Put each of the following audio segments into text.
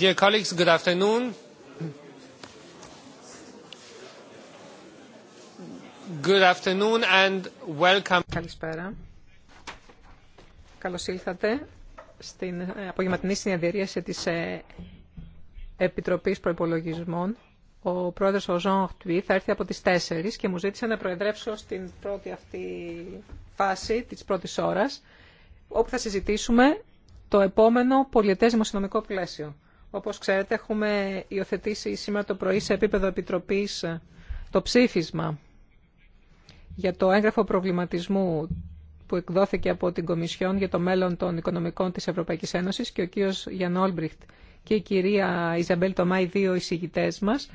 Good afternoon and welcome. Καλησπέρα. Καλώς ήλθατε στην ε, απογευματινή συνεδρίαση της ε, Επιτροπής Προϋπολογισμών. Ο πρόεδρος ο Ζων Χτουί θα έρθει από τις 4 και μου ζήτησε να προεδρεύσω στην πρώτη αυτή φάση της πρώτης ώρας όπου θα συζητήσουμε το επόμενο πολιετές δημοσιονομικό πλαίσιο. Όπως ξέρετε, έχουμε υιοθετήσει σήμερα το πρωί σε επίπεδο Επιτροπής ε, το ψήφισμα για το έγγραφο προβληματισμού που εκδόθηκε από την Κομισιόν για το μέλλον των οικονομικών της Ευρωπαϊκής Ένωσης και ο κ. Γιάνν Όλμπριχτ και η κυρία Ιζαμπέλ Τομάη, δύο εισηγητές μας,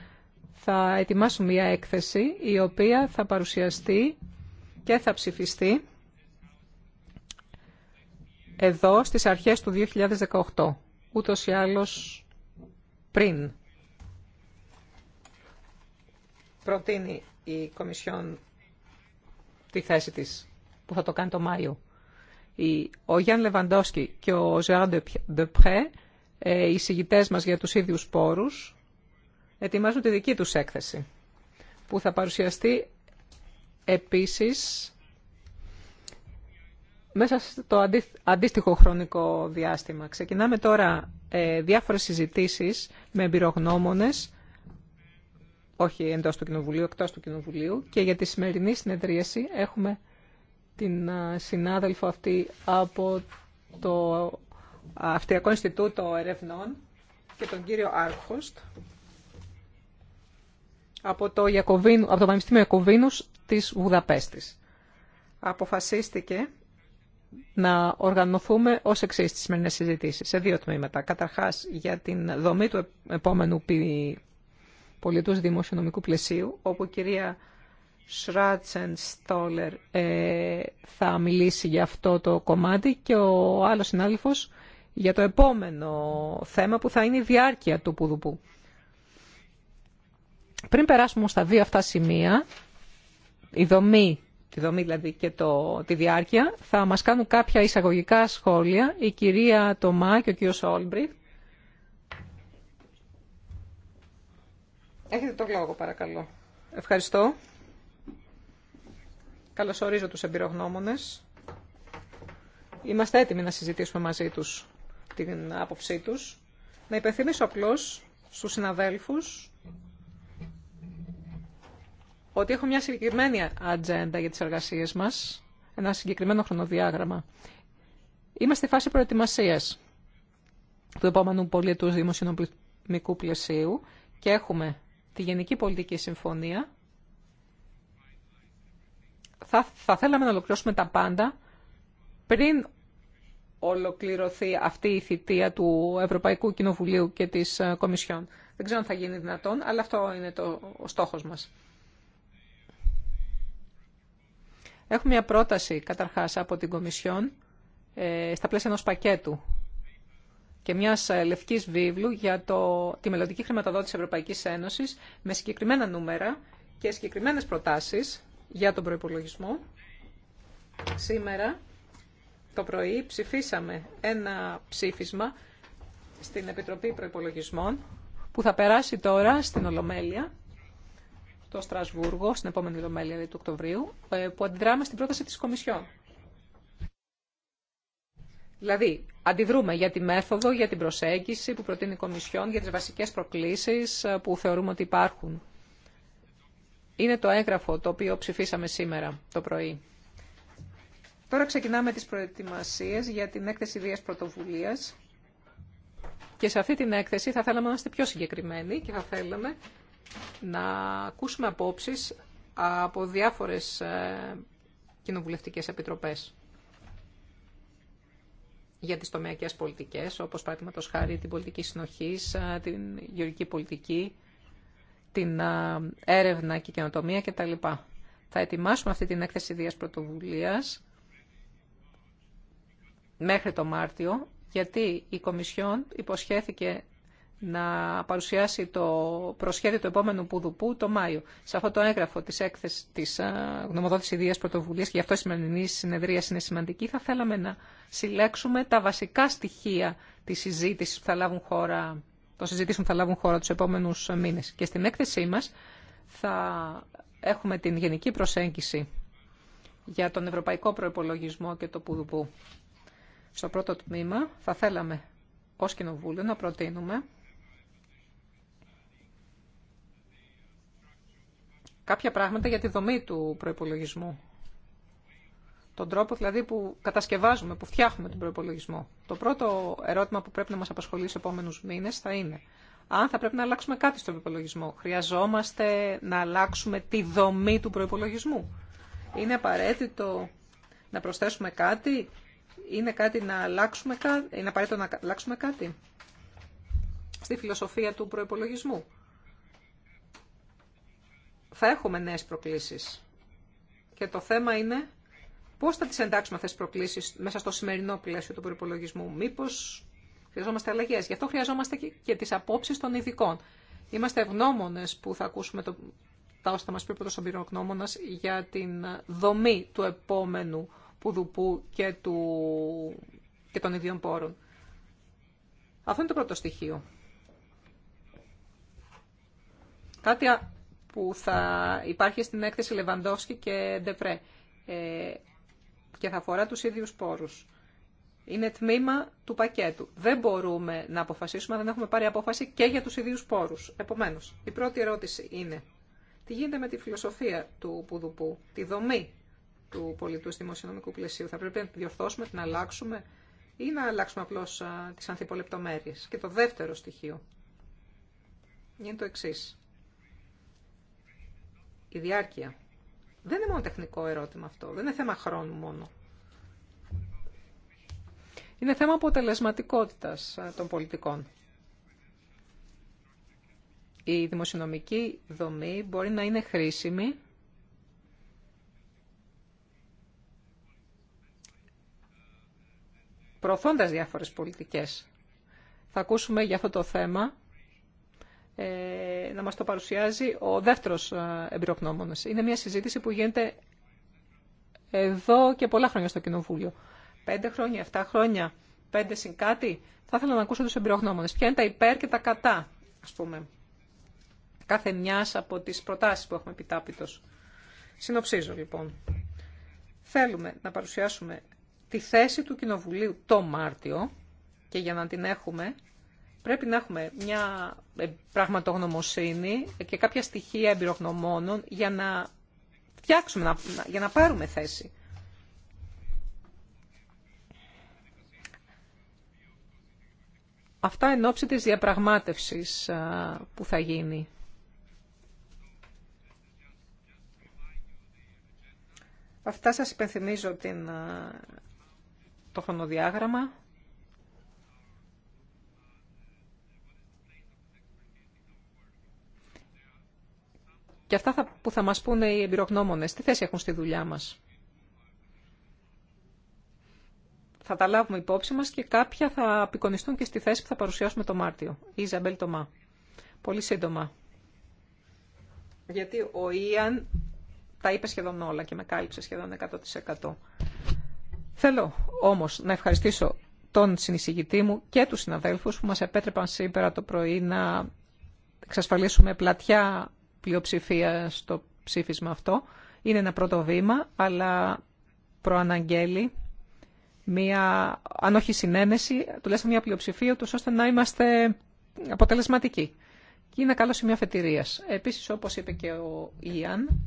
θα ετοιμάσουν μια έκθεση η οποία θα παρουσιαστεί και θα ψηφιστεί εδώ στις αρχές του 2018. Ούτως ή άλλως πριν προτείνει η Κομισιόν τη θέση της που θα το κάνει το Μάιο. Ο Γιάνν Λεβαντόσκι και ο Ζεάν Ντεπρέ, οι συγητές μας για τους ίδιους πόρους, ετοιμάζουν τη δική τους έκθεση, που θα παρουσιαστεί επίσης μέσα στο αντίστοιχο χρονικό διάστημα. Ξεκινάμε τώρα ε, διάφορες συζητήσεις με εμπειρογνώμονες, όχι εντός του Κοινοβουλίου, εκτός του Κοινοβουλίου, και για τη σημερινή συνεδρίαση έχουμε την ε, συνάδελφο αυτή από το Αυτιακό Ινστιτούτο Ερευνών και τον κύριο Άρχοστ από το, Ιακωβίνου, από το Πανεπιστήμιο Ιακωβίνους της Βουδαπέστης. Αποφασίστηκε να οργανωθούμε ω εξή τι σημερινέ συζητήσει σε δύο τμήματα. Καταρχάς, για την δομή του επόμενου πολιτού δημοσιονομικού πλαισίου, όπου η κυρία Σράτσεν Στόλερ θα μιλήσει για αυτό το κομμάτι και ο άλλος συνάδελφος για το επόμενο θέμα που θα είναι η διάρκεια του πουδουπού. Πριν περάσουμε στα δύο αυτά σημεία, η δομή τη δομή δηλαδή και το, τη διάρκεια. Θα μας κάνουν κάποια εισαγωγικά σχόλια η κυρία Τομά και ο κύριος Όλμπριχτ. Έχετε το λόγο παρακαλώ. Ευχαριστώ. ορίζω τους εμπειρογνώμονες. Είμαστε έτοιμοι να συζητήσουμε μαζί τους την άποψή τους. Να υπενθυμίσω απλώς στους συναδέλφους ότι έχω μια συγκεκριμένη ατζέντα για τις εργασίες μας, ένα συγκεκριμένο χρονοδιάγραμμα. Είμαστε στη φάση προετοιμασίας του επόμενου πολιτού δημοσιονομικού πλαισίου και έχουμε τη Γενική Πολιτική Συμφωνία. Θα, θα θέλαμε να ολοκληρώσουμε τα πάντα πριν ολοκληρωθεί αυτή η θητεία του Ευρωπαϊκού Κοινοβουλίου και της ε, Κομισιόν. Δεν ξέρω αν θα γίνει δυνατόν, αλλά αυτό είναι το, ο στόχος μας. Έχουμε μια πρόταση καταρχάς από την Κομισιόν ε, στα πλαίσια ενός πακέτου και μιας ε, λευκής βίβλου για το, τη μελλοντική χρηματοδότηση Ευρωπαϊκής Ένωσης με συγκεκριμένα νούμερα και συγκεκριμένες προτάσεις για τον προϋπολογισμό. Σήμερα το πρωί ψηφίσαμε ένα ψήφισμα στην Επιτροπή Προϋπολογισμών που θα περάσει τώρα στην Ολομέλεια στο Στρασβούργο στην επόμενη δομέλεια δηλαδή, του Οκτωβρίου ε, που αντιδράμε στην πρόταση της Κομισιόν. Δηλαδή, αντιδρούμε για τη μέθοδο, για την προσέγγιση που προτείνει η Κομισιόν, για τις βασικές προκλήσεις ε, που θεωρούμε ότι υπάρχουν. Είναι το έγγραφο το οποίο ψηφίσαμε σήμερα το πρωί. Τώρα ξεκινάμε τις προετοιμασίες για την έκθεση δίας πρωτοβουλίας. Και σε αυτή την έκθεση θα θέλαμε να είστε πιο συγκεκριμένοι και θα θέλαμε να ακούσουμε απόψεις από διάφορες ε, κοινοβουλευτικές επιτροπές για τις τομεακές πολιτικές, όπως το χάρη την πολιτική συνοχή, ε, την γεωργική πολιτική, την ε, έρευνα και καινοτομία κτλ. Θα ετοιμάσουμε αυτή την έκθεση Δίας Πρωτοβουλίας μέχρι το Μάρτιο, γιατί η Κομισιόν υποσχέθηκε να παρουσιάσει το προσχέδιο του επόμενου Πουδουπού το Μάιο. Σε αυτό το έγγραφο της, έκθεσης, της γνωμοδότησης Ιδία Πρωτοβουλία, και γι' αυτό η σημερινή συνεδρία είναι σημαντική, θα θέλαμε να συλλέξουμε τα βασικά στοιχεία τη συζήτηση που θα λάβουν χώρα, των συζητήσεων που θα λάβουν χώρα τους επόμενους μήνες. Και στην έκθεσή μα θα έχουμε την γενική προσέγγιση για τον ευρωπαϊκό προπολογισμό και το Πουδουπού. Στο πρώτο τμήμα θα θέλαμε ως Κοινοβούλιο να προτείνουμε κάποια πράγματα για τη δομή του προπολογισμού. Τον τρόπο δηλαδή που κατασκευάζουμε, που φτιάχνουμε τον προπολογισμό. Το πρώτο ερώτημα που πρέπει να μας απασχολεί σε επόμενου μήνες θα είναι αν θα πρέπει να αλλάξουμε κάτι στον προπολογισμό. Χρειαζόμαστε να αλλάξουμε τη δομή του προπολογισμού. Είναι απαραίτητο να προσθέσουμε κάτι, είναι, κάτι να αλλάξουμε, είναι απαραίτητο να αλλάξουμε κάτι στη φιλοσοφία του προπολογισμού θα έχουμε νέες προκλήσεις. Και το θέμα είναι πώς θα τις εντάξουμε αυτές τις προκλήσεις μέσα στο σημερινό πλαίσιο του προπολογισμού. Μήπως χρειαζόμαστε αλλαγέ. Γι' αυτό χρειαζόμαστε και τις απόψεις των ειδικών. Είμαστε ευγνώμονε που θα ακούσουμε το, τα όσα μας πει ο πρώτος για την δομή του επόμενου πουδουπού και, του, και των ιδίων πόρων. Αυτό είναι το πρώτο στοιχείο. Κάτι που θα υπάρχει στην έκθεση Λεβαντόσκη και Ντεπρέ ε, και θα αφορά τους ίδιους πόρους. Είναι τμήμα του πακέτου. Δεν μπορούμε να αποφασίσουμε, δεν έχουμε πάρει απόφαση και για τους ίδιους πόρους. Επομένως, η πρώτη ερώτηση είναι τι γίνεται με τη φιλοσοφία του Πουδουπού, τη δομή του πολιτού δημοσιονομικού πλαισίου. Θα πρέπει να τη διορθώσουμε, την αλλάξουμε ή να αλλάξουμε απλώς α, τις ανθιπολεπτομέρειες. Και το δεύτερο στοιχείο είναι το εξής. Η διάρκεια. Δεν είναι μόνο τεχνικό ερώτημα αυτό, δεν είναι θέμα χρόνου μόνο. Είναι θέμα αποτελεσματικότητας των πολιτικών. Η δημοσιονομική δομή μπορεί να είναι χρήσιμη προωθώντας διάφορες πολιτικές. Θα ακούσουμε για αυτό το θέμα ε, να μας το παρουσιάζει ο δεύτερος ε, εμπειρογνώμονας. Είναι μια συζήτηση που γίνεται εδώ και πολλά χρόνια στο Κοινοβούλιο. Πέντε χρόνια, εφτά χρόνια, πέντε συν κάτι. Θα ήθελα να ακούσω τους εμπειρογνώμονες. Ποια είναι τα υπέρ και τα κατά, ας πούμε, κάθε μιας από τις προτάσεις που έχουμε επιτάπητος. Συνοψίζω, λοιπόν. Θέλουμε να παρουσιάσουμε τη θέση του Κοινοβουλίου το Μάρτιο και για να την έχουμε Πρέπει να έχουμε μια ε, πραγματογνωμοσύνη και κάποια στοιχεία εμπειρογνωμόνων για να φτιάξουμε, για να πάρουμε θέση. Αυτά εν ώψη της διαπραγμάτευσης που θα γίνει. Αυτά σας υπενθυμίζω την, το χρονοδιάγραμμα. Και αυτά που θα μας πούνε οι εμπειρογνώμονες, τι θέση έχουν στη δουλειά μας. Θα τα λάβουμε υπόψη μας και κάποια θα απεικονιστούν και στη θέση που θα παρουσιάσουμε το Μάρτιο. Η Ιζαμπέλ Τομά. Πολύ σύντομα. Γιατί ο Ιαν τα είπε σχεδόν όλα και με κάλυψε σχεδόν 100%. Θέλω όμως να ευχαριστήσω τον συνεισηγητή μου και τους συναδέλφους που μας επέτρεπαν σήμερα το πρωί να εξασφαλίσουμε πλατιά πλειοψηφία στο ψήφισμα αυτό. Είναι ένα πρώτο βήμα, αλλά προαναγγέλει μία, αν όχι συνένεση, τουλάχιστον μία πλειοψηφία, του ώστε να είμαστε αποτελεσματικοί. Και είναι καλό σημείο αφετηρίας. Επίσης, όπως είπε και ο Ιαν,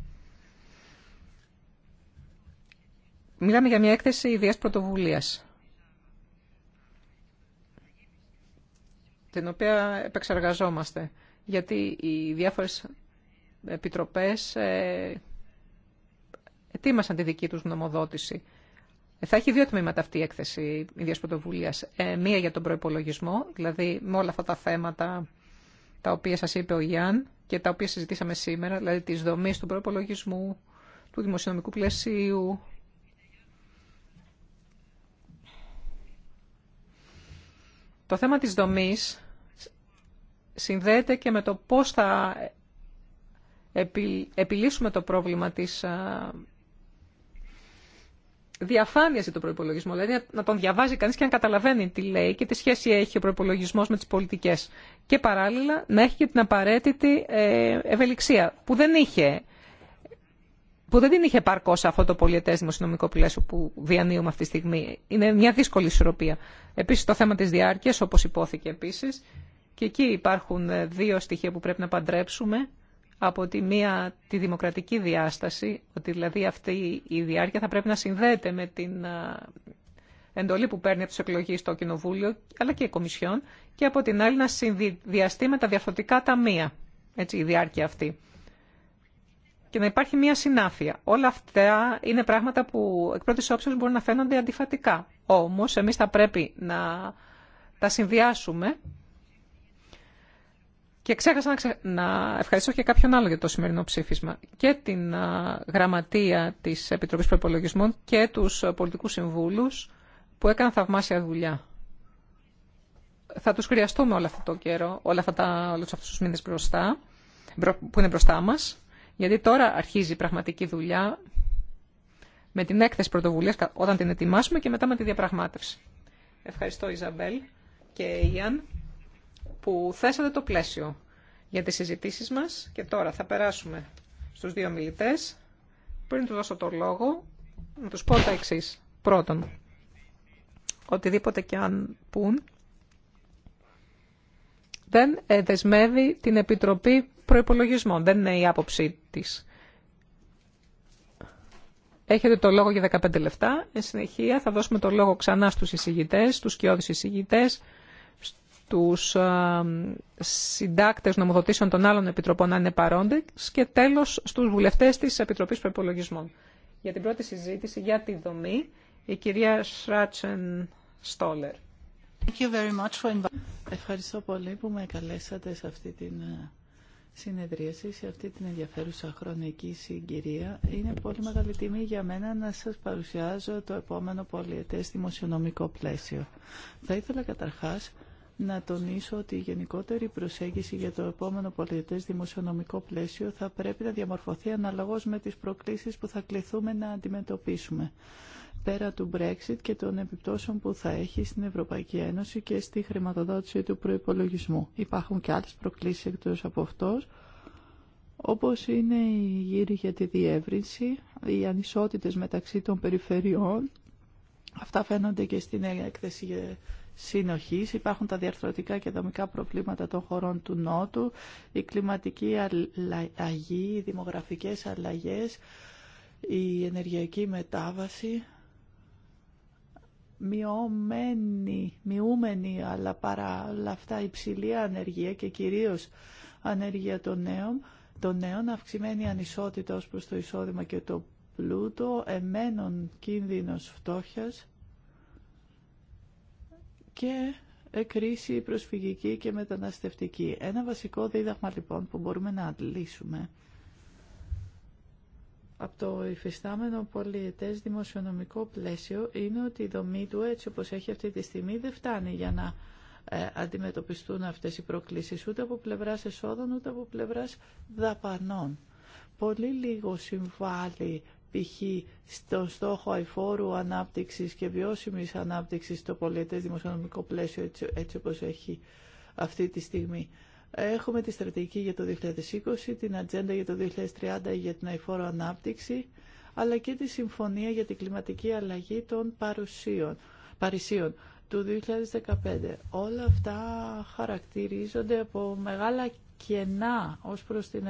μιλάμε για μια έκθεση ιδέας πρωτοβουλίας. την οποία επεξεργαζόμαστε, γιατί οι διάφορες επιτροπές ε, ετοίμασαν τη δική τους νομοδότηση. Ε, θα έχει δύο τμήματα αυτή η έκθεση η πρωτοβουλία. Ε, μία για τον προπολογισμό, δηλαδή με όλα αυτά τα θέματα τα οποία σας είπε ο Γιάνν και τα οποία συζητήσαμε σήμερα, δηλαδή τις δομή του προπολογισμού, του δημοσιονομικού πλαισίου. Το θέμα της δομής συνδέεται και με το πώς θα επιλύσουμε το πρόβλημα της διαφάνειας για τον προπολογισμό. Δηλαδή να τον διαβάζει κανείς και να καταλαβαίνει τι λέει και τι σχέση έχει ο προϋπολογισμός με τις πολιτικές. Και παράλληλα να έχει και την απαραίτητη ε, ευελιξία που δεν είχε που δεν την είχε παρκώ αυτό το πολιετέ δημοσιονομικό πλαίσιο που διανύουμε αυτή τη στιγμή. Είναι μια δύσκολη ισορροπία. Επίση το θέμα τη διάρκεια, όπω υπόθηκε επίση. Και εκεί υπάρχουν ε, δύο στοιχεία που πρέπει να παντρέψουμε από τη μία τη δημοκρατική διάσταση, ότι δηλαδή αυτή η διάρκεια θα πρέπει να συνδέεται με την εντολή που παίρνει από τους εκλογείς στο Κοινοβούλιο, αλλά και η Κομισιόν, και από την άλλη να συνδυαστεί με τα διαφορετικά ταμεία, έτσι, η διάρκεια αυτή. Και να υπάρχει μία συνάφεια. Όλα αυτά είναι πράγματα που εκ πρώτη όψεως μπορούν να φαίνονται αντιφατικά. Όμως, εμείς θα πρέπει να τα συνδυάσουμε και ξέχασα να, ξε... να ευχαριστώ και κάποιον άλλο για το σημερινό ψήφισμα. Και την γραμματεία της Επιτροπής Προπολογισμών και τους πολιτικούς συμβούλους που έκαναν θαυμάσια δουλειά. Θα τους χρειαστούμε όλο αυτό το καιρό, όλα αυτά τα, όλους αυτούς τους μήνες μπροστά, που είναι μπροστά μας, γιατί τώρα αρχίζει η πραγματική δουλειά με την έκθεση πρωτοβουλία όταν την ετοιμάσουμε και μετά με τη διαπραγμάτευση. Ευχαριστώ Ιζαμπέλ και Ιαν που θέσατε το πλαίσιο για τις συζητήσεις μας και τώρα θα περάσουμε στους δύο μιλητές. Πριν του δώσω το λόγο, να τους πω τα εξή. Πρώτον, οτιδήποτε και αν πούν, δεν δεσμεύει την Επιτροπή Προϋπολογισμών. Δεν είναι η άποψή της. Έχετε το λόγο για 15 λεπτά. Εν συνεχεία θα δώσουμε το λόγο ξανά στους εισηγητές, στους κοιόδους εισηγητές, τους ε, συντάκτες νομοδοτήσεων των άλλων επιτροπών να είναι παρόντες και τέλος στους βουλευτές της Επιτροπής Προπολογισμών. Για την πρώτη συζήτηση για τη δομή, η κυρία Σράτσεν Στόλερ. Ευχαριστώ πολύ που με καλέσατε σε αυτή την ε, συνεδρίαση, σε αυτή την ενδιαφέρουσα χρονική συγκυρία. Είναι πολύ μεγάλη τιμή για μένα να σας παρουσιάζω το επόμενο πολιετές δημοσιονομικό πλαίσιο. Θα ήθελα καταρχάς να τονίσω ότι η γενικότερη προσέγγιση για το επόμενο πολιτές δημοσιονομικό πλαίσιο θα πρέπει να διαμορφωθεί αναλογώς με τις προκλήσεις που θα κληθούμε να αντιμετωπίσουμε πέρα του Brexit και των επιπτώσεων που θα έχει στην Ευρωπαϊκή Ένωση και στη χρηματοδότηση του προϋπολογισμού. Υπάρχουν και άλλες προκλήσεις εκτός από αυτός, όπως είναι η γύρη για τη διεύρυνση, οι ανισότητες μεταξύ των περιφερειών. Αυτά φαίνονται και στην έκθεση συνοχής, υπάρχουν τα διαρθρωτικά και δομικά προβλήματα των χωρών του Νότου, η κλιματική αλλαγή, οι δημογραφικές αλλαγές, η ενεργειακή μετάβαση, μειωμένη, μειούμενη αλλά παρά όλα αυτά υψηλή ανεργία και κυρίως ανεργία των νέων, των νέων αυξημένη ανισότητα ως προς το εισόδημα και το πλούτο, εμένων κίνδυνος φτώχειας, και κρίση προσφυγική και μεταναστευτική. Ένα βασικό δίδαγμα λοιπόν που μπορούμε να αντλήσουμε από το υφιστάμενο πολιετές δημοσιονομικό πλαίσιο είναι ότι η δομή του έτσι όπως έχει αυτή τη στιγμή δεν φτάνει για να ε, αντιμετωπιστούν αυτές οι προκλήσεις ούτε από πλευράς εσόδων ούτε από πλευράς δαπανών. Πολύ λίγο συμβάλλει π.χ. στο στόχο αηφόρου ανάπτυξης και βιώσιμης ανάπτυξης στο πολιτές δημοσιονομικό πλαίσιο έτσι, έτσι όπως έχει αυτή τη στιγμή. Έχουμε τη στρατηγική για το 2020, την ατζέντα για το 2030 για την αηφόρο ανάπτυξη, αλλά και τη συμφωνία για την κλιματική αλλαγή των παρουσίων, Παρισίων του 2015. Όλα αυτά χαρακτηρίζονται από μεγάλα κενά ως προς την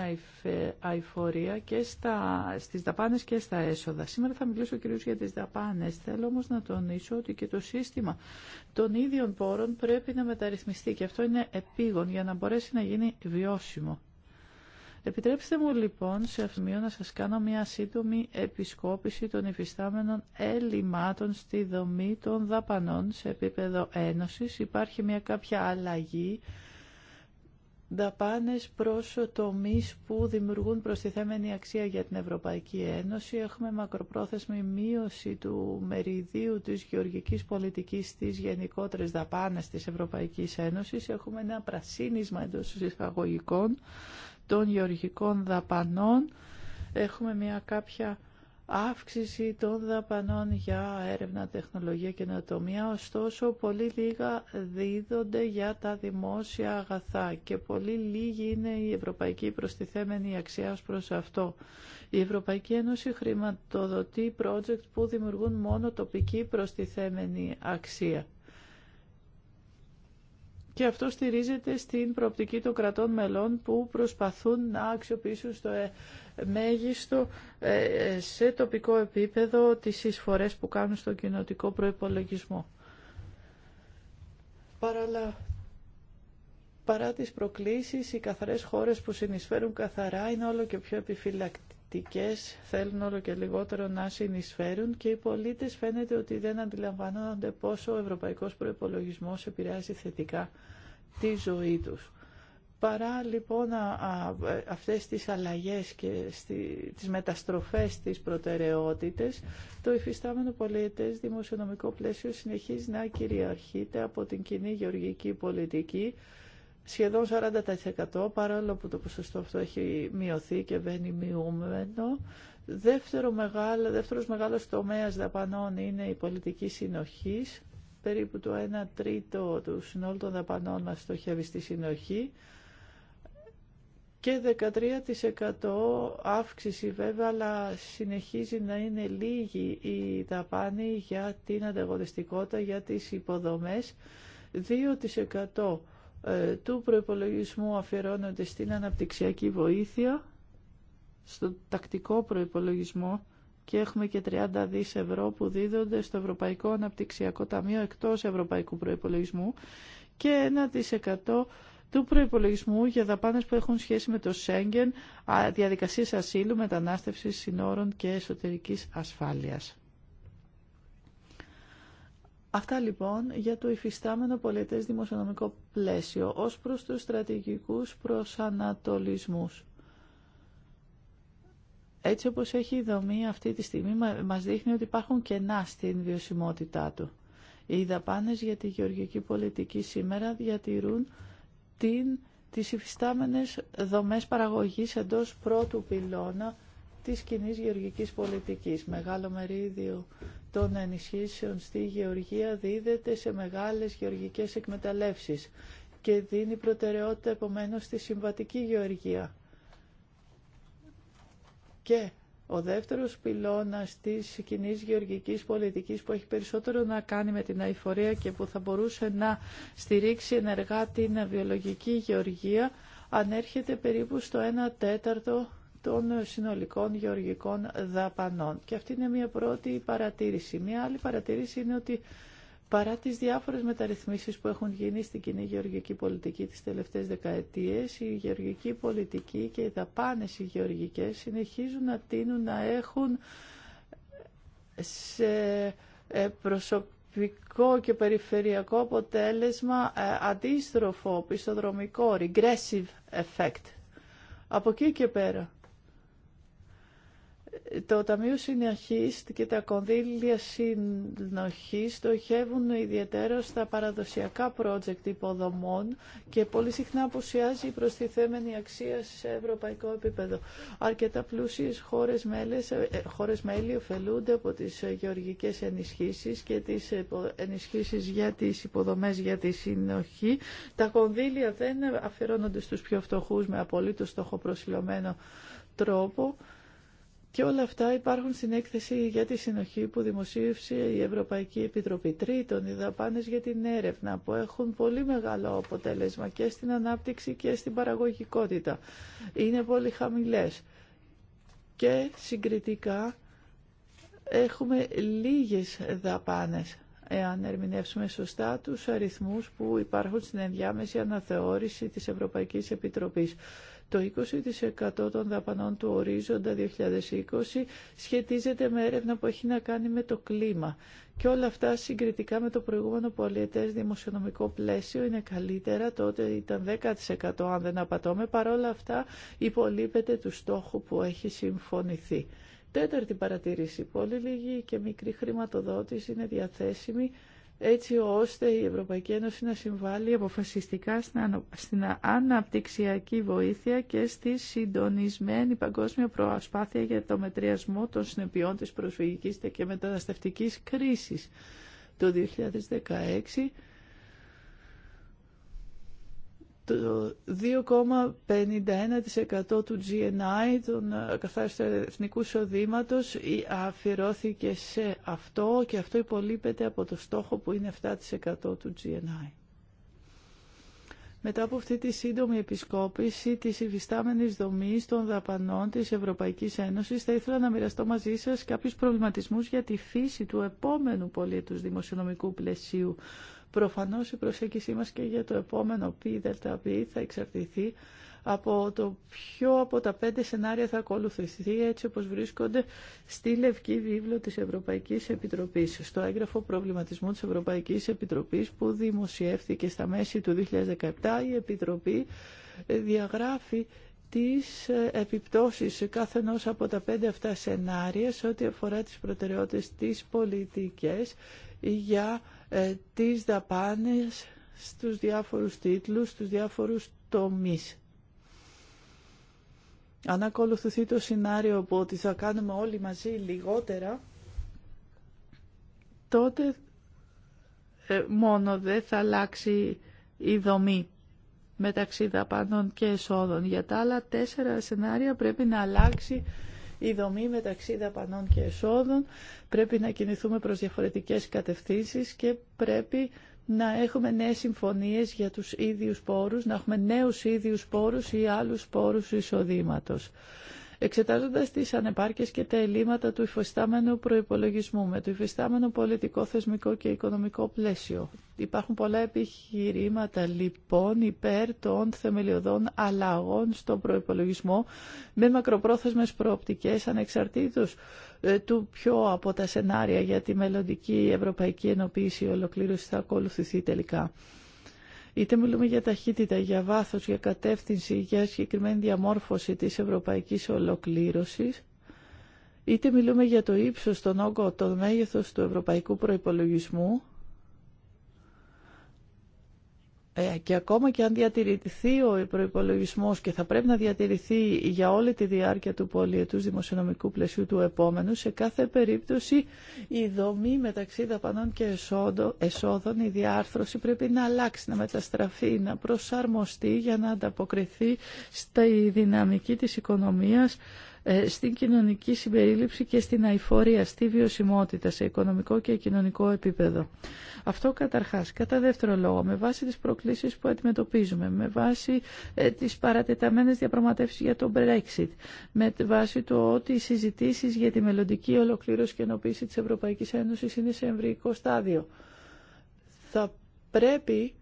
αηφορία και στα, στις δαπάνες και στα έσοδα. Σήμερα θα μιλήσω κυρίως για τις δαπάνες. Θέλω όμως να τονίσω ότι και το σύστημα των ίδιων πόρων πρέπει να μεταρρυθμιστεί και αυτό είναι επίγον για να μπορέσει να γίνει βιώσιμο. Επιτρέψτε μου λοιπόν σε αυσμείο να σας κάνω μια σύντομη επισκόπηση των υφιστάμενων έλλειμματων στη δομή των δαπανών σε επίπεδο ένωσης. Υπάρχει μια κάποια αλλαγή δαπάνες προς τομεί που δημιουργούν προστιθέμενη αξία για την Ευρωπαϊκή Ένωση. Έχουμε μακροπρόθεσμη μείωση του μεριδίου της γεωργικής πολιτικής στις γενικότερε δαπάνε της Ευρωπαϊκής Ένωσης. Έχουμε ένα πρασίνισμα εντό εισαγωγικών των γεωργικών δαπανών. Έχουμε μια κάποια αύξηση των δαπανών για έρευνα, τεχνολογία και νοτομία, ωστόσο πολύ λίγα δίδονται για τα δημόσια αγαθά και πολύ λίγη είναι η ευρωπαϊκή προστιθέμενη αξία ως προς αυτό. Η Ευρωπαϊκή Ένωση χρηματοδοτεί project που δημιουργούν μόνο τοπική προστιθέμενη αξία. Και αυτό στηρίζεται στην προοπτική των κρατών μελών που προσπαθούν να αξιοποιήσουν στο ε, μέγιστο ε, σε τοπικό επίπεδο τις εισφορές που κάνουν στον κοινοτικό προϋπολογισμό. Παρά τις προκλήσεις, οι καθαρές χώρες που συνεισφέρουν καθαρά είναι όλο και πιο επιφυλακτικές πολιτικές θέλουν όλο και λιγότερο να συνεισφέρουν και οι πολίτες φαίνεται ότι δεν αντιλαμβάνονται πόσο ο ευρωπαϊκός προϋπολογισμός επηρεάζει θετικά τη ζωή τους. Παρά λοιπόν αυτές τις αλλαγές και τις μεταστροφές της προτεραιότητες, το υφιστάμενο πολίτες δημοσιονομικό πλαίσιο συνεχίζει να κυριαρχείται από την κοινή γεωργική πολιτική, σχεδόν 40% παρόλο που το ποσοστό αυτό έχει μειωθεί και βαίνει μειούμενο. Δεύτερο μεγάλο, δεύτερος μεγάλος τομέας δαπανών είναι η πολιτική συνοχής. Περίπου το 1 τρίτο του συνόλου των δαπανών μας στοχεύει στη συνοχή και 13% αύξηση βέβαια, αλλά συνεχίζει να είναι λίγη η δαπάνη για την ανταγωνιστικότητα, για τις υποδομές. 2% ε, του προϋπολογισμού αφιερώνονται στην αναπτυξιακή βοήθεια, στο τακτικό προϋπολογισμό και έχουμε και 30 δις ευρώ που δίδονται στο Ευρωπαϊκό Αναπτυξιακό Ταμείο εκτός Ευρωπαϊκού Προϋπολογισμού και 1% του προϋπολογισμού για δαπάνες που έχουν σχέση με το Σέγγεν, διαδικασίες ασύλου, μετανάστευσης, συνόρων και εσωτερικής ασφάλειας. Αυτά λοιπόν για το υφιστάμενο πολιτές δημοσιονομικό πλαίσιο ως προς τους στρατηγικούς προσανατολισμούς. Έτσι όπως έχει η δομή αυτή τη στιγμή μας δείχνει ότι υπάρχουν κενά στην βιωσιμότητά του. Οι δαπάνες για τη γεωργική πολιτική σήμερα διατηρούν την, τις υφιστάμενες δομές παραγωγής εντός πρώτου πυλώνα της κοινή γεωργικής πολιτικής. Μεγάλο μερίδιο των ενισχύσεων στη γεωργία δίδεται σε μεγάλες γεωργικές εκμεταλλεύσεις και δίνει προτεραιότητα επομένως στη συμβατική γεωργία. Και ο δεύτερος πυλώνας της κοινή γεωργικής πολιτικής που έχει περισσότερο να κάνει με την αηφορία και που θα μπορούσε να στηρίξει ενεργά την βιολογική γεωργία ανέρχεται περίπου στο 1 τέταρτο των συνολικών γεωργικών δαπανών. Και αυτή είναι μια πρώτη παρατήρηση. Μια άλλη παρατήρηση είναι ότι παρά τις διάφορες μεταρρυθμίσεις που έχουν γίνει στην κοινή γεωργική πολιτική τις τελευταίες δεκαετίες, η γεωργική πολιτική και οι δαπάνες οι γεωργικές συνεχίζουν να τείνουν να έχουν σε ε, προσωπικό και περιφερειακό αποτέλεσμα ε, αντίστροφο, πιστοδρομικό, regressive effect. Από εκεί και πέρα το Ταμείο Συνοχή και τα κονδύλια Συνοχή στοχεύουν ιδιαίτερα στα παραδοσιακά project υποδομών και πολύ συχνά απουσιάζει η προστιθέμενη αξία σε ευρωπαϊκό επίπεδο. Αρκετά πλούσιε, χώρε ε, μέλη ωφελούνται από τι γεωργικές ενισχύσεις και τις ενισχύσει για τι υποδομές για τη συνοχή. Τα κονδύλια δεν αφιερώνονται στου πιο φτωχού με απολύτως στόχο τρόπο και όλα αυτά υπάρχουν στην έκθεση για τη συνοχή που δημοσίευσε η Ευρωπαϊκή Επιτροπή. Τρίτον, οι δαπάνες για την έρευνα που έχουν πολύ μεγάλο αποτέλεσμα και στην ανάπτυξη και στην παραγωγικότητα. Είναι πολύ χαμηλές. Και συγκριτικά έχουμε λίγες δαπάνες εάν ερμηνεύσουμε σωστά τους αριθμούς που υπάρχουν στην ενδιάμεση αναθεώρηση της Ευρωπαϊκής Επιτροπής. Το 20% των δαπανών του ορίζοντα 2020 σχετίζεται με έρευνα που έχει να κάνει με το κλίμα. Και όλα αυτά συγκριτικά με το προηγούμενο πολιετές δημοσιονομικό πλαίσιο είναι καλύτερα. Τότε ήταν 10% αν δεν απατώμε. όλα αυτά υπολείπεται του στόχου που έχει συμφωνηθεί. Τέταρτη παρατήρηση. Πολύ λίγη και μικρή χρηματοδότηση είναι διαθέσιμη έτσι ώστε η Ευρωπαϊκή Ένωση να συμβάλλει αποφασιστικά στην αναπτυξιακή βοήθεια και στη συντονισμένη παγκόσμια προσπάθεια για το μετριασμό των συνεπειών της προσφυγικής και μεταναστευτικής κρίσης. Το 2016 το 2,51% του GNI, των ε, καθάριστου εθνικού εισοδήματο, αφιερώθηκε σε αυτό και αυτό υπολείπεται από το στόχο που είναι 7% του GNI. Μετά από αυτή τη σύντομη επισκόπηση της υφιστάμενης δομής των δαπανών της Ευρωπαϊκής Ένωσης, θα ήθελα να μοιραστώ μαζί σας κάποιους προβληματισμούς για τη φύση του επόμενου πολίτους δημοσιονομικού πλαισίου Προφανώς η προσέγγιση μας και για το επόμενο ΠΔΠ θα εξαρτηθεί από το ποιο από τα πέντε σενάρια θα ακολουθηθεί έτσι όπως βρίσκονται στη Λευκή Βίβλο της Ευρωπαϊκής Επιτροπής. Στο έγγραφο προβληματισμού της Ευρωπαϊκής Επιτροπής που δημοσιεύθηκε στα μέση του 2017 η Επιτροπή διαγράφει τις επιπτώσεις κάθε ενός από τα πέντε αυτά σενάρια σε ό,τι αφορά τις προτεραιότητες της πολιτικές για ε, τις δαπάνες στους διάφορους τίτλους, στους διάφορους τομείς. Αν ακολουθηθεί το σενάριο που ότι θα κάνουμε όλοι μαζί λιγότερα, τότε ε, μόνο δεν θα αλλάξει η δομή μεταξύ δαπανών και εσόδων. Για τα άλλα τέσσερα σενάρια πρέπει να αλλάξει η δομή μεταξύ δαπανών και εσόδων, πρέπει να κινηθούμε προς διαφορετικές κατευθύνσεις και πρέπει να έχουμε νέες συμφωνίες για τους ίδιους πόρους, να έχουμε νέους ίδιους πόρους ή άλλους πόρους εισοδήματος εξετάζοντας τις ανεπάρκειες και τα ελλείμματα του υφιστάμενου προϋπολογισμού με το υφιστάμενο πολιτικό, θεσμικό και οικονομικό πλαίσιο. Υπάρχουν πολλά επιχειρήματα λοιπόν υπέρ των θεμελιωδών αλλαγών στον προϋπολογισμό με μακροπρόθεσμες προοπτικές ανεξαρτήτως ε, του ποιο από τα σενάρια για τη μελλοντική ευρωπαϊκή ενοποίηση ολοκλήρωση θα ακολουθηθεί τελικά. Είτε μιλούμε για ταχύτητα, για βάθος, για κατεύθυνση, για συγκεκριμένη διαμόρφωση της ευρωπαϊκής ολοκλήρωσης, είτε μιλούμε για το ύψος, τον όγκο, το μέγεθος του ευρωπαϊκού προϋπολογισμού, Ε, και ακόμα και αν διατηρηθεί ο προπολογισμό και θα πρέπει να διατηρηθεί για όλη τη διάρκεια του πολιετούς δημοσιονομικού πλαισίου του επόμενου, σε κάθε περίπτωση η δομή μεταξύ δαπανών και εσόδων, η διάρθρωση πρέπει να αλλάξει, να μεταστραφεί, να προσαρμοστεί για να ανταποκριθεί στη δυναμική της οικονομίας ε, στην κοινωνική συμπερίληψη και στην αηφορία, στη βιωσιμότητα, σε οικονομικό και κοινωνικό επίπεδο. Αυτό καταρχάς. Κατά δεύτερο λόγο, με βάση τις προκλήσεις που αντιμετωπίζουμε, με βάση ε, τις παρατεταμένες διαπραγματεύσεις για το Brexit, με βάση το ότι οι συζητήσεις για τη μελλοντική ολοκλήρωση και ενοποίηση της Ευρωπαϊκής Ένωσης είναι σε εμβρυϊκό στάδιο. Θα πρέπει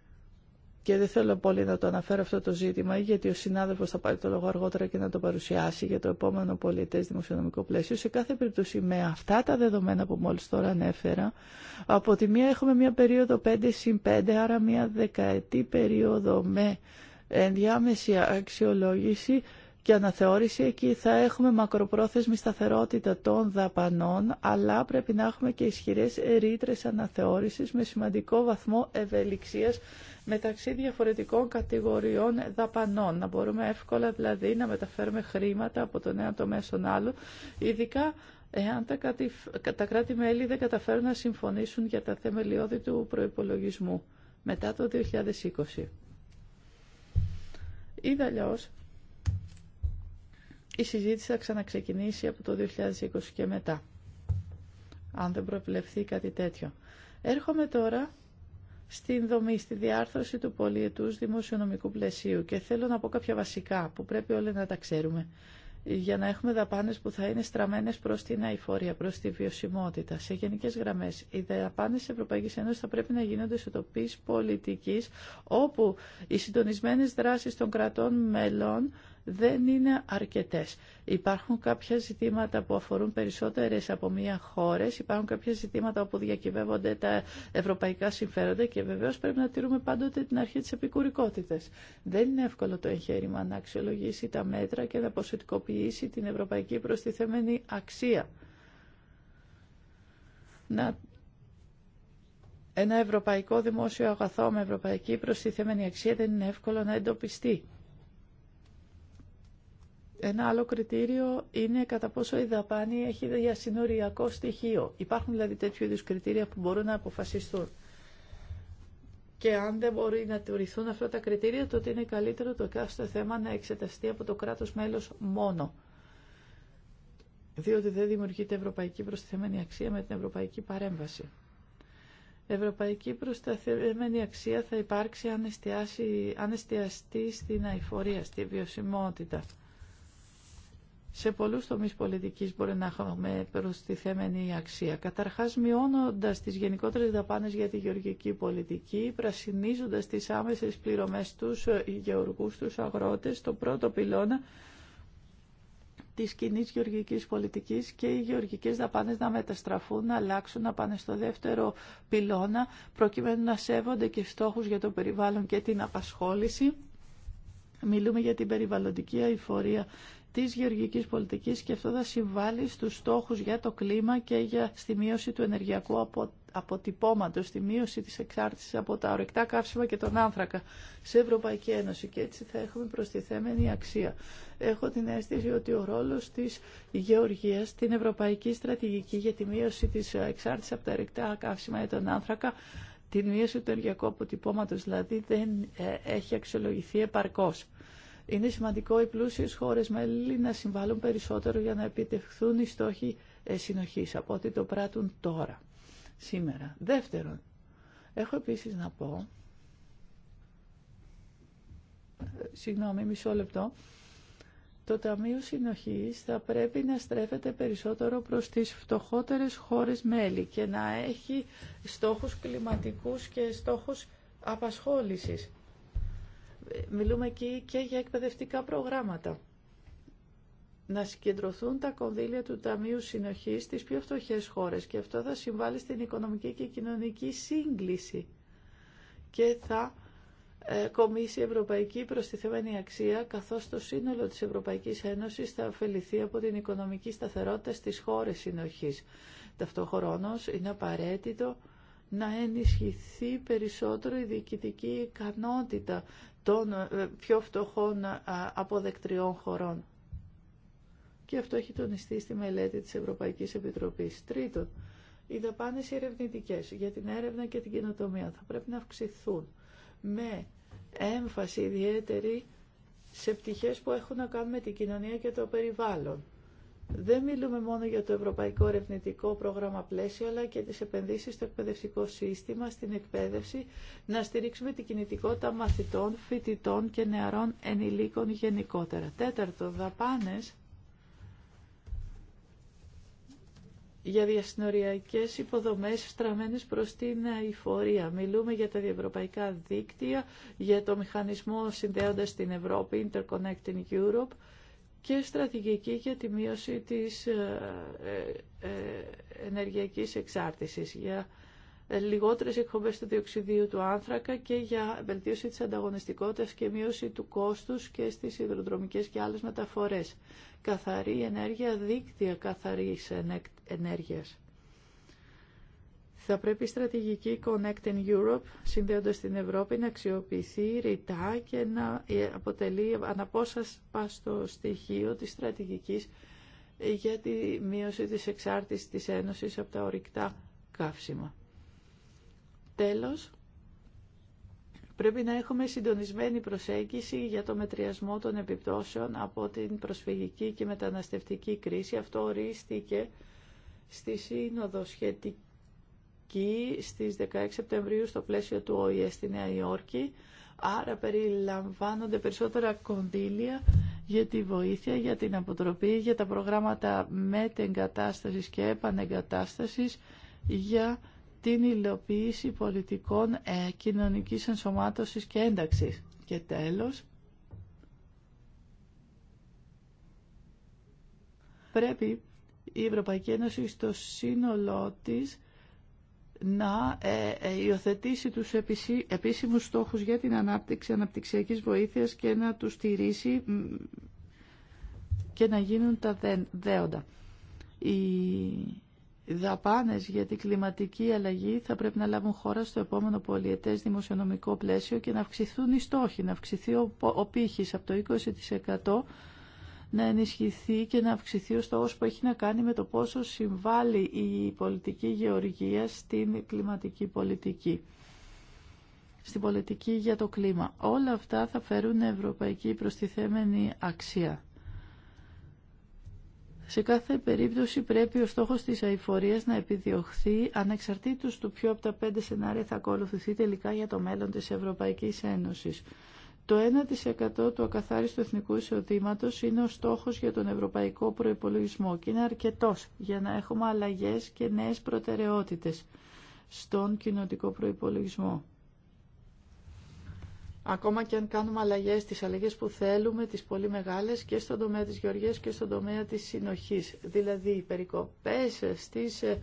και δεν θέλω πολύ να το αναφέρω αυτό το ζήτημα, γιατί ο συνάδελφος θα πάρει το λόγο αργότερα και να το παρουσιάσει για το επόμενο πολιτές δημοσιονομικό πλαίσιο. Σε κάθε περίπτωση, με αυτά τα δεδομένα που μόλις τώρα ανέφερα, από τη μία έχουμε μία περίοδο 5 συν 5, άρα μία δεκαετή περίοδο με ενδιάμεση αξιολόγηση και αναθεώρηση. Εκεί θα έχουμε μακροπρόθεσμη σταθερότητα των δαπανών, αλλά πρέπει να έχουμε και ισχυρές ρήτρες αναθεώρησης με σημαντικό βαθμό ευελιξία μεταξύ διαφορετικών κατηγοριών δαπανών. Να μπορούμε εύκολα δηλαδή να μεταφέρουμε χρήματα από τον ένα τομέα στον άλλο, ειδικά εάν τα κράτη-μέλη δεν καταφέρουν να συμφωνήσουν για τα θεμελιώδη του προϋπολογισμού μετά το 2020. Είδα αλλιώς, η συζήτηση θα ξαναξεκινήσει από το 2020 και μετά, αν δεν προεπιλευθεί κάτι τέτοιο. Έρχομαι τώρα στην δομή, στη διάρθρωση του πολιετούς δημοσιονομικού πλαισίου και θέλω να πω κάποια βασικά που πρέπει όλοι να τα ξέρουμε για να έχουμε δαπάνες που θα είναι στραμμένες προς την αηφορία, προς τη βιωσιμότητα. Σε γενικές γραμμές, οι δαπάνες της Ευρωπαϊκής Ένωσης θα πρέπει να γίνονται σε τοπής πολιτικής, όπου οι συντονισμένες δράσεις των κρατών μελών δεν είναι αρκετές. Υπάρχουν κάποια ζητήματα που αφορούν περισσότερες από μία χώρες, υπάρχουν κάποια ζητήματα όπου διακυβεύονται τα ευρωπαϊκά συμφέροντα και βεβαίως πρέπει να τηρούμε πάντοτε την αρχή της επικουρικότητας. Δεν είναι εύκολο το εγχείρημα να αξιολογήσει τα μέτρα και να ποσοτικοποιήσει την ευρωπαϊκή προστιθέμενη αξία. Να ένα ευρωπαϊκό δημόσιο αγαθό με ευρωπαϊκή προστιθέμενη αξία δεν είναι εύκολο να εντοπιστεί. Ένα άλλο κριτήριο είναι κατά πόσο η δαπάνη έχει διασυνοριακό στοιχείο. Υπάρχουν δηλαδή τέτοιου είδου κριτήρια που μπορούν να αποφασιστούν. Και αν δεν μπορεί να τηρηθούν αυτά τα κριτήρια, τότε είναι καλύτερο το κάθε θέμα να εξεταστεί από το κράτος μέλος μόνο. Διότι δεν δημιουργείται ευρωπαϊκή προστιθέμενη αξία με την ευρωπαϊκή παρέμβαση. Ευρωπαϊκή προσταθεμένη αξία θα υπάρξει αν εστιαστεί στην αηφορία, στη βιωσιμότητα σε πολλούς τομείς πολιτικής μπορεί να έχουμε προστιθέμενη αξία. Καταρχάς μειώνοντας τις γενικότερες δαπάνες για τη γεωργική πολιτική, πρασινίζοντας τις άμεσες πληρωμές τους ε, γεωργούς, τους αγρότες, το πρώτο πυλώνα της κοινή γεωργικής πολιτικής και οι γεωργικές δαπάνες να μεταστραφούν, να αλλάξουν, να πάνε στο δεύτερο πυλώνα, προκειμένου να σέβονται και στόχους για το περιβάλλον και την απασχόληση. Μιλούμε για την περιβαλλοντική αηφορία της γεωργικής πολιτικής και αυτό θα συμβάλλει στους στόχους για το κλίμα και για στη μείωση του ενεργειακού απο... αποτυπώματος, στη μείωση της εξάρτησης από τα ορεικτά καύσιμα και τον άνθρακα σε Ευρωπαϊκή Ένωση και έτσι θα έχουμε προστιθέμενη αξία. Έχω την αίσθηση ότι ο ρόλος της γεωργίας στην Ευρωπαϊκή Στρατηγική για τη μείωση της εξάρτησης από τα ορεικτά καύσιμα και τον άνθρακα την μείωση του ενεργειακού αποτυπώματος δηλαδή δεν ε, έχει αξιολογηθεί επαρκώς. Είναι σημαντικό οι πλούσιες χώρες μέλη να συμβάλλουν περισσότερο για να επιτευχθούν οι στόχοι ε, συνοχής από ό,τι το πράττουν τώρα, σήμερα. Δεύτερον, έχω επίσης να πω, ε, συγγνώμη μισό λεπτό, το Ταμείο Συνοχής θα πρέπει να στρέφεται περισσότερο προς τις φτωχότερες χώρες μέλη και να έχει στόχους κλιματικούς και στόχους απασχόλησης μιλούμε εκεί και για εκπαιδευτικά προγράμματα. Να συγκεντρωθούν τα κονδύλια του Ταμείου Συνοχής στις πιο φτωχές χώρες και αυτό θα συμβάλλει στην οικονομική και κοινωνική σύγκληση και θα ε, κομίσει ευρωπαϊκή προστιθέμενη αξία, καθώς το σύνολο της Ευρωπαϊκής Ένωσης θα ωφεληθεί από την οικονομική σταθερότητα στις χώρες συνοχής. Ταυτόχρονος είναι απαραίτητο να ενισχυθεί περισσότερο η διοικητική ικανότητα των ε, ε, πιο φτωχών ε, αποδεκτριών χωρών. Και αυτό έχει τονιστεί στη μελέτη της Ευρωπαϊκής Επιτροπής. Τρίτον, οι δαπάνε ερευνητικέ για την έρευνα και την κοινοτομία θα πρέπει να αυξηθούν με έμφαση ιδιαίτερη σε πτυχές που έχουν να κάνουν με την κοινωνία και το περιβάλλον. Δεν μιλούμε μόνο για το Ευρωπαϊκό Ερευνητικό Πρόγραμμα Πλαίσιο, αλλά και τις επενδύσεις στο εκπαιδευτικό σύστημα, στην εκπαίδευση, να στηρίξουμε την κινητικότητα μαθητών, φοιτητών και νεαρών ενηλίκων γενικότερα. Τέταρτο, δαπάνες για διασυνοριακές υποδομές στραμμένες προς την αηφορία. Μιλούμε για τα διευρωπαϊκά δίκτυα, για το μηχανισμό συνδέοντας την Ευρώπη, Interconnecting Europe, και στρατηγική για τη μείωση της ε, ε, ε, ενεργειακής εξάρτησης, για λιγότερες εκπομπές του διοξιδίου του άνθρακα και για βελτίωση της ανταγωνιστικότητας και μείωση του κόστους και στις υδροδρομικές και άλλες μεταφορές. Καθαρή ενέργεια, δίκτυα καθαρής ενέργειας. Θα πρέπει η στρατηγική Connecting Europe, συνδέοντας την Ευρώπη, να αξιοποιηθεί ρητά και να αποτελεί αναπόσπαστο στοιχείο της στρατηγικής για τη μείωση της εξάρτησης της Ένωσης από τα ορυκτά καύσιμα. Τέλος, πρέπει να έχουμε συντονισμένη προσέγγιση για το μετριασμό των επιπτώσεων από την προσφυγική και μεταναστευτική κρίση. Αυτό ορίστηκε στη Σύνοδο σχετική και στις 16 Σεπτεμβρίου στο πλαίσιο του ΟΗΕ στη Νέα Υόρκη. Άρα περιλαμβάνονται περισσότερα κονδύλια για τη βοήθεια, για την αποτροπή, για τα προγράμματα μετεγκατάστασης και επανεγκατάστασης, για την υλοποίηση πολιτικών ε, κοινωνικής ενσωμάτωσης και ένταξης. Και τέλος, πρέπει η Ευρωπαϊκή Ένωση στο σύνολό της να ε, ε, υιοθετήσει τους επίσημους στόχους για την ανάπτυξη αναπτυξιακής βοήθειας και να τους στηρίσει και να γίνουν τα δέοντα. Οι δαπάνες για την κλιματική αλλαγή θα πρέπει να λάβουν χώρα στο επόμενο πολιετές δημοσιονομικό πλαίσιο και να αυξηθούν οι στόχοι, να αυξηθεί ο πύχης από το 20% να ενισχυθεί και να αυξηθεί ο στόχος που έχει να κάνει με το πόσο συμβάλλει η πολιτική γεωργία στην κλιματική πολιτική στην πολιτική για το κλίμα. Όλα αυτά θα φέρουν ευρωπαϊκή προστιθέμενη αξία. Σε κάθε περίπτωση πρέπει ο στόχος της αηφορίας να επιδιωχθεί ανεξαρτήτως του ποιο από τα πέντε σενάρια θα ακολουθηθεί τελικά για το μέλλον της Ευρωπαϊκής Ένωσης. Το 1% του ακαθάριστου εθνικού εισοδήματο είναι ο στόχος για τον ευρωπαϊκό προπολογισμό. και είναι αρκετό για να έχουμε αλλαγές και νέες προτεραιότητες στον κοινοτικό προπολογισμό. Ακόμα και αν κάνουμε αλλαγές, τι αλλαγέ που θέλουμε, τις πολύ μεγάλες και στον τομέα τη γεωργία και στον τομέα τη συνοχή. Δηλαδή, οι περικοπές στις ε,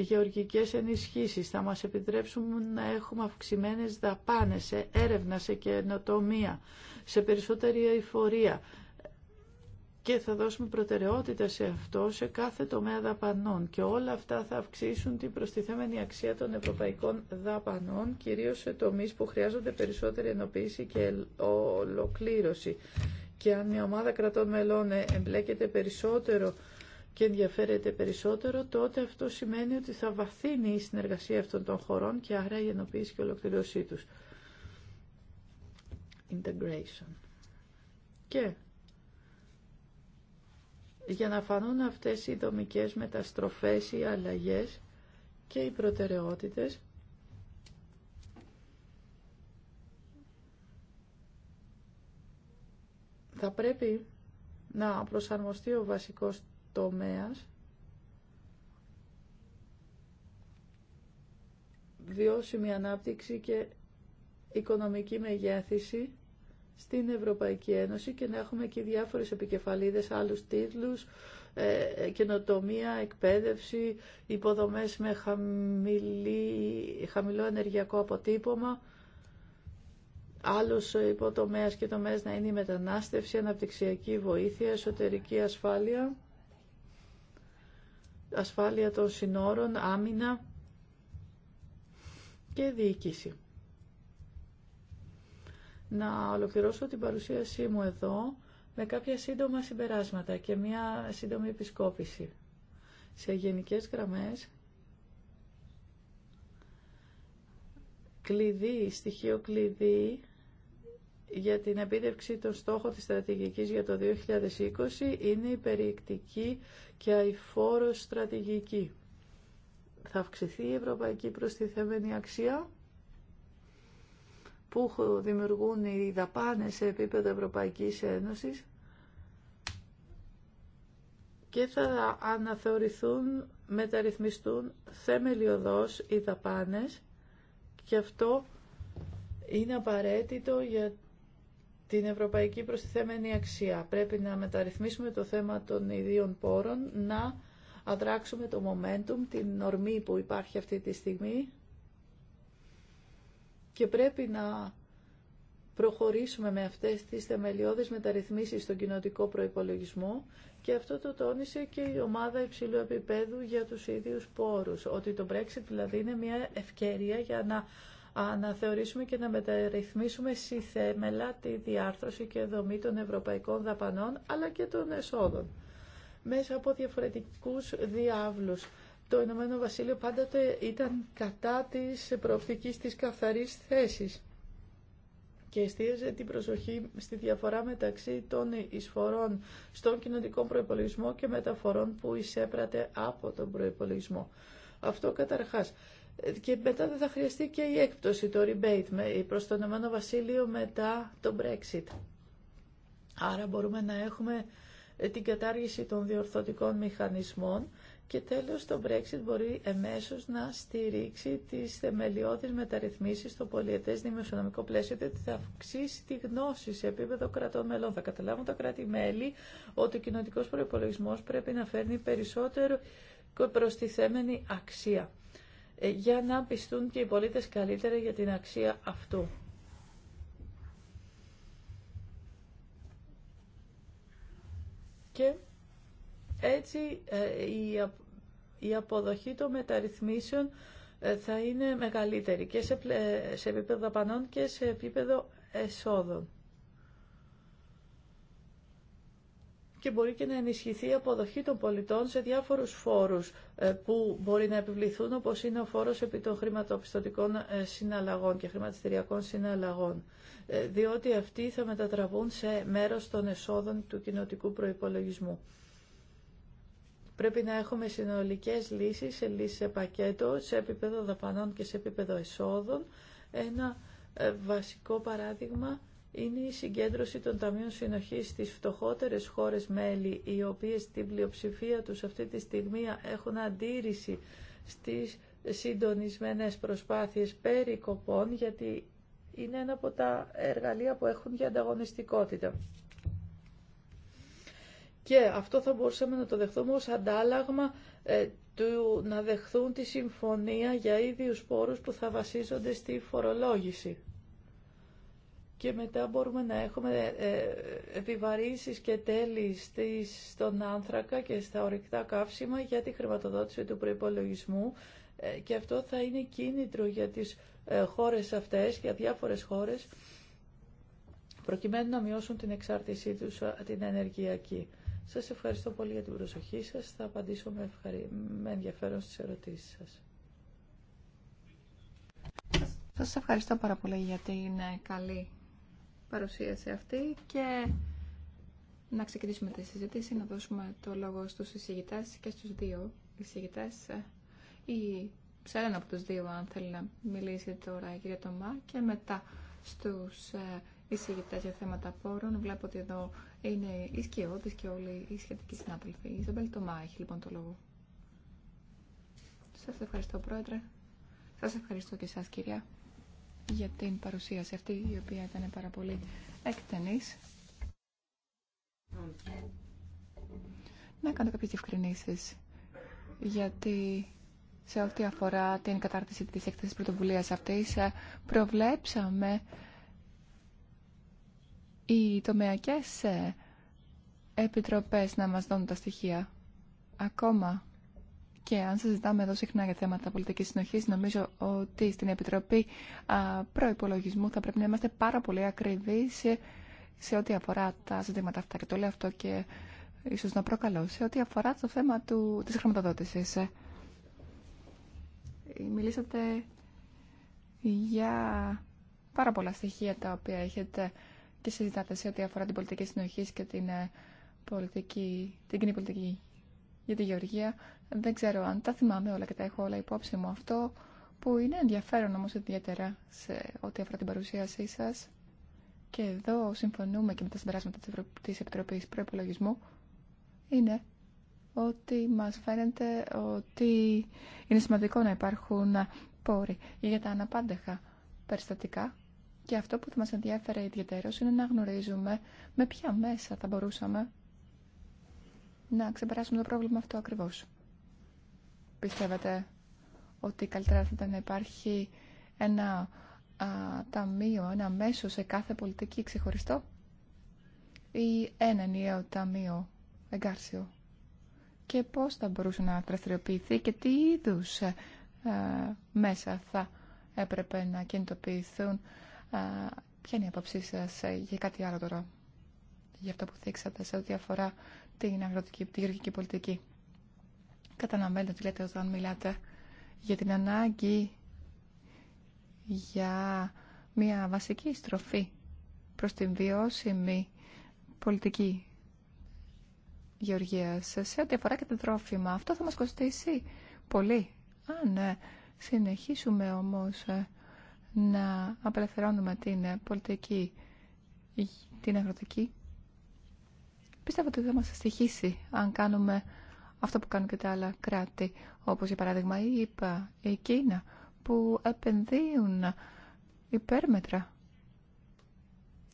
γεωργικές ενισχύσεις, θα μας επιτρέψουν να έχουμε αυξημένες δαπάνες σε έρευνα, σε καινοτομία, σε περισσότερη εφορία και θα δώσουμε προτεραιότητα σε αυτό σε κάθε τομέα δαπανών και όλα αυτά θα αυξήσουν την προστιθέμενη αξία των ευρωπαϊκών δαπανών κυρίως σε τομείς που χρειάζονται περισσότερη ενοποίηση και ολοκλήρωση και αν η ομάδα κρατών μελών εμπλέκεται περισσότερο και ενδιαφέρεται περισσότερο, τότε αυτό σημαίνει ότι θα βαθύνει η συνεργασία αυτών των χωρών και άρα η ενοποίηση και ολοκληρωσή τους. Integration. Και για να φανούν αυτές οι δομικές μεταστροφές, οι αλλαγές και οι προτεραιότητες, θα πρέπει να προσαρμοστεί ο βασικός τομέας βιώσιμη ανάπτυξη και οικονομική μεγέθυνση στην Ευρωπαϊκή Ένωση και να έχουμε και διάφορες επικεφαλίδες, άλλους τίτλους, ε, ε, καινοτομία, εκπαίδευση, υποδομές με χαμηλή, χαμηλό ενεργειακό αποτύπωμα, άλλους ε, υποτομέας και τομέας να είναι η μετανάστευση, αναπτυξιακή βοήθεια, εσωτερική ασφάλεια ασφάλεια των συνόρων, άμυνα και διοίκηση. Να ολοκληρώσω την παρουσίασή μου εδώ με κάποια σύντομα συμπεράσματα και μια σύντομη επισκόπηση. Σε γενικές γραμμές, κλειδί, στοιχείο κλειδί για την επίτευξη των στόχων της στρατηγικής για το 2020 είναι η περιεκτική και αηφόρος στρατηγική. Θα αυξηθεί η ευρωπαϊκή προστιθέμενη αξία που δημιουργούν οι δαπάνες σε επίπεδο Ευρωπαϊκής Ένωσης και θα αναθεωρηθούν, μεταρρυθμιστούν θεμελιωδώς οι δαπάνες και αυτό είναι απαραίτητο για την ευρωπαϊκή προστιθέμενη αξία. Πρέπει να μεταρρυθμίσουμε το θέμα των ιδίων πόρων, να αδράξουμε το momentum, την ορμή που υπάρχει αυτή τη στιγμή και πρέπει να προχωρήσουμε με αυτές τις θεμελιώδεις μεταρρυθμίσεις στον κοινοτικό προϋπολογισμό και αυτό το τόνισε και η ομάδα υψηλού επίπεδου για τους ίδιους πόρους, ότι το Brexit δηλαδή είναι μια ευκαιρία για να αναθεωρήσουμε και να μεταρρυθμίσουμε θέμελα τη διάρθρωση και δομή των ευρωπαϊκών δαπανών αλλά και των εσόδων. Μέσα από διαφορετικούς διάβλους το Ηνωμένο Βασίλειο πάντα ήταν κατά της προοπτικής της καθαρής θέσης και εστίαζε την προσοχή στη διαφορά μεταξύ των εισφορών στον κοινωνικό προϋπολογισμό και μεταφορών που εισέπρατε από τον προϋπολογισμό. Αυτό καταρχάς και μετά δεν θα χρειαστεί και η έκπτωση, το rebate προς το Ηνωμένο Βασίλειο μετά το Brexit. Άρα μπορούμε να έχουμε ε, την κατάργηση των διορθωτικών μηχανισμών και τέλος το Brexit μπορεί εμέσως να στηρίξει τις θεμελιώδεις μεταρρυθμίσεις στο πολιετές δημοσιονομικό πλαίσιο διότι θα αυξήσει τη γνώση σε επίπεδο κρατών μελών. Θα καταλάβουν τα κράτη-μέλη ότι ο κοινοτικός προϋπολογισμός πρέπει να φέρνει περισσότερο προστιθέμενη αξία. Ε, για να πιστούν και οι πολίτες καλύτερα για την αξία αυτού. Και έτσι ε, η αποδοχή των μεταρρυθμίσεων ε, θα είναι μεγαλύτερη και σε επίπεδο δαπανών και σε επίπεδο εσόδων. και μπορεί και να ενισχυθεί η αποδοχή των πολιτών σε διάφορους φόρους ε, που μπορεί να επιβληθούν, όπως είναι ο φόρος επί των χρηματοπιστωτικών ε, συναλλαγών και χρηματιστηριακών συναλλαγών, ε, διότι αυτοί θα μετατραβούν σε μέρος των εσόδων του κοινοτικού προϋπολογισμού. Πρέπει να έχουμε συνολικές λύσεις, σε λύσεις σε πακέτο, σε επίπεδο δαπανών και σε επίπεδο εσόδων. Ένα βασικό παράδειγμα είναι η συγκέντρωση των Ταμείων Συνοχής στις φτωχότερες χώρες μέλη, οι οποίες στην πλειοψηφία τους αυτή τη στιγμή έχουν αντίρρηση στις συντονισμένες προσπάθειες περικοπών, γιατί είναι ένα από τα εργαλεία που έχουν για ανταγωνιστικότητα. Και αυτό θα μπορούσαμε να το δεχθούμε ως αντάλλαγμα ε, του να δεχθούν τη συμφωνία για ίδιους πόρους που θα βασίζονται στη φορολόγηση και μετά μπορούμε να έχουμε ε, επιβαρύνσεις και τέλη στον άνθρακα και στα ορυκτά καύσιμα για τη χρηματοδότηση του προϋπολογισμού ε, και αυτό θα είναι κίνητρο για τις ε, χώρες αυτές, για διάφορες χώρες, προκειμένου να μειώσουν την εξάρτησή τους την ενεργειακή. Σας ευχαριστώ πολύ για την προσοχή σας. Θα απαντήσω με, ενδιαφέρον στις ερωτήσεις σας. Σας ευχαριστώ πάρα πολύ για την καλή παρουσίαση αυτή και να ξεκινήσουμε τη συζήτηση, να δώσουμε το λόγο στους εισηγητές και στους δύο εισηγητές ή σε έναν από τους δύο αν θέλει να μιλήσει τώρα η κυρία Τωμά και μετά στους ε, εισηγητές για θέματα πόρων. Βλέπω ότι εδώ είναι οι σκιώδες και όλοι οι σχετικοί συνάδελφοι. Η Ιζαμπέλ Τωμά έχει λοιπόν το λόγο. Σας ευχαριστώ πρόεδρε. Σας ευχαριστώ και μετα στους εισηγητες για θεματα πορων βλεπω οτι εδω ειναι η Ισραήλ Τωμά έχει λοιπόν το λόγο Σας ευχαριστώ πρόεδρε Σας ευχαριστώ και ολοι οι σχετικοι κυρία για την παρουσίαση αυτή η οποία ήταν πάρα πολύ εκτενής. Να κάνω κάποιες διευκρινήσεις γιατί σε ό,τι αφορά την κατάρτιση της έκθεσης πρωτοβουλίας αυτής ε, προβλέψαμε οι τομεακές ε, επιτροπές να μας δώνουν τα στοιχεία. Ακόμα και αν συζητάμε εδώ συχνά για θέματα πολιτική συνοχή, νομίζω ότι στην Επιτροπή Προπολογισμού θα πρέπει να είμαστε πάρα πολύ ακριβεί σε, σε ό,τι αφορά τα ζητήματα αυτά. Και το λέω αυτό και ίσω να προκαλώ σε ό,τι αφορά το θέμα τη χρηματοδότηση. Μιλήσατε για πάρα πολλά στοιχεία τα οποία έχετε και συζητάτε σε ό,τι αφορά την πολιτική συνοχή και την, ε, πολιτική, την κοινή πολιτική για τη Γεωργία. Δεν ξέρω αν τα θυμάμαι όλα και τα έχω όλα υπόψη μου. Αυτό που είναι ενδιαφέρον όμως ιδιαίτερα σε ό,τι αφορά την παρουσίασή σας και εδώ συμφωνούμε και με τα συμπεράσματα της, Επιτροπής Προϋπολογισμού είναι ότι μας φαίνεται ότι είναι σημαντικό να υπάρχουν πόροι για τα αναπάντεχα περιστατικά και αυτό που θα μας ενδιαφέρει ιδιαίτερος είναι να γνωρίζουμε με ποια μέσα θα μπορούσαμε να ξεπεράσουμε το πρόβλημα αυτό ακριβώς πιστεύετε ότι καλύτερα θα ήταν να υπάρχει ένα α, ταμείο, ένα μέσο σε κάθε πολιτική ξεχωριστό ή ένα νέο ταμείο εγκάρσιο και πώς θα μπορούσε να δραστηριοποιηθεί και τι είδους ε, ε, μέσα θα έπρεπε να κινητοποιηθούν. Α, ποια είναι η απόψή σας ε, για κάτι άλλο τώρα, για αυτό που θίξατε σε ό,τι αφορά την αγροτική, τη γεωργική πολιτική. Καταναμένω τι λέτε όταν μιλάτε για την ανάγκη για μια βασική στροφή προς την βιώσιμη πολιτική γεωργία. σε ό,τι αφορά και το τρόφιμα. Αυτό θα μας κοστίσει πολύ. Αν ε, συνεχίσουμε όμως ε, να απελευθερώνουμε την ε, πολιτική, την αγροτική, πιστεύω ότι θα μας στοιχήσει αν κάνουμε αυτό που κάνουν και τα άλλα κράτη, όπως για παράδειγμα η ΙΠΑ, η Κίνα, που επενδύουν υπέρμετρα.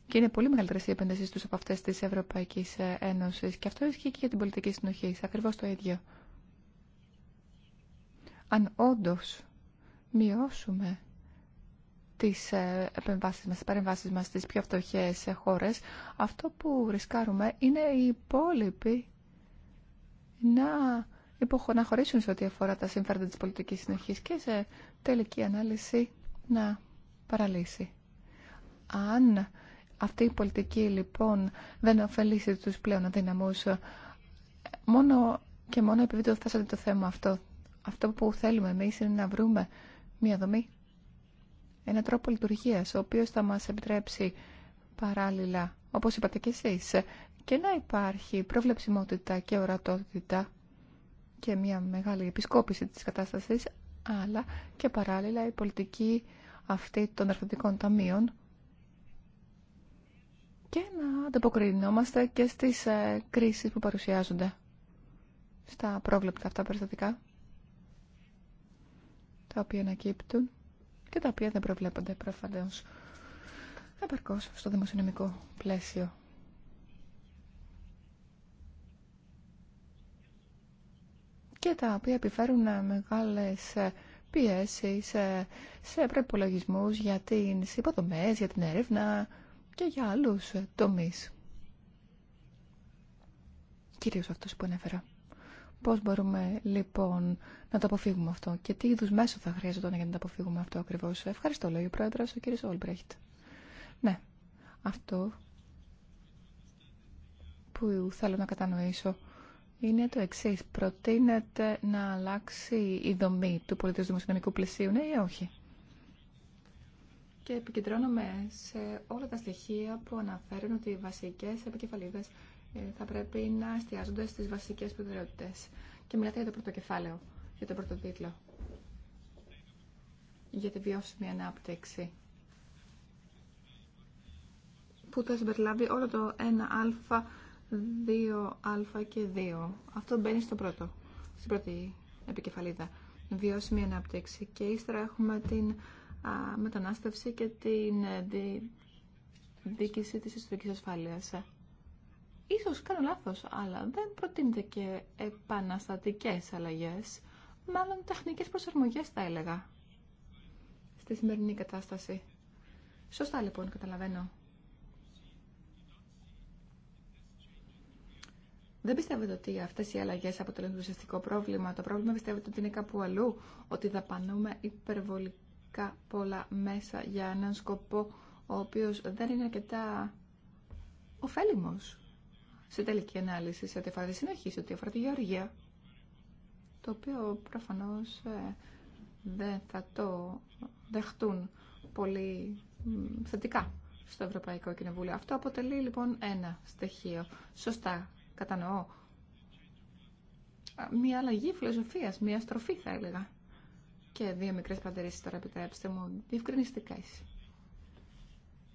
Και είναι πολύ μεγαλύτερε οι επενδύσει του από αυτέ τη Ευρωπαϊκή Ένωση. Και αυτό ισχύει και για την πολιτική συνοχή. Ακριβώ το ίδιο. Αν όντω μειώσουμε τι ε, επενδύσεις μας, τις μας στις πιο φτωχέ χώρες, αυτό που ρισκάρουμε είναι οι υπόλοιποι να υποχωρήσουν σε ό,τι αφορά τα συμφέροντα της πολιτικής συνοχής και σε τελική ανάλυση να παραλύσει. Αν αυτή η πολιτική λοιπόν δεν ωφελήσει τους πλέον αδύναμους, μόνο και μόνο επειδή το θέσατε το θέμα αυτό, αυτό που θέλουμε εμείς είναι να βρούμε μία δομή, ένα τρόπο λειτουργίας, ο οποίος θα μας επιτρέψει παράλληλα, όπως είπατε και εσείς, και να υπάρχει προβλεψιμότητα και ορατότητα και μια μεγάλη επισκόπηση της κατάστασης, αλλά και παράλληλα η πολιτική αυτή των αρθρωτικών ταμείων και να ανταποκρινόμαστε και στις ε, κρίσεις που παρουσιάζονται στα πρόβλεπτα αυτά περιστατικά τα οποία ανακύπτουν και τα οποία δεν προβλέπονται προφανώς επαρκώς στο δημοσιονομικό πλαίσιο. και τα οποία επιφέρουν ε, μεγάλες ε, πιέσεις ε, σε προπολογισμού για τις υποδομές, για την έρευνα και για άλλους τομείς. Κυρίως αυτός που ανέφερα. Πώς μπορούμε λοιπόν να το αποφύγουμε αυτό και τι είδου μέσο θα χρειαζόταν για να το αποφύγουμε αυτό ακριβώς. Ευχαριστώ, λέει ο Πρόεδρος, ο κύριος Όλμπρεχτ. Ναι, αυτό που θέλω να κατανοήσω είναι το εξή. Προτείνεται να αλλάξει η δομή του πολιτικού δημοσιονομικού πλαισίου, ναι ή όχι. Και επικεντρώνομαι σε όλα τα στοιχεία που αναφέρουν ότι οι βασικέ επικεφαλίδε ε, θα πρέπει να εστιάζονται στι βασικέ προτεραιότητε. Και μιλάτε για το πρώτο κεφάλαιο, για το πρώτο τίτλο. Για τη βιώσιμη ανάπτυξη. Που θα συμπεριλάβει όλο το 1α 2α και 2. Αυτό μπαίνει στο πρώτο, στην πρώτη επικεφαλίδα. Βιώσιμη ανάπτυξη. Και ύστερα έχουμε την μετανάστευση και την ε, δίκηση της ιστορικής ασφάλειας. Ίσως κάνω λάθος, αλλά δεν προτείνεται και επαναστατικές αλλαγές, μάλλον τεχνικές προσαρμογές θα έλεγα, στη σημερινή κατάσταση. Σωστά λοιπόν καταλαβαίνω. Δεν πιστεύετε ότι αυτές οι αλλαγές αποτελούν το ουσιαστικό πρόβλημα. Το πρόβλημα πιστεύετε ότι είναι κάπου αλλού, ότι δαπανούμε υπερβολικά πολλά μέσα για έναν σκοπό ο οποίος δεν είναι αρκετά ωφέλιμος σε τελική ανάλυση, σε ό,τι αφορά τη συνοχή, ό,τι αφορά τη γεωργία, το οποίο προφανώς ε, δεν θα το δεχτούν πολύ θετικά στο Ευρωπαϊκό Κοινοβούλιο. Αυτό αποτελεί λοιπόν ένα στοιχείο. Σωστά κατανοώ μια αλλαγή φιλοσοφία, μια στροφή θα έλεγα. Και δύο μικρέ παντερήσει τώρα επιτρέψτε μου, είσαι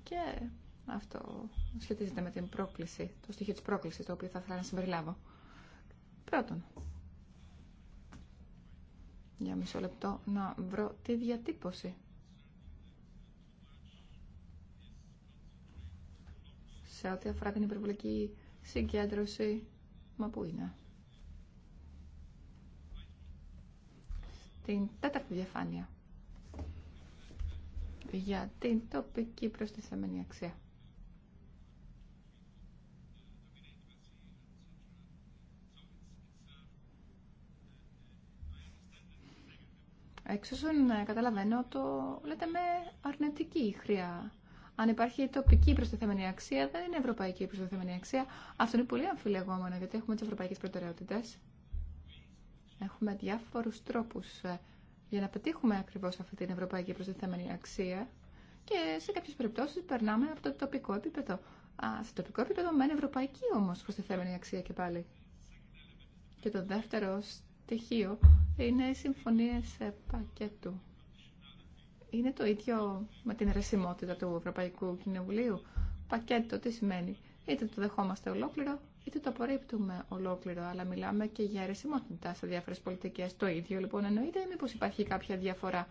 Και αυτό σχετίζεται με την πρόκληση, το στοιχείο τη πρόκληση το οποίο θα ήθελα να συμπεριλάβω. Πρώτον, για μισό λεπτό να βρω τη διατύπωση. Σε ό,τι αφορά την υπερβολική συγκέντρωση. Μα πού είναι. Στην τέταρτη διαφάνεια. Για την τοπική προστιθέμενη αξία. Εξ ε, καταλαβαίνω, το λέτε με αρνητική χρειά αν υπάρχει τοπική προστιθέμενη αξία, δεν είναι ευρωπαϊκή προστιθέμενη αξία. Αυτό είναι πολύ αμφιλεγόμενο, γιατί έχουμε τι ευρωπαϊκέ προτεραιότητε. Έχουμε διάφορου τρόπου ε, για να πετύχουμε ακριβώ αυτή την ευρωπαϊκή προστιθέμενη αξία και σε κάποιε περιπτώσει περνάμε από το τοπικό επίπεδο. Α, σε τοπικό επίπεδο μένει ευρωπαϊκή όμω προστιθέμενη αξία και πάλι. Και το δεύτερο στοιχείο είναι οι συμφωνίε πακέτου είναι το ίδιο με την ρεσιμότητα του Ευρωπαϊκού Κοινοβουλίου. Πακέτο, τι σημαίνει. Είτε το δεχόμαστε ολόκληρο, είτε το απορρίπτουμε ολόκληρο, αλλά μιλάμε και για αιρεσιμότητα σε διάφορε πολιτικέ. Το ίδιο λοιπόν εννοείται, ή μήπω υπάρχει κάποια διαφορά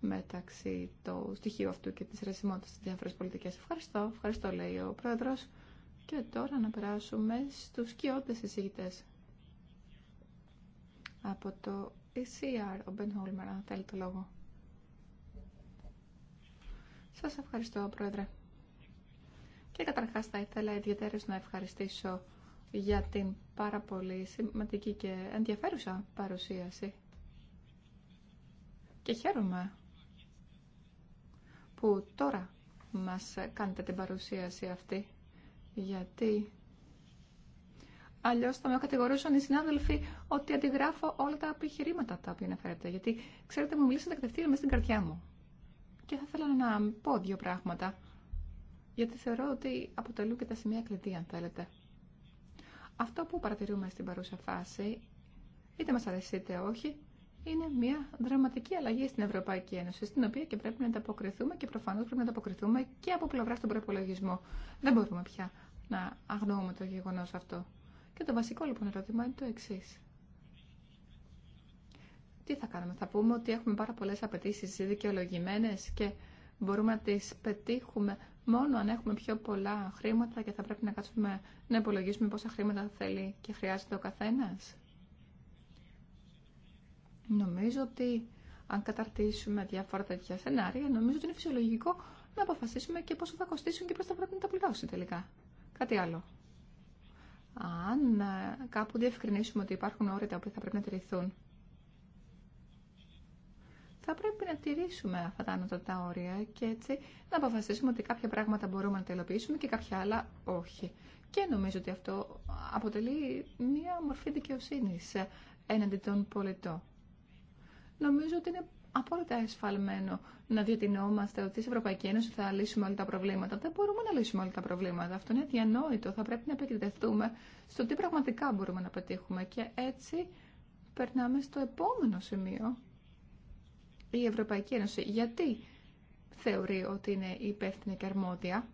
μεταξύ του στοιχείου αυτού και τη αιρεσιμότητα στι διάφορε πολιτικέ. Ευχαριστώ, ευχαριστώ, λέει ο πρόεδρο. Και τώρα να περάσουμε στου σκιώτε εισηγητέ. Από το ECR, ο Μπεν Χόλμερ, θέλει το λόγο. Σας ευχαριστώ, Πρόεδρε. Και καταρχάς θα ήθελα ιδιαίτερω να ευχαριστήσω για την πάρα πολύ σημαντική και ενδιαφέρουσα παρουσίαση. Και χαίρομαι που τώρα μας κάνετε την παρουσίαση αυτή, γιατί αλλιώς θα με κατηγορούσαν οι συνάδελφοι ότι αντιγράφω όλα τα επιχειρήματα τα οποία αναφέρετε, γιατί ξέρετε μου μιλήσατε κατευθείαν μέσα στην καρδιά μου και θα ήθελα να πω δύο πράγματα, γιατί θεωρώ ότι αποτελούν και τα σημεία κλειδί, αν θέλετε. Αυτό που παρατηρούμε στην παρούσα φάση, είτε μας αρέσει είτε όχι, είναι μια δραματική αλλαγή στην Ευρωπαϊκή Ένωση, στην οποία και πρέπει να ανταποκριθούμε και προφανώς πρέπει να ανταποκριθούμε και από πλευρά στον προπολογισμό. Δεν μπορούμε πια να αγνοούμε το γεγονός αυτό. Και το βασικό λοιπόν ερώτημα είναι το εξή τι θα κάνουμε. Θα πούμε ότι έχουμε πάρα πολλέ απαιτήσει δικαιολογημένε και μπορούμε να τι πετύχουμε μόνο αν έχουμε πιο πολλά χρήματα και θα πρέπει να κάτσουμε να υπολογίσουμε πόσα χρήματα θέλει και χρειάζεται ο καθένα. Νομίζω ότι αν καταρτήσουμε διάφορα τέτοια σενάρια, νομίζω ότι είναι φυσιολογικό να αποφασίσουμε και πόσο θα κοστίσουν και πώ θα πρέπει να τα πληρώσει τελικά. Κάτι άλλο. Αν ε, κάπου διευκρινίσουμε ότι υπάρχουν όρια τα οποία θα πρέπει να τηρηθούν, θα πρέπει να τηρήσουμε αυτά τα ανώτατα όρια και έτσι να αποφασίσουμε ότι κάποια πράγματα μπορούμε να τα υλοποιήσουμε και κάποια άλλα όχι. Και νομίζω ότι αυτό αποτελεί μία μορφή δικαιοσύνη ε, έναντι των πολιτών. Νομίζω ότι είναι απόλυτα εσφαλμένο να διατηνόμαστε ότι στην Ευρωπαϊκή Ένωση θα λύσουμε όλα τα προβλήματα. Δεν μπορούμε να λύσουμε όλα τα προβλήματα. Αυτό είναι διανόητο. Θα πρέπει να επικεντρωθούμε στο τι πραγματικά μπορούμε να πετύχουμε. Και έτσι περνάμε στο επόμενο σημείο η Ευρωπαϊκή Ένωση. Γιατί θεωρεί ότι είναι υπεύθυνη και αρμόδια.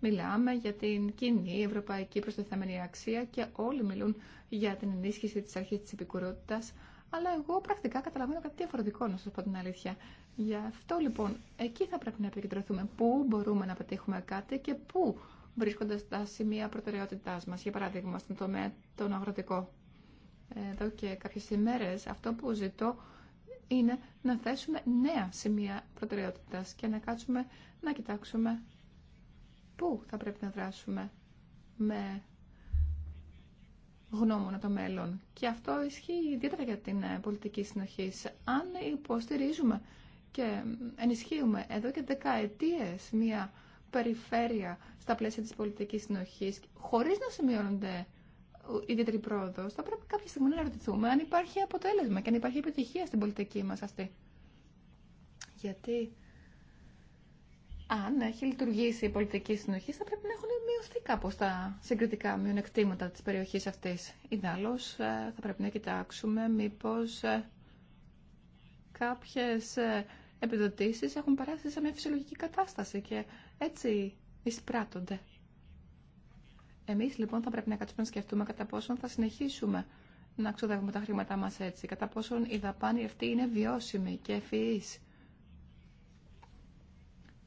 Μιλάμε για την κοινή ευρωπαϊκή προστιθέμενη αξία και όλοι μιλούν για την ενίσχυση της αρχής της επικουρότητας. Αλλά εγώ πρακτικά καταλαβαίνω κάτι διαφορετικό, να σας πω την αλήθεια. Γι' αυτό λοιπόν, εκεί θα πρέπει να επικεντρωθούμε. Πού μπορούμε να πετύχουμε κάτι και πού βρίσκονται τα σημεία προτεραιότητά μα, Για παράδειγμα, στον τομέα τον αγροτικό. Εδώ και κάποιε ημέρε αυτό που ζητώ είναι να θέσουμε νέα σημεία προτεραιότητας και να κάτσουμε να κοιτάξουμε πού θα πρέπει να δράσουμε με γνώμονα το μέλλον. Και αυτό ισχύει ιδιαίτερα για την ε, πολιτική συνοχή. Αν υποστηρίζουμε και ενισχύουμε εδώ και δεκαετίες μία περιφέρεια στα πλαίσια της πολιτικής συνοχής, χωρίς να σημειώνονται ιδιαίτερη πρόοδο, θα πρέπει κάποια στιγμή να ρωτηθούμε αν υπάρχει αποτέλεσμα και αν υπάρχει επιτυχία στην πολιτική μα αυτή. Γιατί αν έχει λειτουργήσει η πολιτική συνοχή, θα πρέπει να έχουν μειωθεί κάπω τα συγκριτικά μειονεκτήματα τη περιοχή αυτή. Ιδάλω, ε, θα πρέπει να κοιτάξουμε μήπω ε, κάποιε επιδοτήσει έχουν περάσει σε μια φυσιολογική κατάσταση και έτσι εισπράττονται. Εμείς λοιπόν θα πρέπει να κάτσουμε να σκεφτούμε κατά πόσον θα συνεχίσουμε να ξοδεύουμε τα χρήματά μας έτσι, κατά πόσον η δαπάνη αυτή είναι βιώσιμη και ευφυής.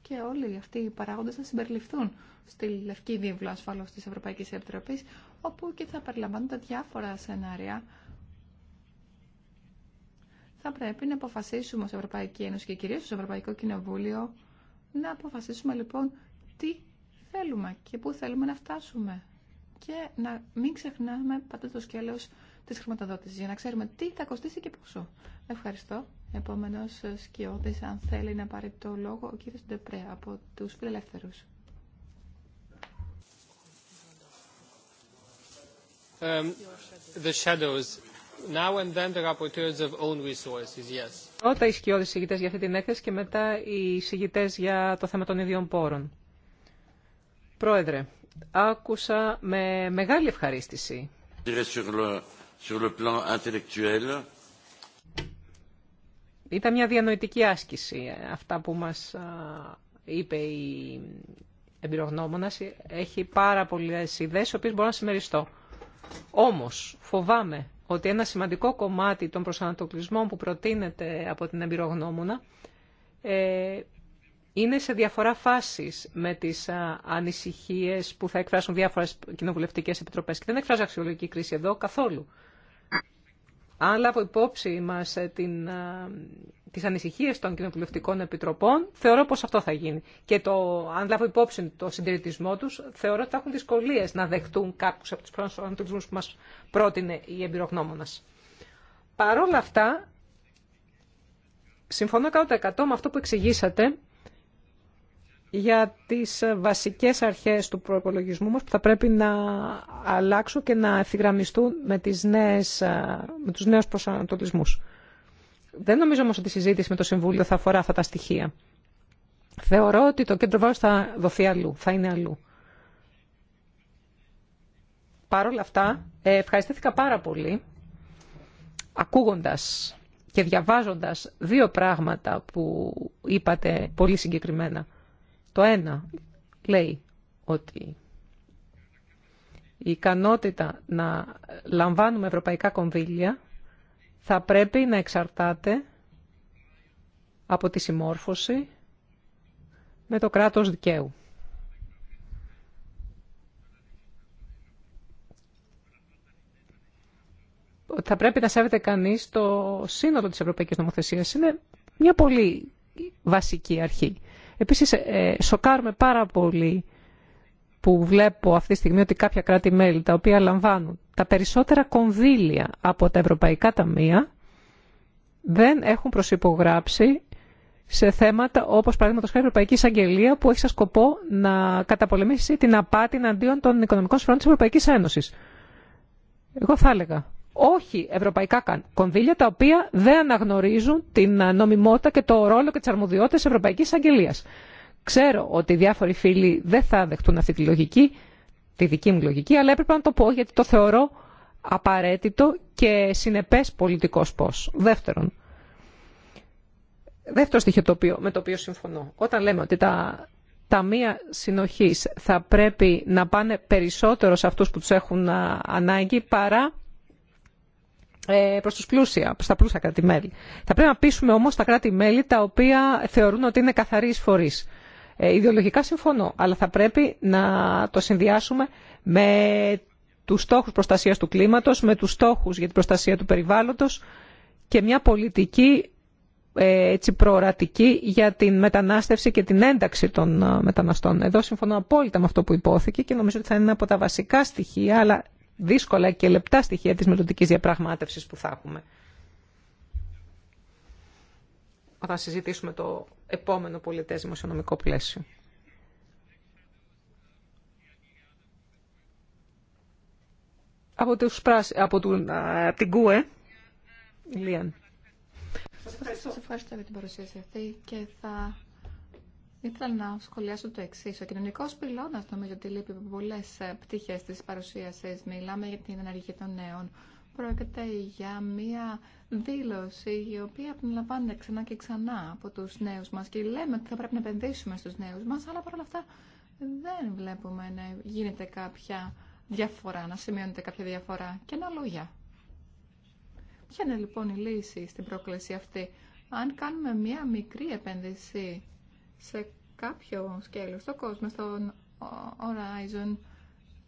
Και όλοι αυτοί οι παράγοντες θα συμπεριληφθούν στη Λευκή Βίβλο ασφαλώς της Ευρωπαϊκής Επιτροπής, όπου και θα περιλαμβάνονται διάφορα σενάρια. Θα πρέπει να αποφασίσουμε ως Ευρωπαϊκή Ένωση και κυρίως ως Ευρωπαϊκό Κοινοβούλιο να αποφασίσουμε λοιπόν τι θέλουμε και πού θέλουμε να φτάσουμε και να μην ξεχνάμε πάντα το σκέλος της χρηματοδότησης για να ξέρουμε τι θα κοστίσει και πόσο. Ευχαριστώ. Επόμενος σκιώδης, αν θέλει να πάρει το λόγο, ο κύριος Ντεπρέ από τους Φιλελεύθερους. Um, the shadows. Now Πρώτα οι σκιώδεις για αυτή την έκθεση και μετά οι συγγητές για το θέμα των ίδιων πόρων. Πρόεδρε, άκουσα με μεγάλη ευχαρίστηση. Ήταν μια διανοητική άσκηση. Ε, αυτά που μας είπε η εμπειρογνώμονα. έχει πάρα πολλές ιδέες, οι οποίες μπορώ να συμμεριστώ. Όμως φοβάμαι ότι ένα σημαντικό κομμάτι των προσανατολισμών που προτείνεται από την εμπειρογνώμονα ε, είναι σε διαφορά φάσεις με τις ανησυχίε ανησυχίες που θα εκφράσουν διάφορες κοινοβουλευτικές επιτροπές. Και δεν εκφράζω αξιολογική κρίση εδώ καθόλου. Αν λάβω υπόψη μας ε, την, ανησυχίε τις ανησυχίες των κοινοβουλευτικών επιτροπών, θεωρώ πως αυτό θα γίνει. Και το, αν λάβω υπόψη το συντηρητισμό τους, θεωρώ ότι θα έχουν δυσκολίες να δεχτούν κάποιους από τους προσανατολισμούς που μας πρότεινε η εμπειρογνώμονα. Παρ' όλα αυτά, συμφωνώ 100% με αυτό που εξηγήσατε για τις βασικές αρχές του προπολογισμού μας που θα πρέπει να αλλάξουν και να ευθυγραμμιστούν με, τις νέες, με τους νέους προσανατολισμούς. Δεν νομίζω όμως ότι η συζήτηση με το Συμβούλιο θα αφορά αυτά τα στοιχεία. Θεωρώ ότι το κέντρο βάρος θα δοθεί αλλού, θα είναι αλλού. Παρ' όλα αυτά, ε, ευχαριστήθηκα πάρα πολύ ακούγοντας και διαβάζοντας δύο πράγματα που είπατε πολύ συγκεκριμένα. Το ένα λέει ότι η ικανότητα να λαμβάνουμε ευρωπαϊκά κονδύλια θα πρέπει να εξαρτάται από τη συμμόρφωση με το κράτος δικαίου. Ότι θα πρέπει να σέβεται κανείς το σύνολο της Ευρωπαϊκής Νομοθεσίας είναι μια πολύ βασική αρχή. Επίσης, ε, ε, σοκάρουμε πάρα πολύ που βλέπω αυτή τη στιγμή ότι κάποια κράτη-μέλη τα οποία λαμβάνουν τα περισσότερα κονδύλια από τα ευρωπαϊκά ταμεία δεν έχουν προσυπογράψει σε θέματα όπως παραδείγματο χάρη Ευρωπαϊκή Εισαγγελία που έχει σαν σκοπό να καταπολεμήσει την απάτη εναντίον των οικονομικών συμφερόντων τη Ευρωπαϊκή Ένωση. Εγώ θα έλεγα όχι ευρωπαϊκά κονδύλια τα οποία δεν αναγνωρίζουν την ε, νομιμότητα και το ρόλο και τις αρμοδιότητε της Ευρωπαϊκής Αγγελίας. Ξέρω ότι διάφοροι φίλοι δεν θα δεχτούν αυτή τη λογική, τη δική μου λογική, αλλά έπρεπε να το πω γιατί το θεωρώ απαραίτητο και συνεπές πολιτικός πώς. Δεύτερον, δεύτερο στοιχείο το με το οποίο συμφωνώ. Όταν λέμε ότι τα ταμεία συνοχής θα πρέπει να πάνε περισσότερο σε αυτούς που τους έχουν ε, ανάγκη παρά ε, Προ πλούσια, τα πλούσια κράτη-μέλη. Θα πρέπει να πείσουμε όμω τα κράτη-μέλη τα οποία θεωρούν ότι είναι καθαροί εισφορεί. Ε, ιδεολογικά συμφωνώ, αλλά θα πρέπει να το συνδυάσουμε με του στόχου προστασία του κλίματο, με του στόχου για την προστασία του περιβάλλοντο και μια πολιτική ε, έτσι, προορατική για την μετανάστευση και την ένταξη των ε, μεταναστών. Εδώ συμφωνώ απόλυτα με αυτό που υπόθηκε και νομίζω ότι θα είναι από τα βασικά στοιχεία, αλλά δύσκολα και λεπτά στοιχεία της μελλοντική διαπραγμάτευσης που θα έχουμε. Όταν συζητήσουμε το επόμενο πολιτές δημοσιονομικό πλαίσιο. Από, τους πράσι, από, του, την ΚΟΕ, Λίαν. Σας ευχαριστώ. Σας ευχαριστώ για την παρουσίαση αυτή και θα Ήθελα να σχολιάσω το εξή. Ο κοινωνικό πυλώνα νομίζω ότι λείπει από πολλέ ε, πτυχέ τη παρουσίαση. Μιλάμε για την ενεργή των νέων. Πρόκειται για μία δήλωση η οποία επαναλαμβάνεται ξανά και ξανά από του νέου μα και λέμε ότι θα πρέπει να επενδύσουμε στου νέου μα, αλλά παρόλα αυτά δεν βλέπουμε να γίνεται κάποια διαφορά, να σημειώνεται κάποια διαφορά. Και ένα λόγια. Ποια είναι λοιπόν η λύση στην πρόκληση αυτή. Αν κάνουμε μία μικρή επένδυση σε κάποιο σκέλος στον κόσμο, στον Horizon,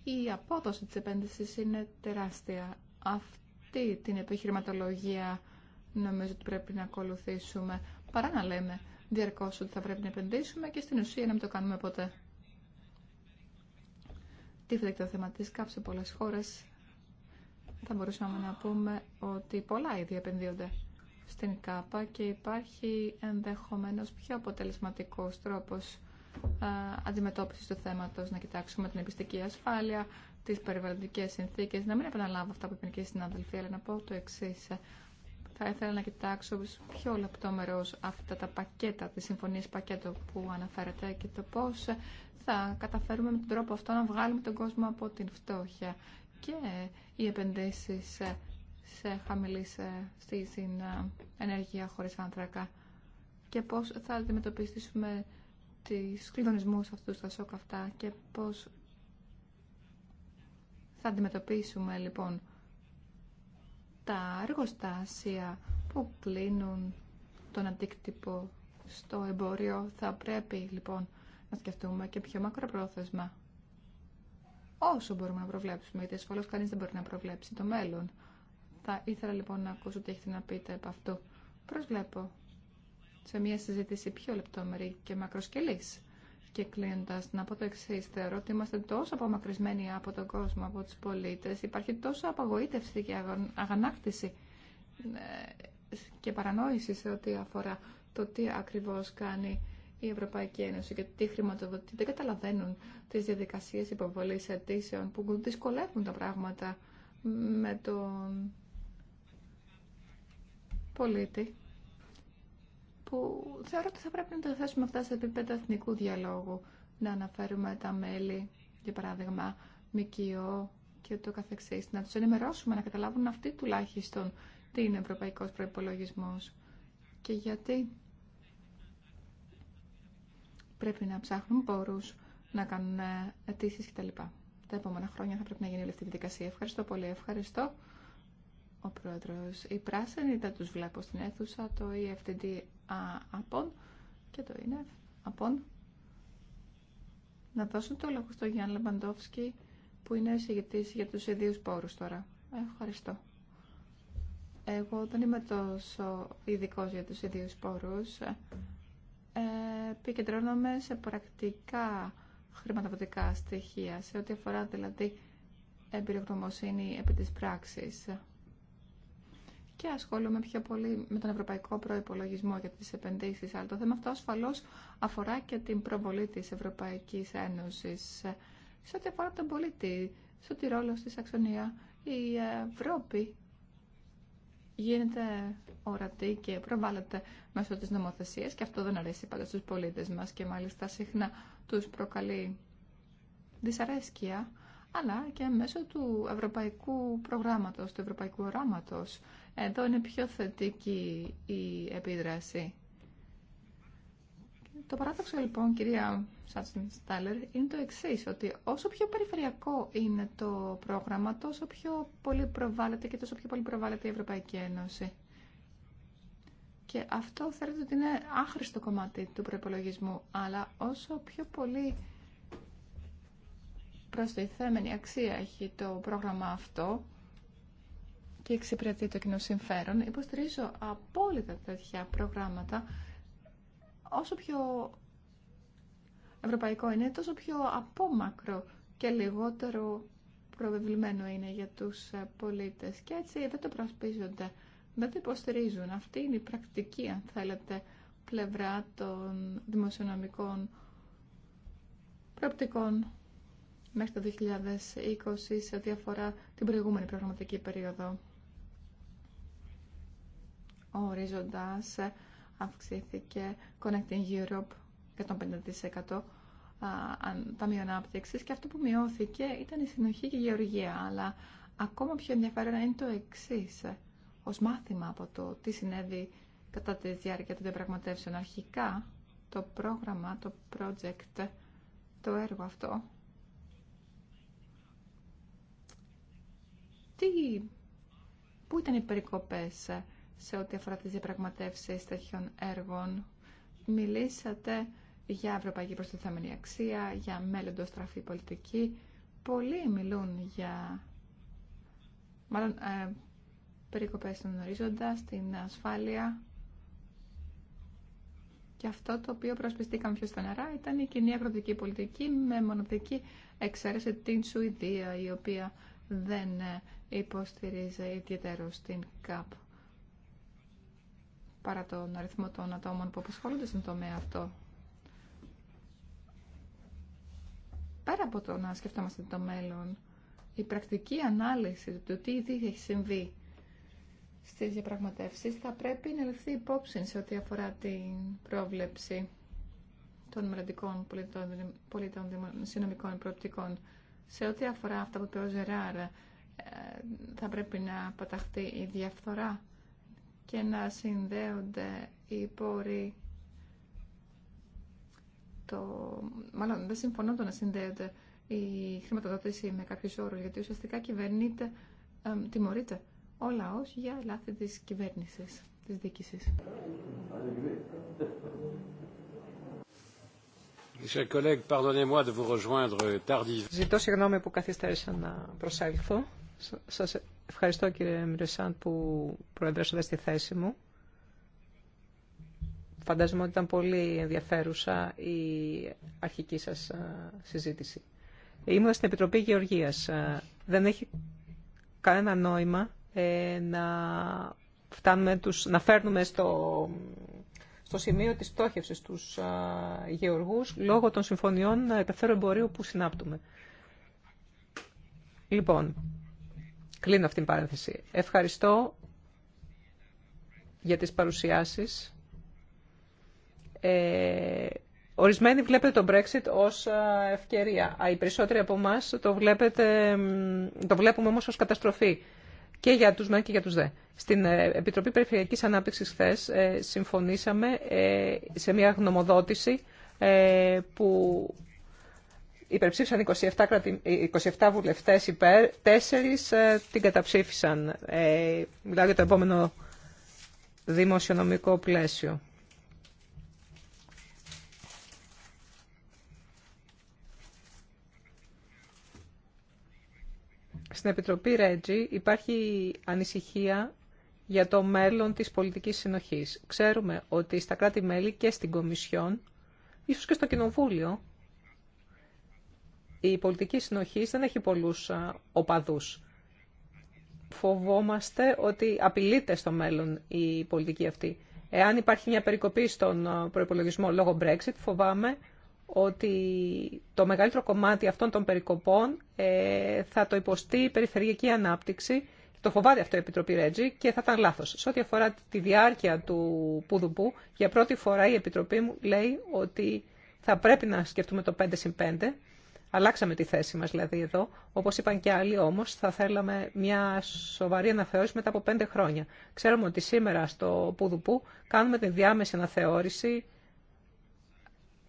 η απόδοση της επένδυσης είναι τεράστια. Αυτή την επιχειρηματολογία νομίζω ότι πρέπει να ακολουθήσουμε, παρά να λέμε διαρκώς ότι θα πρέπει να επενδύσουμε και στην ουσία να μην το κάνουμε ποτέ. Τι και το θέμα της σε πολλές χώρες. Θα μπορούσαμε να πούμε ότι πολλά ήδη επενδύονται στην ΚΑΠΑ και υπάρχει ενδεχομένως πιο αποτελεσματικός τρόπος ε, αντιμετώπισης του θέματος, να κοιτάξουμε την επιστική ασφάλεια, τις περιβαλλοντικές συνθήκες. Να μην επαναλάβω αυτά που είπαν και οι συνάδελφοι, αλλά να πω το εξή. Θα ήθελα να κοιτάξω πιο λεπτόμερως αυτά τα πακέτα, τις συμφωνίες πακέτο που αναφέρεται και το πώς θα καταφέρουμε με τον τρόπο αυτό να βγάλουμε τον κόσμο από την φτώχεια και οι επενδύσεις σε χαμηλή στη ενέργεια χωρίς άνθρακα και πώς θα αντιμετωπίσουμε τις κλειδονισμούς αυτούς τα σοκ αυτά και πώς θα αντιμετωπίσουμε λοιπόν τα εργοστάσια που κλείνουν τον αντίκτυπο στο εμπόριο θα πρέπει λοιπόν να σκεφτούμε και πιο μακροπρόθεσμα όσο μπορούμε να προβλέψουμε γιατί ασφαλώς κανείς δεν μπορεί να προβλέψει το μέλλον θα ήθελα λοιπόν να ακούσω τι έχετε να πείτε από αυτού. Προσβλέπω σε μια συζήτηση πιο λεπτόμερη και μακροσκελής. Και κλείνοντα, να πω το εξή: Θεωρώ ότι είμαστε τόσο απομακρυσμένοι από τον κόσμο, από του πολίτε. Υπάρχει τόσο απαγοήτευση και αγανάκτηση ε, και παρανόηση σε ό,τι αφορά το τι ακριβώ κάνει η Ευρωπαϊκή Ένωση και τι χρηματοδοτεί. Δεν καταλαβαίνουν τι διαδικασίε υποβολή αιτήσεων που δυσκολεύουν τα πράγματα με τον πολίτη που θεωρώ ότι θα πρέπει να το θέσουμε αυτά σε επίπεδο εθνικού διαλόγου. Να αναφέρουμε τα μέλη, για παράδειγμα, ΜΚΟ και το καθεξής. Να τους ενημερώσουμε, να καταλάβουν αυτοί τουλάχιστον τι είναι ευρωπαϊκός προϋπολογισμός και γιατί πρέπει να ψάχνουν πόρους, να κάνουν αιτήσει κτλ. Τα επόμενα χρόνια θα πρέπει να γίνει αυτή η δικασία. Ευχαριστώ πολύ. Ευχαριστώ ο πρόεδρος. η πράσινη δεν τους βλέπω στην αίθουσα, το EFTD απόν και το είναι e απόν. Να δώσω το λόγο στο Γιάννη Λαμπαντόφσκι που είναι συγκεκριτή για τους ιδίους πόρους τώρα. Ευχαριστώ. Εγώ δεν είμαι τόσο ειδικό για τους ιδίους πόρους. Ε, επικεντρώνομαι σε πρακτικά χρηματοδοτικά στοιχεία, σε ό,τι αφορά δηλαδή εμπειρογνωμοσύνη επί της πράξης και ασχολούμαι πιο πολύ με τον ευρωπαϊκό προπολογισμό για τις επενδύσεις. Αλλά το θέμα αυτό ασφαλώς αφορά και την προβολή της Ευρωπαϊκής Ένωσης σε ό,τι αφορά τον πολίτη, σε ό,τι ρόλο στη Σαξονία. Η Ευρώπη γίνεται ορατή και προβάλλεται μέσω της νομοθεσίας και αυτό δεν αρέσει πάντα στους πολίτες μας και μάλιστα συχνά τους προκαλεί δυσαρέσκεια αλλά και μέσω του ευρωπαϊκού προγράμματος, του ευρωπαϊκού οράματος εδώ είναι πιο θετική η επίδραση. Το παράδοξο λοιπόν, κυρία Σάτσιν Στάλερ, είναι το εξή, ότι όσο πιο περιφερειακό είναι το πρόγραμμα, τόσο πιο πολύ προβάλλεται και τόσο πιο πολύ προβάλλεται η Ευρωπαϊκή Ένωση. Και αυτό θεωρείται ότι είναι άχρηστο κομμάτι του προπολογισμού, αλλά όσο πιο πολύ προστιθέμενη αξία έχει το πρόγραμμα αυτό, και εξυπηρετεί το κοινό συμφέρον. Υποστηρίζω απόλυτα τέτοια προγράμματα. Όσο πιο ευρωπαϊκό είναι, τόσο πιο απόμακρο και λιγότερο προβεβλημένο είναι για τους ε, πολίτες. Και έτσι δεν το προσπίζονται, δεν το υποστηρίζουν. Αυτή είναι η πρακτική, αν θέλετε, πλευρά των δημοσιονομικών προοπτικών μέχρι το 2020 σε διαφορά την προηγούμενη προγραμματική περίοδο. Ο ορίζοντας ε, αυξήθηκε Connecting Europe 150% 50% ταμείο ανάπτυξη και αυτό που μειώθηκε ήταν η συνοχή και η γεωργία. Αλλά ακόμα πιο ενδιαφέρον είναι το εξή ε, ως μάθημα από το τι συνέβη κατά τη διάρκεια των διαπραγματεύσεων. Αρχικά το πρόγραμμα, το project, το έργο αυτό. Τι, πού ήταν οι περικοπές ε, σε ό,τι αφορά τις διαπραγματεύσεις τέτοιων έργων. Μιλήσατε για ευρωπαϊκή προστιθέμενη αξία, για μέλλοντο τραφή πολιτική. Πολλοί μιλούν για μάλλον ε, περικοπές στον ορίζοντα, στην ασφάλεια. Και αυτό το οποίο προσπιστήκαμε πιο στεναρά ήταν η κοινή αγροτική πολιτική με μοναδική εξαίρεση την Σουηδία, η οποία δεν ε, υποστηρίζει ιδιαίτερο στην ΚΑΠ παρά τον αριθμό των ατόμων που απασχολούνται στον τομέα αυτό. Πέρα από το να σκεφτόμαστε το μέλλον, η πρακτική ανάλυση του τι ήδη έχει συμβεί στις διαπραγματεύσει θα πρέπει να ληφθεί υπόψη σε ό,τι αφορά την πρόβλεψη των μελλοντικών πολιτών, πολιτών συνομικών προοπτικών. Σε ό,τι αφορά αυτά που είπε ο Ζεράρα, ε, θα πρέπει να παταχθεί η διαφθορά και να συνδέονται οι πόροι το... μάλλον δεν συμφωνώ το να συνδέεται η χρηματοδότηση με κάποιου όρου, γιατί ουσιαστικά κυβερνείται, τιμωρείται ο λαό για λάθη τη κυβέρνηση, τη δίκηση. Ζητώ συγγνώμη που καθυστέρησα να προσέλθω. Σας ευχαριστώ κύριε Μιρεσάν που προεδρέσατε στη θέση μου. Φαντάζομαι ότι ήταν πολύ ενδιαφέρουσα η αρχική σας συζήτηση. Ήμουν στην Επιτροπή Γεωργίας. Δεν έχει κανένα νόημα ε, να, φτάνουμε τους, να φέρνουμε στο, στο σημείο της στόχευσης τους γεωργούς λόγω των συμφωνιών ελευθέρου εμπορίου που συνάπτουμε. Λοιπόν, Κλείνω αυτήν την παρένθεση. Ευχαριστώ για τις παρουσιάσεις. Ε, ορισμένοι βλέπετε το Brexit ως ε, ευκαιρία. Οι περισσότεροι από εμά το, το βλέπουμε όμως ως καταστροφή και για τους μεν ναι και για τους δε. Στην ε, Επιτροπή Περιφερειακής Ανάπτυξης χθε ε, συμφωνήσαμε σε μια γνωμοδότηση που υπερψήφισαν 27, κρατη, 27 βουλευτές υπέρ, 4 ε, την καταψήφισαν. Ε, μιλάω για το επόμενο δημοσιονομικό πλαίσιο. Στην Επιτροπή Ρέτζι υπάρχει ανησυχία για το μέλλον της πολιτικής συνοχής. Ξέρουμε ότι στα κράτη-μέλη και στην Κομισιόν, ίσως και στο Κοινοβούλιο, η πολιτική συνοχή δεν έχει πολλούς οπαδούς. Φοβόμαστε ότι απειλείται στο μέλλον η πολιτική αυτή. Εάν υπάρχει μια περικοπή στον προπολογισμό λόγω Brexit, φοβάμαι ότι το μεγαλύτερο κομμάτι αυτών των περικοπών ε, θα το υποστεί η περιφερειακή ανάπτυξη. Το φοβάται αυτό η Επιτροπή Ρέτζη και θα ήταν λάθο. Σε ό,τι αφορά τη διάρκεια του Πουδουπού, για πρώτη φορά η Επιτροπή μου λέει ότι θα πρέπει να σκεφτούμε το 5 5 Αλλάξαμε τη θέση μας δηλαδή εδώ. Όπως είπαν και άλλοι όμως θα θέλαμε μια σοβαρή αναθεώρηση μετά από πέντε χρόνια. Ξέρουμε ότι σήμερα στο Πουδουπού κάνουμε τη διάμεση αναθεώρηση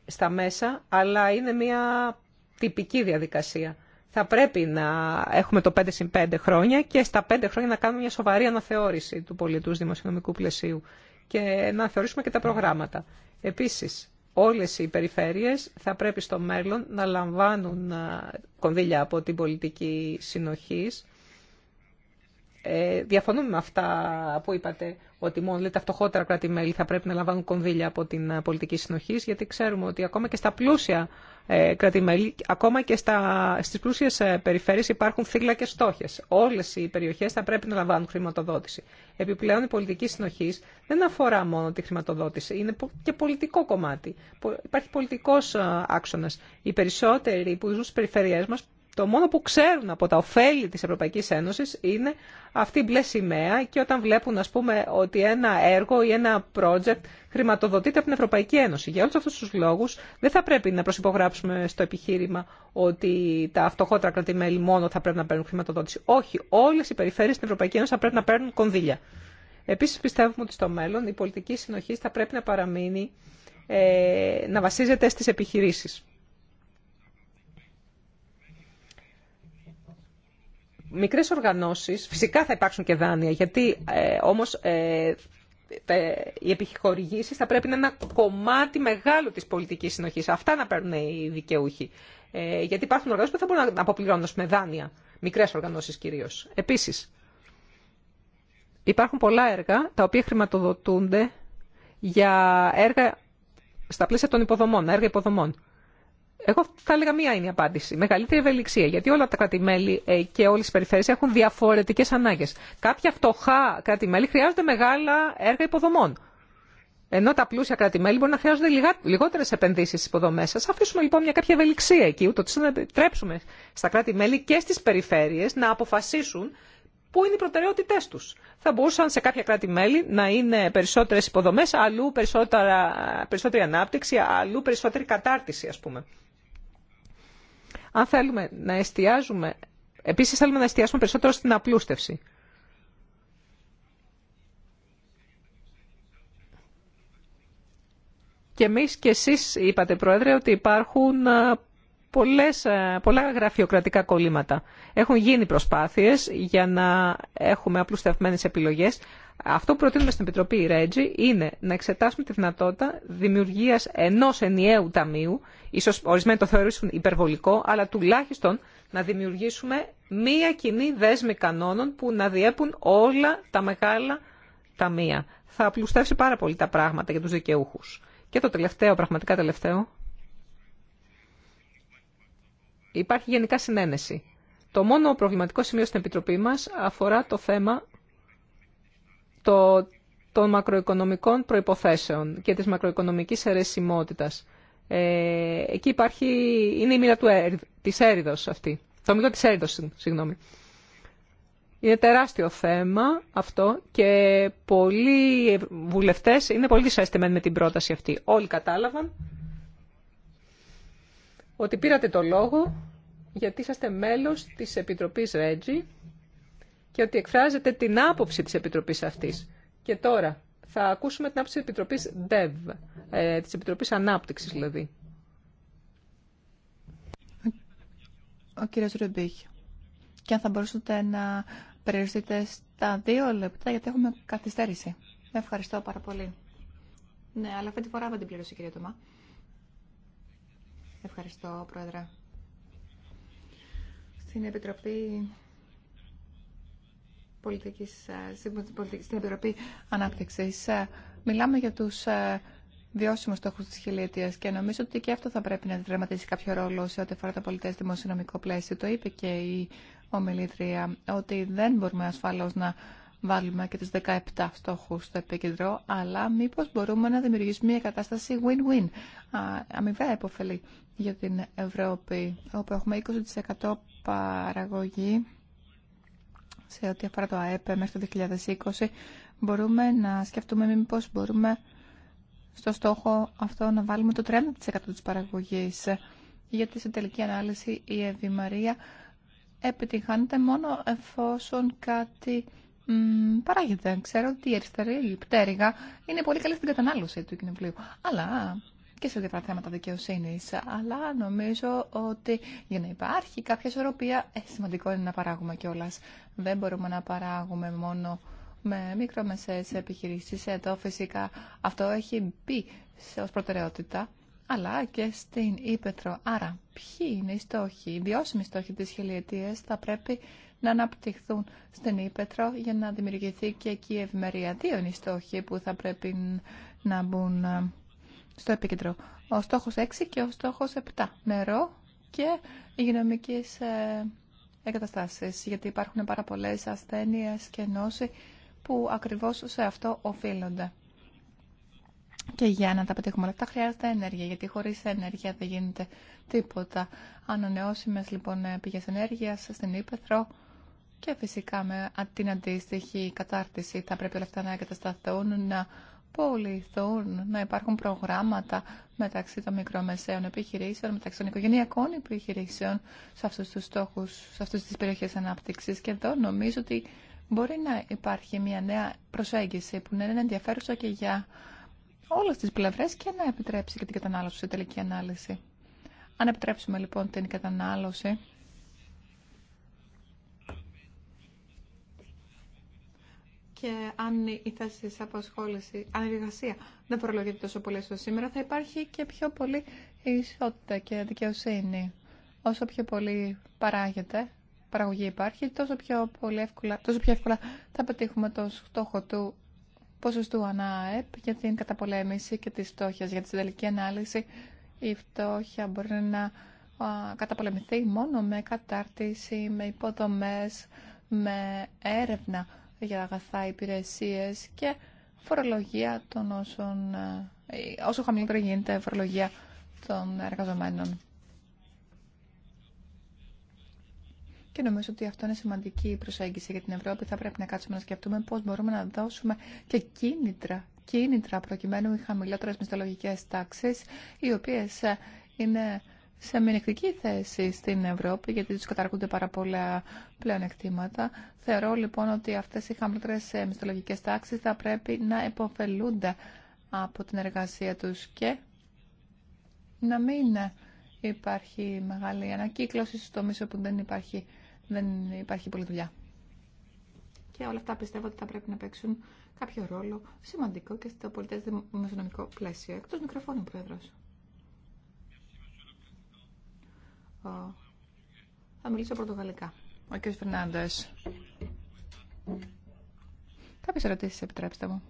στα μέσα, αλλά είναι μια τυπική διαδικασία. Θα πρέπει να έχουμε το 5 συν 5 χρόνια και στα 5 χρόνια να κάνουμε μια σοβαρή αναθεώρηση του πολιτού δημοσιονομικού πλαισίου και να θεωρήσουμε και τα προγράμματα. Επίσης, όλες οι περιφέρειες θα πρέπει στο μέλλον να λαμβάνουν ε, κονδύλια από την πολιτική συνοχής. Ε, διαφωνούμε με αυτά που είπατε, ότι μόνο λέει, δηλαδή, τα φτωχότερα κράτη-μέλη θα πρέπει να λαμβάνουν κονδύλια από την ε, πολιτική συνοχής, γιατί ξέρουμε ότι ακόμα και στα πλούσια ε, κρατημέλη. Ακόμα και στα, στις πλούσιες ε, περιφέρειες υπάρχουν και στόχες. Όλες οι περιοχές θα πρέπει να λαμβάνουν χρηματοδότηση. Επιπλέον η πολιτική συνοχής δεν αφορά μόνο τη χρηματοδότηση, είναι και πολιτικό κομμάτι. Υπάρχει πολιτικός ε, άξονας. Οι περισσότεροι που ζουν στις περιφερειές μας το μόνο που ξέρουν από τα ωφέλη της Ευρωπαϊκής Ένωσης είναι αυτή η μπλε σημαία και όταν βλέπουν ας πούμε ότι ένα έργο ή ένα project χρηματοδοτείται από την Ευρωπαϊκή Ένωση. Για όλους αυτούς τους λόγους δεν θα πρέπει να προσυπογράψουμε στο επιχείρημα ότι τα φτωχότερα κρατημέλη μόνο θα πρέπει να παίρνουν χρηματοδότηση. Όχι, όλες οι περιφέρειες στην Ευρωπαϊκή Ένωση θα πρέπει να παίρνουν κονδύλια. Επίσης πιστεύουμε ότι στο μέλλον η πολιτική συνοχή θα πρέπει να παραμείνει ε, να βασίζεται στις επιχειρήσεις. μικρές οργανώσεις, φυσικά θα υπάρξουν και δάνεια, γιατί ε, όμως ε, οι επιχορηγήσει θα πρέπει να είναι ένα κομμάτι μεγάλο της πολιτικής συνοχής. Αυτά να παίρνουν οι δικαιούχοι. Ε, γιατί υπάρχουν οργανώσεις που θα μπορούν να αποπληρώνουν με δάνεια, μικρές οργανώσεις κυρίω. Επίσης, υπάρχουν πολλά έργα τα οποία χρηματοδοτούνται για έργα στα πλαίσια των υποδομών, έργα υποδομών. Εγώ θα έλεγα μία είναι η απάντηση. Μεγαλύτερη ευελιξία. Γιατί όλα τα κράτη-μέλη ε, και όλε τι περιφέρειες έχουν διαφορετικέ ανάγκε. Κάποια φτωχά κράτη-μέλη χρειάζονται μεγάλα έργα υποδομών. Ενώ τα πλούσια κράτη-μέλη μπορεί να χρειάζονται λιγότερε επενδύσει στι υποδομέ. Α αφήσουμε λοιπόν μια κάποια ευελιξία εκεί, ούτω ώστε να επιτρέψουμε στα κράτη-μέλη και στι περιφέρειε να αποφασίσουν πού είναι οι προτεραιότητέ του. Θα μπορούσαν σε κάποια κράτη-μέλη να είναι περισσότερε υποδομέ, αλλού περισσότερη ανάπτυξη, αλλού περισσότερη κατάρτιση, α πούμε. Αν θέλουμε να εστιάζουμε, επίσης θέλουμε να εστιάσουμε περισσότερο στην απλούστευση. Και εμείς και εσείς είπατε, Πρόεδρε, ότι υπάρχουν ε, πολλά γραφειοκρατικά κολλήματα. Έχουν γίνει προσπάθειες για να έχουμε απλουστευμένες επιλογές. Αυτό που προτείνουμε στην Επιτροπή Ρέτζι είναι να εξετάσουμε τη δυνατότητα δημιουργίας ενός ενιαίου ταμείου, ίσως ορισμένοι το θεωρήσουν υπερβολικό, αλλά τουλάχιστον να δημιουργήσουμε μία κοινή δέσμη κανόνων που να διέπουν όλα τα μεγάλα ταμεία. Θα απλουστεύσει πάρα πολύ τα πράγματα για τους δικαιούχους. Και το τελευταίο, πραγματικά τελευταίο, Υπάρχει γενικά συνένεση. Το μόνο προβληματικό σημείο στην Επιτροπή μας αφορά το θέμα το, των μακροοικονομικών προϋποθέσεων και της μακροοικονομικής αιρεσιμότητας. Ε, εκεί υπάρχει, είναι η μοίρα του, της έρηδος αυτή. Το μοίρα της έρηδος, συγγνώμη. Είναι τεράστιο θέμα αυτό και πολλοί βουλευτές είναι πολύ δυσαρεστημένοι με την πρόταση αυτή. Όλοι κατάλαβαν ότι πήρατε το λόγο γιατί είσαστε μέλος της Επιτροπής Ρέτζι και ότι εκφράζετε την άποψη της Επιτροπής αυτής. Και τώρα θα ακούσουμε την άποψη της Επιτροπής ΔΕΒ, της Επιτροπής Ανάπτυξης δηλαδή. Ο κύριος Ρεμπίχ. και αν θα μπορούσατε να περιοριστείτε στα δύο λεπτά γιατί έχουμε καθυστέρηση. Ευχαριστώ πάρα πολύ. Ναι, αλλά αυτή τη φορά δεν την πληρώσει, κυρία Τωμά. Ευχαριστώ, Πρόεδρε. Στην Επιτροπή Πολιτικής, ε, στην Επιτροπή Ανάπτυξης ε, μιλάμε για τους ε, βιώσιμού στόχους της χιλιετίας και νομίζω ότι και αυτό θα πρέπει να δραματίσει κάποιο ρόλο σε ό,τι αφορά τα πολιτές δημοσιονομικό πλαίσιο. Το είπε και η ομιλήτρια ότι δεν μπορούμε ασφαλώς να βάλουμε και τις 17 στόχους στο επίκεντρο, αλλά μήπως μπορούμε να δημιουργήσουμε μια κατάσταση win-win, αμοιβαία επωφελή για την Ευρώπη, όπου έχουμε 20% παραγωγή σε ό,τι αφορά το ΑΕΠ μέχρι το 2020, μπορούμε να σκεφτούμε μήπως μπορούμε στο στόχο αυτό να βάλουμε το 30% της παραγωγής, γιατί σε τελική ανάλυση η ευημαρία επιτυγχάνεται μόνο εφόσον κάτι παράγεται. Ξέρω ότι η αριστερή πτέρυγα είναι πολύ καλή στην κατανάλωση του κοινοβουλίου. Αλλά και σε διάφορα θέματα δικαιοσύνη. Αλλά νομίζω ότι για να υπάρχει κάποια ισορροπία, ε, σημαντικό είναι να παράγουμε κιόλα. Δεν μπορούμε να παράγουμε μόνο με μικρομεσαίε επιχειρήσει, Εδώ φυσικά αυτό έχει μπει ω προτεραιότητα, αλλά και στην Ήπετρο. Άρα, ποιοι είναι οι στόχοι, οι βιώσιμοι στόχοι της χιλιετίας θα πρέπει να αναπτυχθούν στην Ήπετρο για να δημιουργηθεί και εκεί η ευημερία. Δύο είναι οι στόχοι που θα πρέπει να μπουν ε, στο επίκεντρο. Ο στόχος 6 και ο στόχος 7. Νερό και υγειονομικές ε, εγκαταστάσεις, γιατί υπάρχουν πάρα πολλές ασθένειες και νόσοι που ακριβώς σε αυτό οφείλονται. Και για να τα πετύχουμε όλα αυτά χρειάζεται ενέργεια, γιατί χωρίς ενέργεια δεν γίνεται τίποτα. Ανανεώσιμες λοιπόν ε, πηγές ενέργειας στην Ήπεθρο και φυσικά με την αντίστοιχη κατάρτιση θα πρέπει όλα αυτά να εγκατασταθούν, να πολιθούν, να υπάρχουν προγράμματα μεταξύ των μικρομεσαίων επιχειρήσεων, μεταξύ των οικογενειακών επιχειρήσεων σε αυτούς τους στόχους, σε αυτές τις περιοχές ανάπτυξης. Και εδώ νομίζω ότι μπορεί να υπάρχει μια νέα προσέγγιση που να είναι ενδιαφέρουσα και για όλες τις πλευρές και να επιτρέψει και την κατανάλωση σε τελική ανάλυση. Αν επιτρέψουμε λοιπόν την κατανάλωση και αν η θέση απασχόληση, αν η εργασία δεν προλογείται τόσο πολύ στο σήμερα, θα υπάρχει και πιο πολύ ισότητα και δικαιοσύνη. Όσο πιο πολύ παράγεται, παραγωγή υπάρχει, τόσο πιο, πολύ εύκολα, τόσο πιο εύκολα θα πετύχουμε το στόχο του ποσοστού ΑΝΑΕΠ για την καταπολέμηση και τη φτώχεια. Για τη συντελική ανάλυση, η φτώχεια μπορεί να καταπολεμηθεί μόνο με κατάρτιση, με υποδομές, με έρευνα για αγαθά υπηρεσίες και φορολογία των όσων, ε, όσο χαμηλότερα γίνεται φορολογία των εργαζομένων. Και νομίζω ότι αυτό είναι σημαντική προσέγγιση για την Ευρώπη. Θα πρέπει να κάτσουμε να σκεφτούμε πώς μπορούμε να δώσουμε και κίνητρα, κίνητρα προκειμένου οι χαμηλότερες μισθολογικές τάξεις, οι οποίες ε, είναι σε μειονεκτική θέση στην Ευρώπη, γιατί του καταργούνται πάρα πολλά πλέον Θεωρώ λοιπόν ότι αυτέ οι χαμηλότερε μισθολογικέ τάξεις θα πρέπει να υποφελούνται από την εργασία του και να μην υπάρχει μεγάλη ανακύκλωση στο μίσο που δεν υπάρχει, δεν υπάρχει πολλή δουλειά. Και όλα αυτά πιστεύω ότι θα πρέπει να παίξουν κάποιο ρόλο σημαντικό και στο πολιτικό-μεσονομικό πλαίσιο. Εκτός μικροφώνου, Πρόεδρος. Θα μιλήσω πορτογαλικά. Ο κ. Φερνάντε. Κάποιε ερωτήσει, επιτρέψτε μου.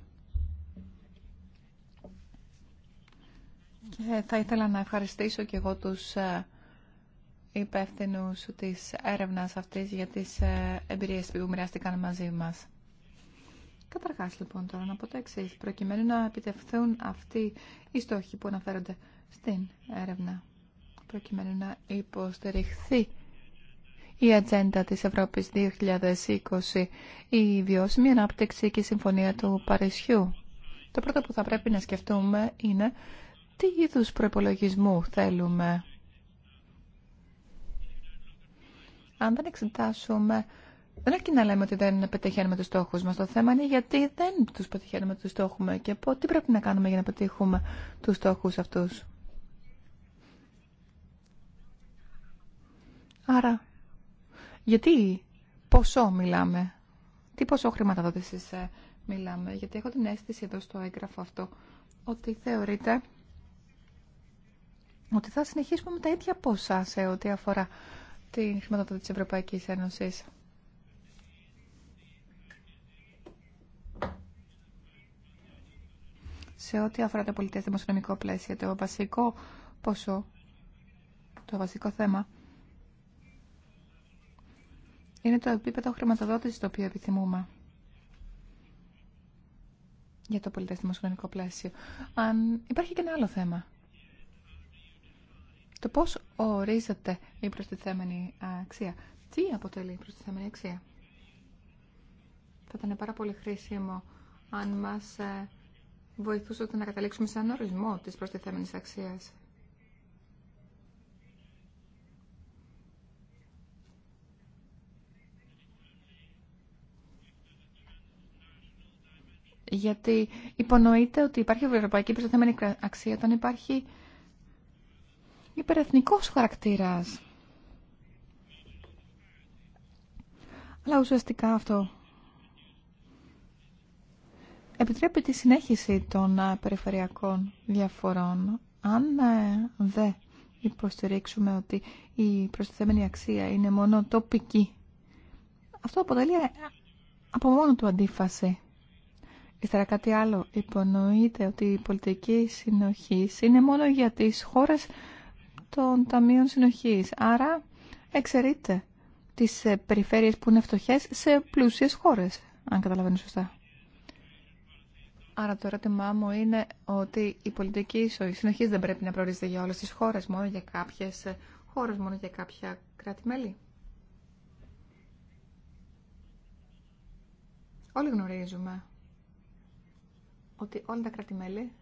Και θα ήθελα να ευχαριστήσω και εγώ τους ε, υπεύθυνου τη έρευνας αυτή για τις ε, εμπειρίες που μοιράστηκαν μαζί μας. Καταρχά λοιπόν τώρα να πω το προκειμένου να επιτευχθούν αυτοί οι στόχοι που αναφέρονται στην έρευνα προκειμένου να υποστηριχθεί η ατζέντα της Ευρώπης 2020, η βιώσιμη ανάπτυξη και η συμφωνία του Παρισιού. Το πρώτο που θα πρέπει να σκεφτούμε είναι τι είδους προπολογισμού θέλουμε. Αν δεν εξετάσουμε, δεν αρκεί να λέμε ότι δεν πετυχαίνουμε τους στόχους μας. Το θέμα είναι γιατί δεν τους πετυχαίνουμε τους στόχους και τι πρέπει να κάνουμε για να πετύχουμε τους στόχους αυτούς. Άρα, γιατί ποσό μιλάμε, τι ποσό χρηματοδότησης ε, μιλάμε, γιατί έχω την αίσθηση εδώ στο έγγραφο αυτό ότι θεωρείται ότι θα συνεχίσουμε με τα ίδια ποσά σε ό,τι αφορά τη χρηματοδότηση της Ευρωπαϊκής Ένωσης. Σε ό,τι αφορά το πολιτές δημοσιονομικό πλαίσιο, το βασικό ποσό, το βασικό θέμα είναι το επίπεδο χρηματοδότησης το οποίο επιθυμούμε για το πολιτισμό κοινωνικό πλαίσιο. Αν υπάρχει και ένα άλλο θέμα. Το πώς ορίζεται η προστιθέμενη αξία. Τι αποτελεί η προστιθέμενη αξία. Θα ήταν πάρα πολύ χρήσιμο αν μας ε, βοηθούσε να καταλήξουμε σε έναν ορισμό της προστιθέμενης αξίας. γιατί υπονοείται ότι υπάρχει ευρωπαϊκή προσθέμενη αξία όταν υπάρχει υπερεθνικός χαρακτήρας. Αλλά ουσιαστικά αυτό επιτρέπει τη συνέχιση των περιφερειακών διαφορών. Αν ε, δεν υποστηρίξουμε ότι η προστιθέμενη αξία είναι μόνο τοπική, αυτό αποτελεί ε, από μόνο του αντίφαση. Ύστερα κάτι άλλο. Υπονοείται ότι η πολιτική συνοχή είναι μόνο για τις χώρες των ταμείων συνοχής. Άρα εξαιρείται τις ε, περιφέρειες που είναι φτωχέ σε πλούσιες χώρες, αν καταλαβαίνω σωστά. Άρα το ερώτημά μου είναι ότι η πολιτική συνοχή δεν πρέπει να προορίζεται για όλες τις χώρες, μόνο για κάποιες χώρες, μόνο για κάποια κράτη-μέλη. Όλοι γνωρίζουμε ότι όλα τα κράτη-μέλη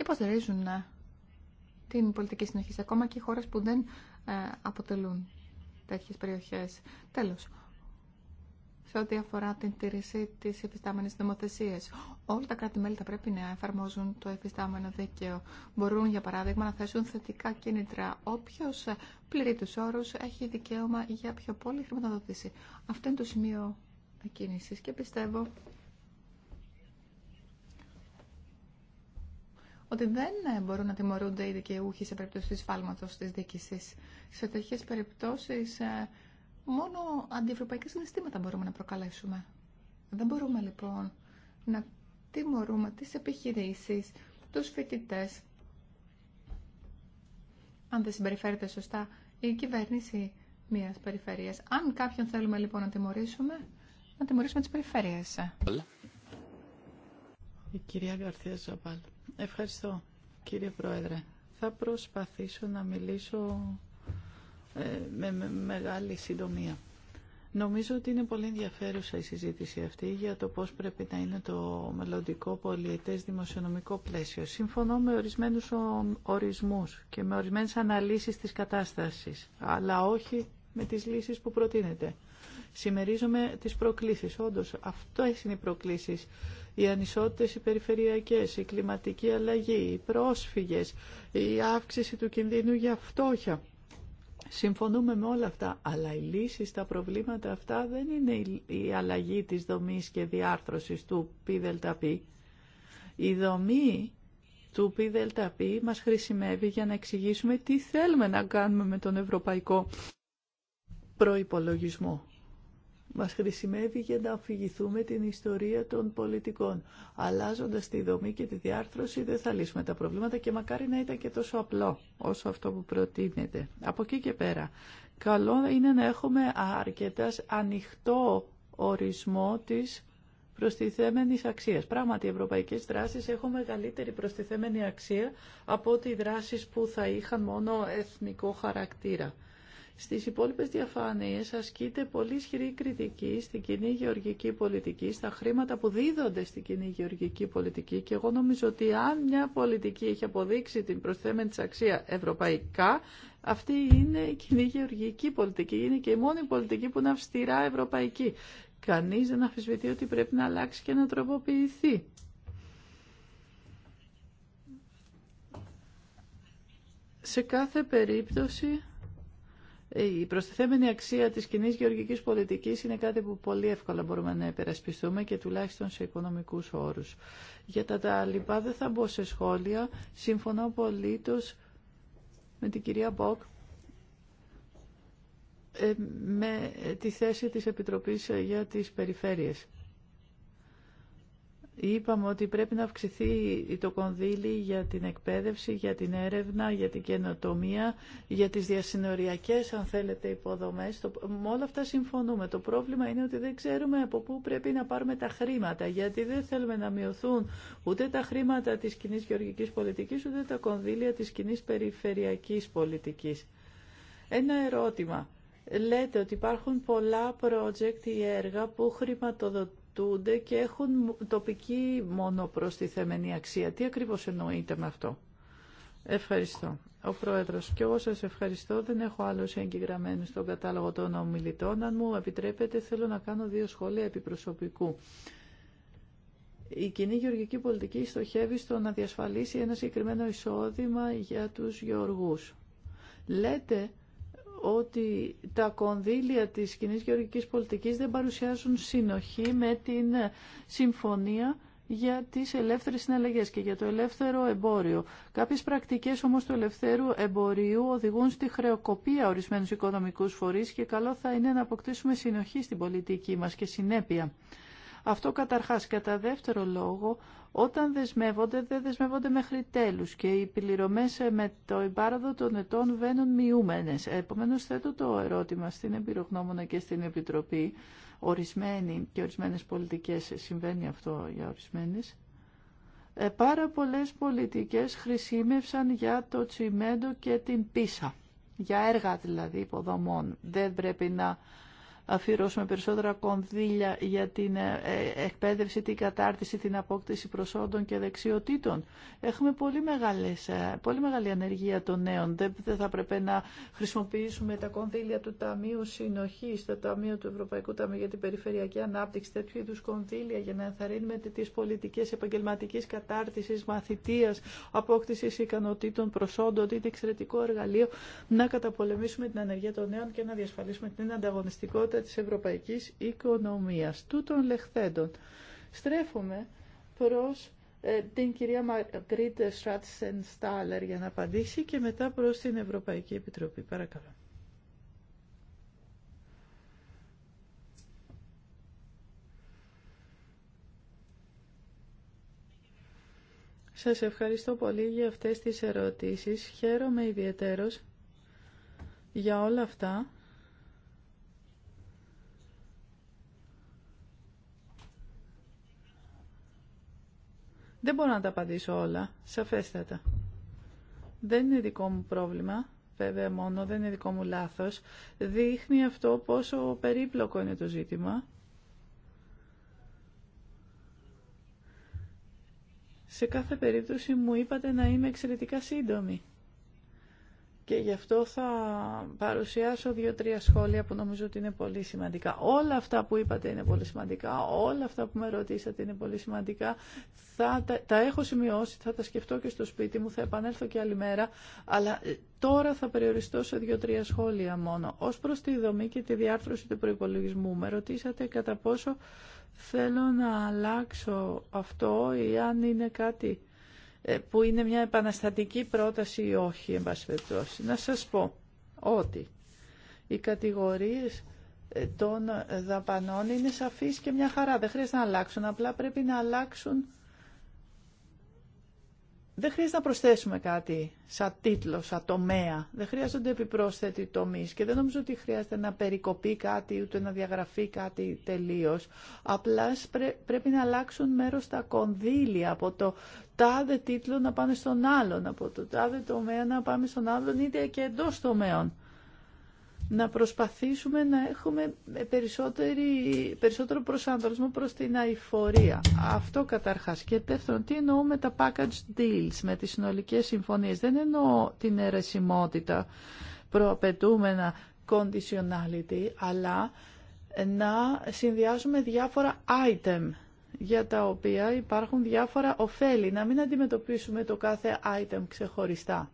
υποστηρίζουν ε, την πολιτική συνοχή ακόμα και οι χώρες που δεν ε, αποτελούν τέτοιες περιοχές. Τέλος, σε ό,τι αφορά την τήρηση τη υφιστάμενη νομοθεσία. Όλα τα κράτη-μέλη θα πρέπει να εφαρμόζουν το υφιστάμενο δίκαιο. Μπορούν, για παράδειγμα, να θέσουν θετικά κίνητρα. Όποιο πληρεί του όρους έχει δικαίωμα για πιο πολύ χρηματοδότηση. Αυτό είναι το σημείο κίνησης και πιστεύω ότι δεν μπορούν να τιμωρούνται οι δικαιούχοι σε περίπτωση σφάλματος της δίκησης. Σε τέτοιες περιπτώσεις ε, μόνο αντιευρωπαϊκά συναισθήματα μπορούμε να προκαλέσουμε. Δεν μπορούμε λοιπόν να τιμωρούμε τις επιχειρήσεις, τους φοιτητέ. Αν δεν συμπεριφέρεται σωστά η κυβέρνηση μιας περιφέρειας. Αν κάποιον θέλουμε λοιπόν να τιμωρήσουμε, να τιμωρήσουμε τις περιφέρειες. κυρία Γκαρθία Ευχαριστώ κύριε Πρόεδρε. Θα προσπαθήσω να μιλήσω ε, με μεγάλη συντομία. Νομίζω ότι είναι πολύ ενδιαφέρουσα η συζήτηση αυτή για το πώς πρέπει να είναι το μελλοντικό πολιετές δημοσιονομικό πλαίσιο. Συμφωνώ με ορισμένους ορισμούς και με ορισμένες αναλύσεις της κατάστασης, αλλά όχι με τις λύσεις που προτείνεται. Σημερίζομαι τις προκλήσεις. Όντως, αυτό είναι οι προκλήσεις. Οι ανισότητες οι η κλιματική αλλαγή, οι πρόσφυγες, η αύξηση του κινδύνου για φτώχεια. Συμφωνούμε με όλα αυτά, αλλά η λύση στα προβλήματα αυτά δεν είναι η αλλαγή της δομής και διάρθρωσης του ΠΔΠ. Η δομή του ΠΔΠ μας χρησιμεύει για να εξηγήσουμε τι θέλουμε να κάνουμε με τον ευρωπαϊκό προϋπολογισμό μας χρησιμεύει για να αφηγηθούμε την ιστορία των πολιτικών. Αλλάζοντας τη δομή και τη διάρθρωση δεν θα λύσουμε τα προβλήματα και μακάρι να ήταν και τόσο απλό όσο αυτό που προτείνεται. Από εκεί και πέρα, καλό είναι να έχουμε αρκετά ανοιχτό ορισμό της προστιθέμενης αξίας. Πράγματι, οι ευρωπαϊκές δράσεις έχουν μεγαλύτερη προστιθέμενη αξία από ότι οι δράσεις που θα είχαν μόνο εθνικό χαρακτήρα. Στις υπόλοιπες διαφάνειες ασκείται πολύ ισχυρή κριτική στην κοινή γεωργική πολιτική, στα χρήματα που δίδονται στην κοινή γεωργική πολιτική και εγώ νομίζω ότι αν μια πολιτική έχει αποδείξει την προσθέμενη της αξία ευρωπαϊκά, αυτή είναι η κοινή γεωργική πολιτική, είναι και η μόνη πολιτική που είναι αυστηρά ευρωπαϊκή. Κανείς δεν αφισβητεί ότι πρέπει να αλλάξει και να τροποποιηθεί. Σε κάθε περίπτωση η προστιθέμενη αξία της κοινή γεωργικής πολιτικής είναι κάτι που πολύ εύκολα μπορούμε να υπερασπιστούμε και τουλάχιστον σε οικονομικούς όρους. Για τα, τα λοιπά δεν θα μπω σε σχόλια. Συμφωνώ πολύ με την κυρία Μπόκ ε, με τη θέση της Επιτροπής ε, για τις Περιφέρειες. Είπαμε ότι πρέπει να αυξηθεί το κονδύλι για την εκπαίδευση, για την έρευνα, για την καινοτομία, για τις διασυνοριακές, αν θέλετε, υποδομές. Το, με όλα αυτά συμφωνούμε. Το πρόβλημα είναι ότι δεν ξέρουμε από πού πρέπει να πάρουμε τα χρήματα, γιατί δεν θέλουμε να μειωθούν ούτε τα χρήματα της κοινή γεωργικής πολιτικής, ούτε τα κονδύλια της κοινή περιφερειακής πολιτικής. Ένα ερώτημα. Λέτε ότι υπάρχουν πολλά project ή έργα που χρηματοδοτούν και έχουν τοπική μόνο προστιθέμενη αξία. Τι ακριβώς εννοείται με αυτό. Ευχαριστώ. Ο Πρόεδρος, και εγώ σας ευχαριστώ. Δεν έχω άλλους εγγυγραμμένους στον κατάλογο των ομιλητών. Αν μου επιτρέπετε, θέλω να κάνω δύο σχόλια επιπροσωπικού. Η κοινή γεωργική πολιτική στοχεύει στο να διασφαλίσει ένα συγκεκριμένο εισόδημα για τους γεωργούς. Λέτε ότι τα κονδύλια της κοινή γεωργικής πολιτικής δεν παρουσιάζουν συνοχή με την συμφωνία για τις ελεύθερες συναλλαγές και για το ελεύθερο εμπόριο. Κάποιες πρακτικές όμως του ελευθέρου εμπορίου οδηγούν στη χρεοκοπία ορισμένους οικονομικούς φορείς και καλό θα είναι να αποκτήσουμε συνοχή στην πολιτική μας και συνέπεια. Αυτό καταρχάς. Κατά δεύτερο λόγο, όταν δεσμεύονται, δεν δεσμεύονται μέχρι τέλου και οι πληρωμέ ε, με το εμπάροδο των ετών βαίνουν μειούμενε. Επομένω, θέτω το ερώτημα στην εμπειρογνώμονα και στην Επιτροπή. Ορισμένοι και ορισμένε πολιτικέ, ε, συμβαίνει αυτό για ορισμένε. Ε, πάρα πολλέ πολιτικέ χρησιμεύσαν για το τσιμέντο και την πίσα. Για έργα δηλαδή υποδομών. Δεν πρέπει να αφιερώσουμε περισσότερα κονδύλια για την ε, ε, εκπαίδευση, την κατάρτιση, την απόκτηση προσόντων και δεξιοτήτων. Έχουμε πολύ, μεγάλες, ε, πολύ μεγάλη ανεργία των νέων. Δεν θα πρέπει να χρησιμοποιήσουμε τα κονδύλια του Ταμείου Συνοχή, το Ταμείο του Ευρωπαϊκού Ταμείου για την Περιφερειακή Ανάπτυξη, τέτοιου είδου κονδύλια για να ενθαρρύνουμε τι πολιτικέ επαγγελματική κατάρτιση, μαθητεία, απόκτηση ικανοτήτων προσόντων, ότι είναι εξαιρετικό εργαλείο να καταπολεμήσουμε την ανεργία των νέων και να διασφαλίσουμε την ανταγωνιστικότητα της ευρωπαϊκής οικονομίας. των λεχθέντων. Στρέφουμε προς ε, την κυρία Μαγκρίτε Στράτσεν Στάλερ για να απαντήσει και μετά προς την Ευρωπαϊκή Επιτροπή. Παρακαλώ. Σας ευχαριστώ πολύ για αυτές τις ερωτήσεις. Χαίρομαι ιδιαίτερος για όλα αυτά Δεν μπορώ να τα απαντήσω όλα, σαφέστατα. Δεν είναι δικό μου πρόβλημα, βέβαια μόνο, δεν είναι δικό μου λάθος. Δείχνει αυτό πόσο περίπλοκο είναι το ζήτημα. Σε κάθε περίπτωση μου είπατε να είμαι εξαιρετικά σύντομη και γι' αυτό θα παρουσιάσω δύο-τρία σχόλια που νομίζω ότι είναι πολύ σημαντικά. Όλα αυτά που είπατε είναι πολύ σημαντικά, όλα αυτά που με ρωτήσατε είναι πολύ σημαντικά. Θα τα, τα έχω σημειώσει, θα τα σκεφτώ και στο σπίτι μου, θα επανέλθω και άλλη μέρα, αλλά ε, τώρα θα περιοριστώ σε δύο-τρία σχόλια μόνο. Ως προς τη δομή και τη διάρθρωση του προϋπολογισμού, με ρωτήσατε κατά πόσο θέλω να αλλάξω αυτό ή αν είναι κάτι ε, που είναι μια επαναστατική πρόταση ή όχι, εν Να σας πω ότι οι κατηγορίες ε, των δαπανών είναι σαφείς και μια χαρά. Δεν χρειάζεται να αλλάξουν, απλά πρέπει να αλλάξουν. Δεν χρειάζεται να προσθέσουμε κάτι σαν τίτλο, σαν τομέα. Δεν χρειάζονται επιπρόσθετοι τομεί και δεν νομίζω ότι χρειάζεται να περικοπεί κάτι ούτε να διαγραφεί κάτι τελείω. Απλά πρέπει να αλλάξουν μέρο τα κονδύλια από το τάδε τίτλο να πάνε στον άλλον, από το τάδε τομέα να πάμε στον άλλον, είτε και εντό τομέων. Να προσπαθήσουμε να έχουμε περισσότερο προσανατολισμό προς την αηφορία. Αυτό καταρχάς. Και δεύτερον, τι εννοώ τα package deals, με τις συνολικές συμφωνίες. Δεν εννοώ την αιρεσιμότητα προαπαιτούμενα conditionality, αλλά να συνδυάζουμε διάφορα item για τα οποία υπάρχουν διάφορα ωφέλη, να μην αντιμετωπίσουμε το κάθε item ξεχωριστά.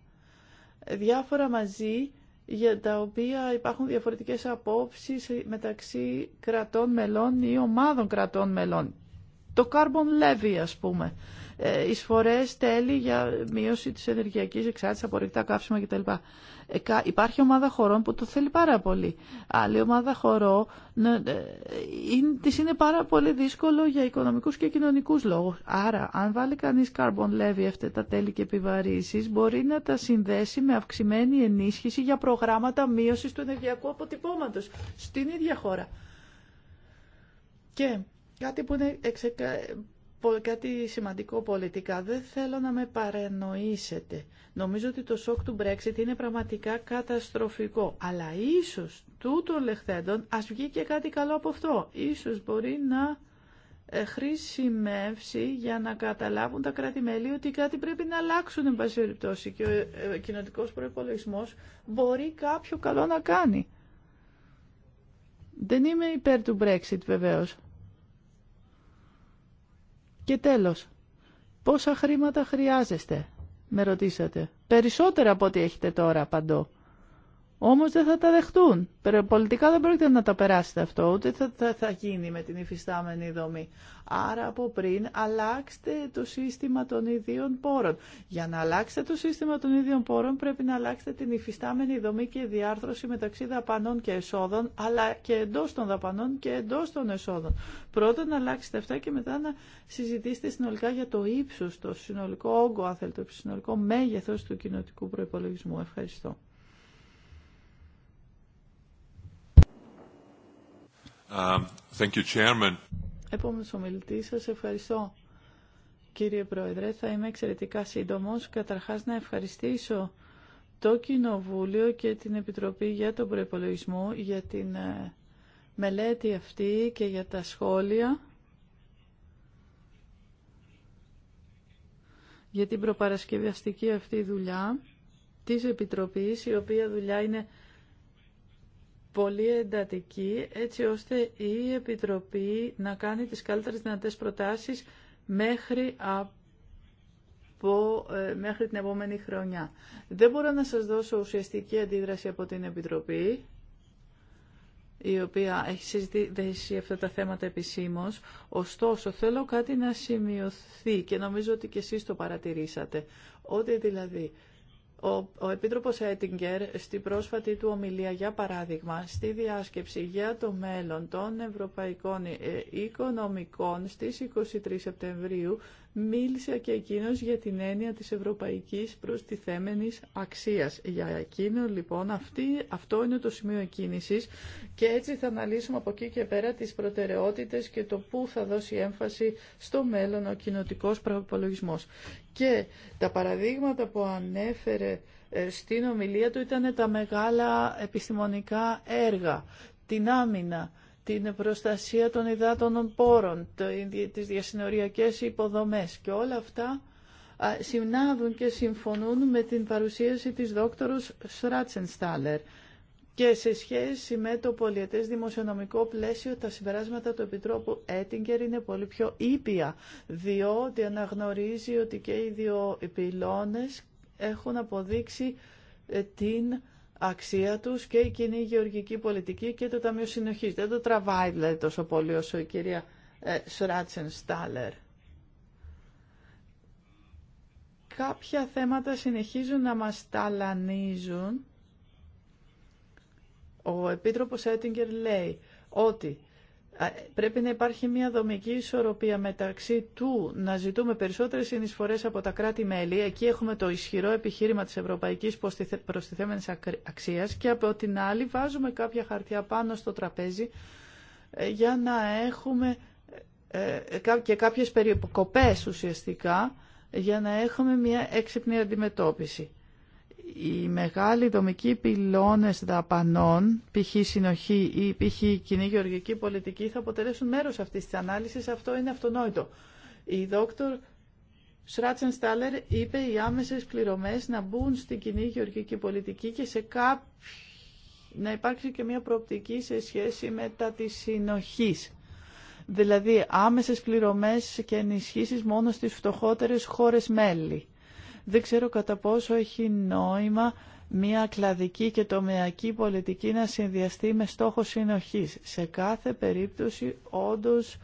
Διάφορα μαζί για τα οποία υπάρχουν διαφορετικές απόψεις μεταξύ κρατών μελών ή ομάδων κρατών μελών. Το carbon levy, ας πούμε, ε, εισφορές τέλη για μείωση της ενεργειακής εξάρτησης, ρηκτά καύσιμα κτλ. Ε, υπάρχει ομάδα χωρών που το θέλει πάρα πολύ. Άλλη ομάδα χωρών ναι, ε, τη είναι πάρα πολύ δύσκολο για οικονομικούς και κοινωνικούς λόγους. Άρα, αν βάλει κανείς carbon levy αυτά τα τέλη και επιβαρύσεις, μπορεί να τα συνδέσει με αυξημένη ενίσχυση για προγράμματα μείωσης του ενεργειακού αποτυπώματος στην ίδια χώρα. Και κάτι που είναι κάτι σημαντικό πολιτικά. Δεν θέλω να με παρενοήσετε. Νομίζω ότι το σοκ του Brexit είναι πραγματικά καταστροφικό. Αλλά ίσως τούτων λεχθέντων ας βγει και κάτι καλό από αυτό. Ίσως μπορεί να ε, χρησιμεύσει για να καταλάβουν τα κράτη-μέλη ότι κάτι πρέπει να αλλάξουν εν πάση περιπτώσει και ο ε, ε, κοινοτικός προϋπολογισμός μπορεί κάποιο καλό να κάνει. Δεν είμαι υπέρ του Brexit βεβαίως. Και τέλος, πόσα χρήματα χρειάζεστε, με ρωτήσατε. Περισσότερα από ό,τι έχετε τώρα, απαντώ. Όμω δεν θα τα δεχτούν. Πολιτικά δεν πρόκειται να τα περάσετε αυτό, ούτε θα, θα, γίνει με την υφιστάμενη δομή. Άρα από πριν αλλάξτε το σύστημα των ιδίων πόρων. Για να αλλάξετε το σύστημα των ίδιων πόρων πρέπει να αλλάξετε την υφιστάμενη δομή και διάρθρωση μεταξύ δαπανών και εσόδων, αλλά και εντό των δαπανών και εντό των εσόδων. Πρώτα να αλλάξετε αυτά και μετά να συζητήσετε συνολικά για το ύψο το συνολικό όγκο, αν θέλετε, το συνολικό μέγεθο του κοινοτικού προπολογισμού. Ευχαριστώ. Um, thank you, Chairman. Επόμενος ομιλητής, σας ευχαριστώ. Κύριε Πρόεδρε, θα είμαι εξαιρετικά σύντομος. Καταρχάς να ευχαριστήσω το Κοινοβούλιο και την Επιτροπή για τον Προϋπολογισμό, για την ε, μελέτη αυτή και για τα σχόλια, για την προπαρασκευαστική αυτή δουλειά της Επιτροπής, η οποία δουλειά είναι πολύ εντατική έτσι ώστε η Επιτροπή να κάνει τις καλύτερες δυνατές προτάσεις μέχρι από, ε, μέχρι την επόμενη χρονιά. Δεν μπορώ να σας δώσω ουσιαστική αντίδραση από την Επιτροπή, η οποία έχει συζητήσει αυτά τα θέματα επισήμως. Ωστόσο, θέλω κάτι να σημειωθεί και νομίζω ότι και εσείς το παρατηρήσατε. Ότι δηλαδή ο, ο Επίτροπος Έτιγκερ στην πρόσφατη του ομιλία, για παράδειγμα, στη διάσκεψη για το μέλλον των Ευρωπαϊκών ε, Οικονομικών στις 23 Σεπτεμβρίου μίλησε και εκείνος για την έννοια της ευρωπαϊκής προστιθέμενης αξίας. Για εκείνο λοιπόν αυτή, αυτό είναι το σημείο κίνησης και έτσι θα αναλύσουμε από εκεί και πέρα τις προτεραιότητες και το πού θα δώσει έμφαση στο μέλλον ο κοινοτικό προπολογισμό. Και τα παραδείγματα που ανέφερε ε, στην ομιλία του ήταν τα μεγάλα επιστημονικά έργα, την άμυνα, την προστασία των υδάτων πόρων, τις διασυνοριακές υποδομές και όλα αυτά συνάδουν και συμφωνούν με την παρουσίαση της δόκτωρος Σράτσενστάλερ και σε σχέση με το πολιετές δημοσιονομικό πλαίσιο τα συμπεράσματα του Επιτρόπου Έτιγκερ είναι πολύ πιο ήπια διότι αναγνωρίζει ότι και οι δύο πυλώνες έχουν αποδείξει ε, την αξία τους και η κοινή γεωργική πολιτική και το Ταμείο Συνοχής. Δεν το τραβάει δηλαδή τόσο πολύ όσο η κυρία ε, Σράτσεν Κάποια θέματα συνεχίζουν να μας ταλανίζουν. Ο Επίτροπος Έτιγκερ λέει ότι Πρέπει να υπάρχει μια δομική ισορροπία μεταξύ του να ζητούμε περισσότερες συνεισφορές από τα κράτη-μέλη, εκεί έχουμε το ισχυρό επιχείρημα της ευρωπαϊκής προστιθέμενης αξίας και από την άλλη βάζουμε κάποια χαρτιά πάνω στο τραπέζι ε, για να έχουμε ε, ε, και κάποιες περικοπές ουσιαστικά για να έχουμε μια έξυπνη αντιμετώπιση οι μεγάλοι δομικοί πυλώνες δαπανών, π.χ. συνοχή ή π.χ. κοινή γεωργική πολιτική, θα αποτελέσουν μέρος αυτής της ανάλυσης. Αυτό είναι αυτονόητο. Η δόκτωρ Σράτσεν Στάλερ δοκτωρ σράτσενστάλερ ειπε οι άμεσες πληρωμές να μπουν στην κοινή γεωργική πολιτική και σε να υπάρξει και μια προοπτική σε σχέση με τα της συνοχής. Δηλαδή άμεσες πληρωμές και ενισχύσεις μόνο στις φτωχότερες χώρες μέλη. Δεν ξέρω κατά πόσο έχει νόημα μια κλαδική και τομεακή πολιτική να συνδυαστεί με στόχο συνοχής. Σε κάθε περίπτωση όντως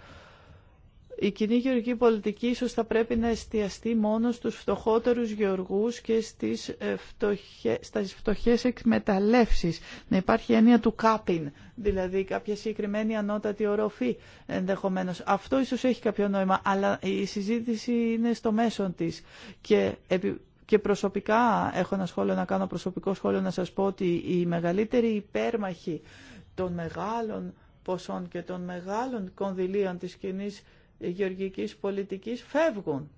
η κοινή γεωργική πολιτική ίσως θα πρέπει να εστιαστεί μόνο στους φτωχότερους γεωργούς και στις, ε, φτωχε, φτωχές εκμεταλλεύσεις. Να υπάρχει έννοια του κάπιν, δηλαδή κάποια συγκεκριμένη ανώτατη οροφή ενδεχομένως. Αυτό ίσως έχει κάποιο νόημα, αλλά η συζήτηση είναι στο μέσον της. Και και προσωπικά έχω ένα σχόλιο να κάνω, προσωπικό σχόλιο να σας πω ότι η μεγαλύτερη υπέρμαχη των μεγάλων ποσών και των μεγάλων κονδυλίων της κοινή γεωργικής πολιτικής φεύγουν.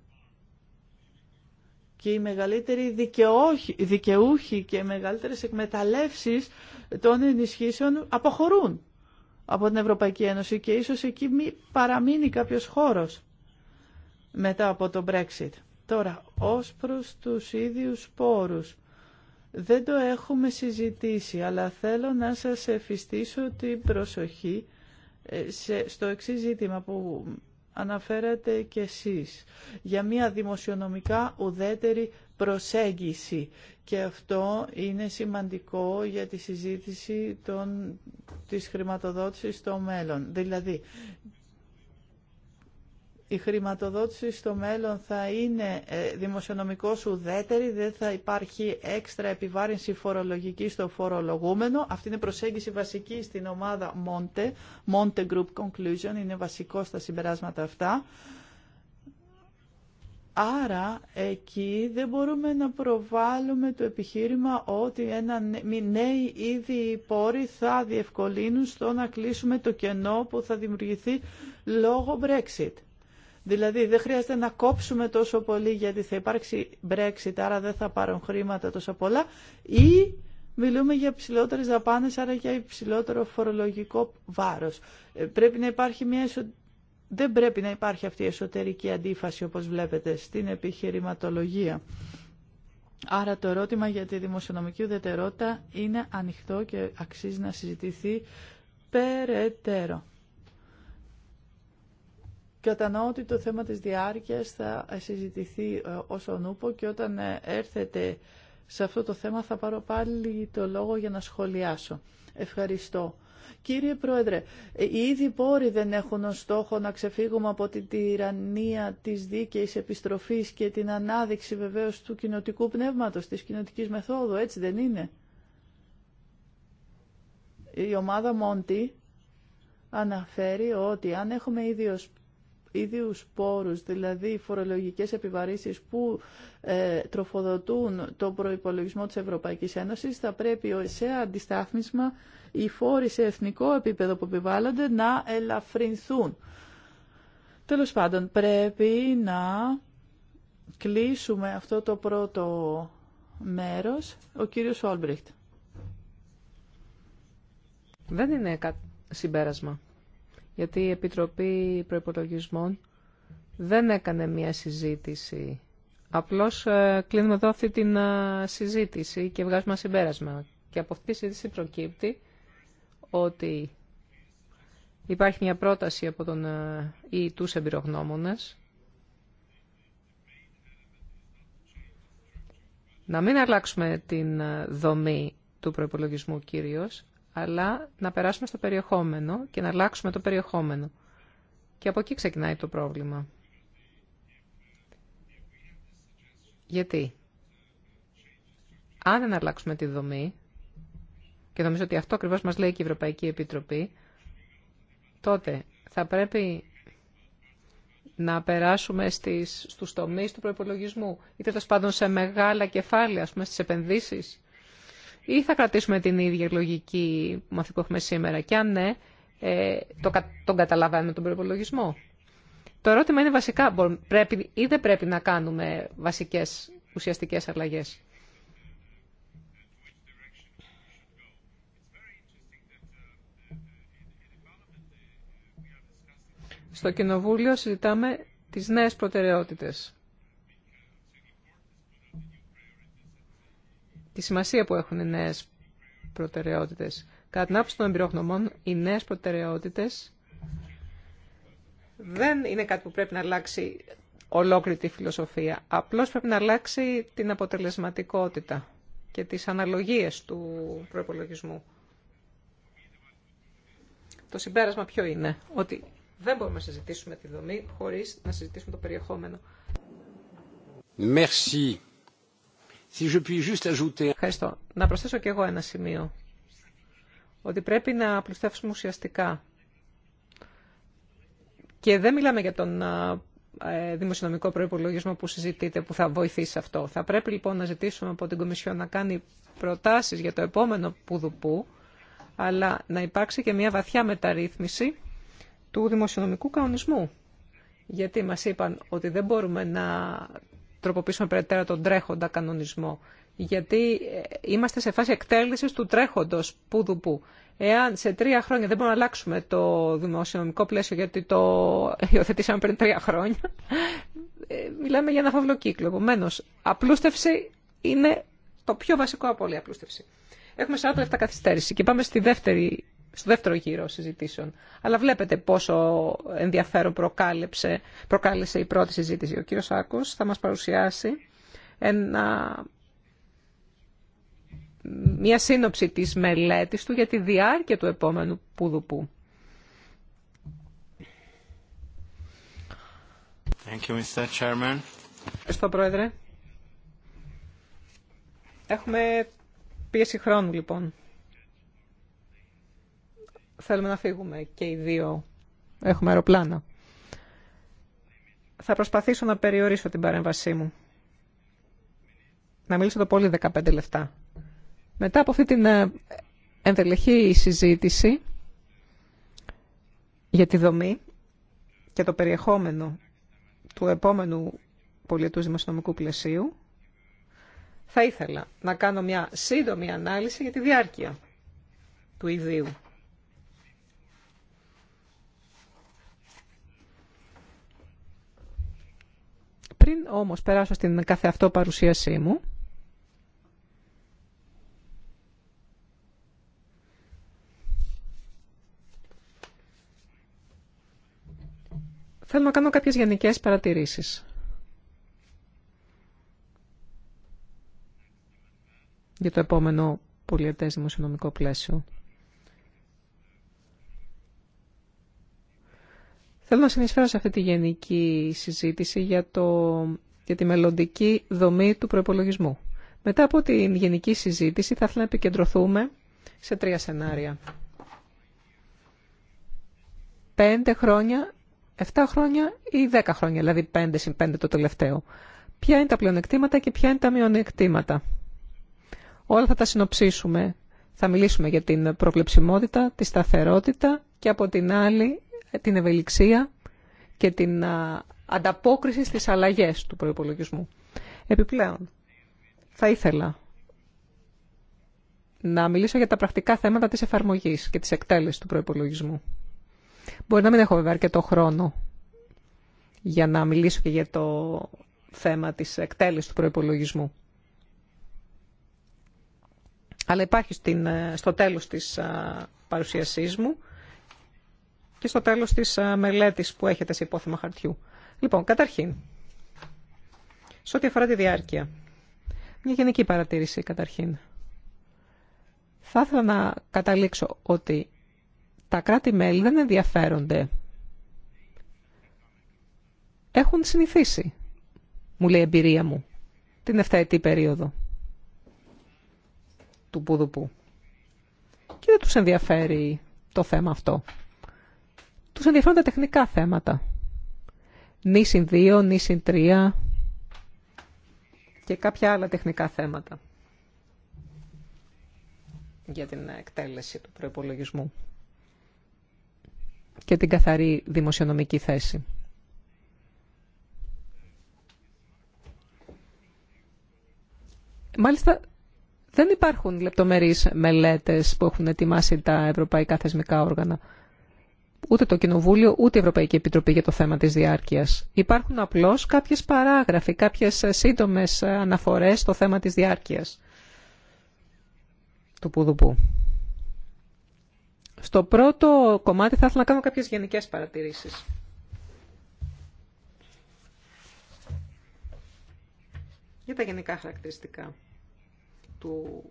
Και οι μεγαλύτεροι δικαιούχοι και οι μεγαλύτερες εκμεταλλεύσεις των ενισχύσεων αποχωρούν από την Ευρωπαϊκή Ένωση και ίσως εκεί μη παραμείνει κάποιος χώρος μετά από το Brexit. Τώρα, ως προς τους ίδιους πόρους, δεν το έχουμε συζητήσει, αλλά θέλω να σας εφιστήσω την προσοχή ε, στο εξή ζήτημα που αναφέρατε και εσείς για μια δημοσιονομικά ουδέτερη προσέγγιση και αυτό είναι σημαντικό για τη συζήτηση των, της χρηματοδότησης στο μέλλον. Δηλαδή, η χρηματοδότηση στο μέλλον θα είναι ε, δημοσιονομικώς ουδέτερη, δεν θα υπάρχει έξτρα επιβάρυνση φορολογική στο φορολογούμενο. Αυτή είναι προσέγγιση βασική στην ομάδα Monte, Monte Group Conclusion, είναι βασικό στα συμπεράσματα αυτά. Άρα εκεί δεν μπορούμε να προβάλλουμε το επιχείρημα ότι ένα νέοι ήδη πόροι θα διευκολύνουν στο να κλείσουμε το κενό που θα δημιουργηθεί λόγω Brexit. Δηλαδή δεν χρειάζεται να κόψουμε τόσο πολύ γιατί θα υπάρξει Brexit, άρα δεν θα πάρουν χρήματα τόσο πολλά ή μιλούμε για ψηλότερε δαπάνε, άρα για υψηλότερο φορολογικό βάρος. Ε, πρέπει να υπάρχει μια εσω... Δεν πρέπει να υπάρχει αυτή η εσωτερική αντίφαση όπως βλέπετε στην επιχειρηματολογία. Άρα το ερώτημα για τη δημοσιονομική ουδετερότητα είναι ανοιχτό και αξίζει να συζητηθεί περαιτέρω. Κατανοώ ότι το θέμα της διάρκειας θα συζητηθεί όσον ε, ούπο και όταν ε, έρθετε σε αυτό το θέμα θα πάρω πάλι το λόγο για να σχολιάσω. Ευχαριστώ. Κύριε Πρόεδρε, ε, οι ίδιοι πόροι δεν έχουν ως στόχο να ξεφύγουμε από την τυραννία της δίκαιης επιστροφής και την ανάδειξη βεβαίως του κοινοτικού πνεύματος, της κοινοτικής μεθόδου, έτσι δεν είναι. Η ομάδα Μόντι αναφέρει ότι αν έχουμε ίδιος ιδίους πόρους, δηλαδή φορολογικές επιβαρύσεις που ε, τροφοδοτούν τον προϋπολογισμό της Ευρωπαϊκής Ένωσης, θα πρέπει σε αντιστάθμισμα οι φόροι σε εθνικό επίπεδο που επιβάλλονται να ελαφρυνθούν. Τέλος πάντων, πρέπει να κλείσουμε αυτό το πρώτο μέρος. Ο κύριος Όλμπριχτ. Δεν είναι συμπέρασμα γιατί η Επιτροπή Προϋπολογισμών δεν έκανε μία συζήτηση. Απλώς ε, κλείνουμε εδώ αυτή την ε, συζήτηση και βγάζουμε ένα συμπέρασμα. Και από αυτή τη συζήτηση προκύπτει ότι υπάρχει μια πρόταση από τον ε, ή τους εμπειρογνώμονες να μην αλλάξουμε την δομή του προϋπολογισμού κυρίως, αλλά να περάσουμε στο περιεχόμενο και να αλλάξουμε το περιεχόμενο. Και από εκεί ξεκινάει το πρόβλημα. Γιατί, αν δεν αλλάξουμε τη δομή, και νομίζω ότι αυτό ακριβώς μας λέει και η Ευρωπαϊκή Επιτροπή, τότε θα πρέπει να περάσουμε στις, στους τομείς του προϋπολογισμού είτε θα σπάντων σε μεγάλα κεφάλαια, ας πούμε, στις επενδύσεις ή θα κρατήσουμε την ίδια λογική που έχουμε σήμερα και αν ναι, ε, το, τον καταλαβαίνουμε τον προπολογισμό. Το ερώτημα είναι βασικά, πρέπει ή δεν πρέπει να κάνουμε βασικές ουσιαστικές αλλαγές. Στο Κοινοβούλιο συζητάμε τις νέες προτεραιότητες. τη σημασία που έχουν οι νέες προτεραιότητες. Κατά την άποψη των εμπειρογνωμών, οι νέες προτεραιότητες δεν είναι κάτι που πρέπει να αλλάξει ολόκληρη τη φιλοσοφία. Απλώς πρέπει να αλλάξει την αποτελεσματικότητα και τις αναλογίες του προπολογισμού. Το συμπέρασμα ποιο είναι, ότι δεν μπορούμε να συζητήσουμε τη δομή χωρίς να συζητήσουμε το περιεχόμενο. Merci. Ευχαριστώ. Να προσθέσω και εγώ ένα σημείο. Ότι πρέπει να πλουστεύσουμε ουσιαστικά. Και δεν μιλάμε για τον ε, δημοσιονομικό προϋπολογισμό που συζητείτε, που θα βοηθήσει αυτό. Θα πρέπει λοιπόν να ζητήσουμε από την Κομισιό να κάνει προτάσεις για το επόμενο πουδουπού, αλλά να υπάρξει και μια βαθιά μεταρρύθμιση του δημοσιονομικού κανονισμού. Γιατί μας είπαν ότι δεν μπορούμε να τροποποιήσουμε περαιτέρω τον τρέχοντα κανονισμό. Γιατί ε, είμαστε σε φάση εκτέλεσης του τρέχοντος που που. Εάν σε τρία χρόνια δεν μπορούμε να αλλάξουμε το δημοσιονομικό πλαίσιο γιατί το υιοθετήσαμε πριν τρία χρόνια, ε, μιλάμε για ένα φαύλο κύκλο. Επομένω, απλούστευση είναι το πιο βασικό από όλη απλούστευση. Έχουμε 40 λεπτά καθυστέρηση και πάμε στη δεύτερη στο δεύτερο γύρο συζητήσεων. Αλλά βλέπετε πόσο ενδιαφέρον προκάλεψε, προκάλεσε η πρώτη συζήτηση. Ο κύριος Άκος θα μας παρουσιάσει ένα, μια σύνοψη της μελέτης του για τη διάρκεια του επόμενου πουδουπού. Thank you, Mr. Chairman. Ευχαριστώ, Πρόεδρε. Έχουμε πίεση χρόνου, λοιπόν θέλουμε να φύγουμε και οι δύο έχουμε αεροπλάνα. Θα προσπαθήσω να περιορίσω την παρέμβασή μου. Να μιλήσω το πολύ 15 λεπτά. Μετά από αυτή την ε, ενδελεχή συζήτηση για τη δομή και το περιεχόμενο του επόμενου πολιτού δημοσιονομικού πλαισίου, θα ήθελα να κάνω μια σύντομη ανάλυση για τη διάρκεια του ιδίου. Πριν όμως περάσω στην κάθε αυτό παρουσίασή μου, θέλω να κάνω κάποιες γενικές παρατηρήσεις. για το επόμενο πολιετές δημοσιονομικό πλαίσιο. Θέλω να συνεισφέρω σε αυτή τη γενική συζήτηση για, το, για τη μελλοντική δομή του προπολογισμού. Μετά από την γενική συζήτηση θα ήθελα να επικεντρωθούμε σε τρία σενάρια. Πέντε χρόνια, εφτά χρόνια ή δέκα χρόνια, δηλαδή πέντε συν πέντε το τελευταίο. Ποια είναι τα πλεονεκτήματα και ποια είναι τα μειονεκτήματα. Όλα θα τα συνοψίσουμε. Θα μιλήσουμε για την προβλεψιμότητα, τη σταθερότητα και από την άλλη την ευελιξία και την ανταπόκριση στις αλλαγές του προϋπολογισμού. Επιπλέον, θα ήθελα να μιλήσω για τα πρακτικά θέματα της εφαρμογής και της εκτέλεσης του προϋπολογισμού. Μπορεί να μην έχω βέβαια αρκετό χρόνο για να μιλήσω και για το θέμα της εκτέλεσης του προϋπολογισμού. Αλλά υπάρχει στην, ε, στο τέλος της παρουσίασής μου και στο τέλος της ε, μελέτης που έχετε σε υπόθεμα χαρτιού. Λοιπόν, καταρχήν, σε ό,τι αφορά τη διάρκεια, μια γενική παρατήρηση καταρχήν. Θα ήθελα να καταλήξω ότι τα κράτη-μέλη δεν ενδιαφέρονται. Έχουν συνηθίσει, μου λέει η εμπειρία μου, την εφταετή περίοδο του Πουδουπού. Και δεν τους ενδιαφέρει το θέμα αυτό. Του ενδιαφέρουν τα τεχνικά θέματα. δύο, 2, συν 3 και κάποια άλλα τεχνικά θέματα για την εκτέλεση του προϋπολογισμού και την καθαρή δημοσιονομική θέση. Μάλιστα, δεν υπάρχουν λεπτομερείς μελέτες που έχουν ετοιμάσει τα ευρωπαϊκά θεσμικά όργανα ούτε το Κοινοβούλιο ούτε η Ευρωπαϊκή Επιτροπή για το θέμα της διάρκειας. Υπάρχουν απλώς κάποιες παράγραφοι, κάποιες σύντομες αναφορές στο θέμα της διάρκειας του Πουδουπού. Στο πρώτο κομμάτι θα ήθελα να κάνω κάποιες γενικές παρατηρήσεις. Για τα γενικά χαρακτηριστικά του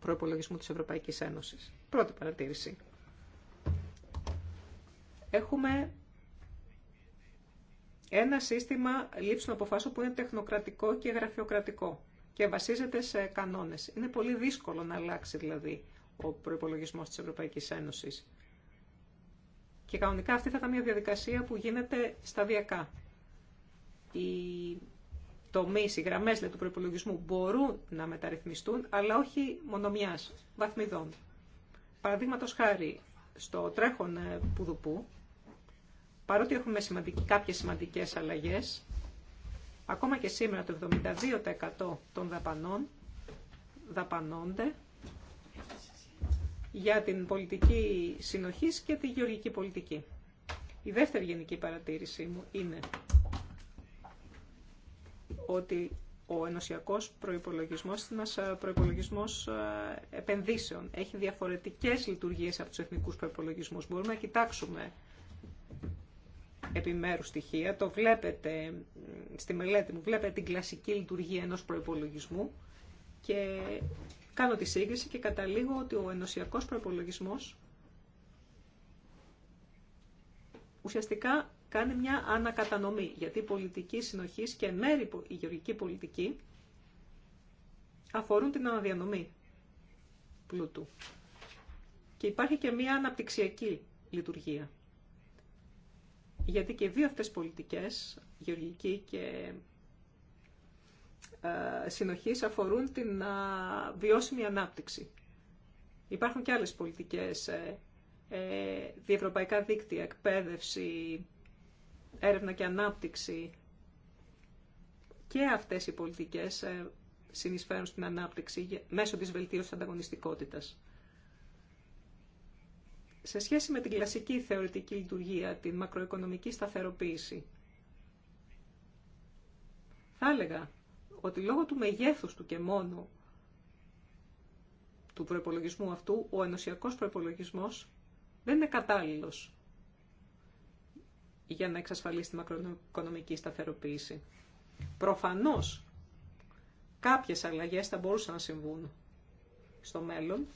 προϋπολογισμού της Ευρωπαϊκής Ένωσης. Πρώτη παρατήρηση. Έχουμε ένα σύστημα λήψης των αποφάσεων που είναι τεχνοκρατικό και γραφειοκρατικό και βασίζεται σε κανόνες. Είναι πολύ δύσκολο να αλλάξει δηλαδή ο προπολογισμό της Ευρωπαϊκής Ένωσης. Και κανονικά αυτή θα ήταν μια διαδικασία που γίνεται σταδιακά. Οι τομεί, οι γραμμέ του προπολογισμού μπορούν να μεταρρυθμιστούν, αλλά όχι μονομιά, βαθμιδών. Παραδείγματο χάρη, στο τρέχον ε, πουδουπού, Παρότι έχουμε σημαντικ... κάποιες σημαντικές αλλαγές, ακόμα και σήμερα το 72% των δαπανών δαπανώνται για την πολιτική συνοχή και τη γεωργική πολιτική. Η δεύτερη γενική παρατήρησή μου είναι ότι ο ενωσιακός προϋπολογισμός είναι ένας ε, προϋπολογισμός ε, επενδύσεων. Έχει διαφορετικές λειτουργίες από τους εθνικούς προϋπολογισμούς. Μπορούμε να κοιτάξουμε Επιμέρου στοιχεία. Το βλέπετε στη μελέτη μου, βλέπετε την κλασική λειτουργία ενός προϋπολογισμού και κάνω τη σύγκριση και καταλήγω ότι ο ενωσιακός προϋπολογισμός ουσιαστικά κάνει μια ανακατανομή, γιατί η πολιτική συνοχής και μέρη η γεωργική πολιτική αφορούν την αναδιανομή πλούτου. Και υπάρχει και μια αναπτυξιακή λειτουργία. Γιατί και δύο αυτές πολιτικές, γεωργική και ε, συνοχής, αφορούν την βιώσιμη ανάπτυξη. Υπάρχουν και άλλες πολιτικές, ε, ε, διευρωπαϊκά δίκτυα, εκπαίδευση, έρευνα και ανάπτυξη. Και αυτές οι πολιτικές συνεισφέρουν στην ανάπτυξη μέσω της βελτίωσης ανταγωνιστικότητας. Σε σχέση με την κλασική θεωρητική λειτουργία, την μακροοικονομική σταθεροποίηση, θα έλεγα ότι λόγω του μεγέθους του και μόνο του προπολογισμού αυτού, ο ενωσιακός προπολογισμό δεν είναι κατάλληλος για να εξασφαλίσει τη μακροοικονομική σταθεροποίηση. Προφανώς, κάποιες αλλαγές θα μπορούσαν να συμβούν στο μέλλον,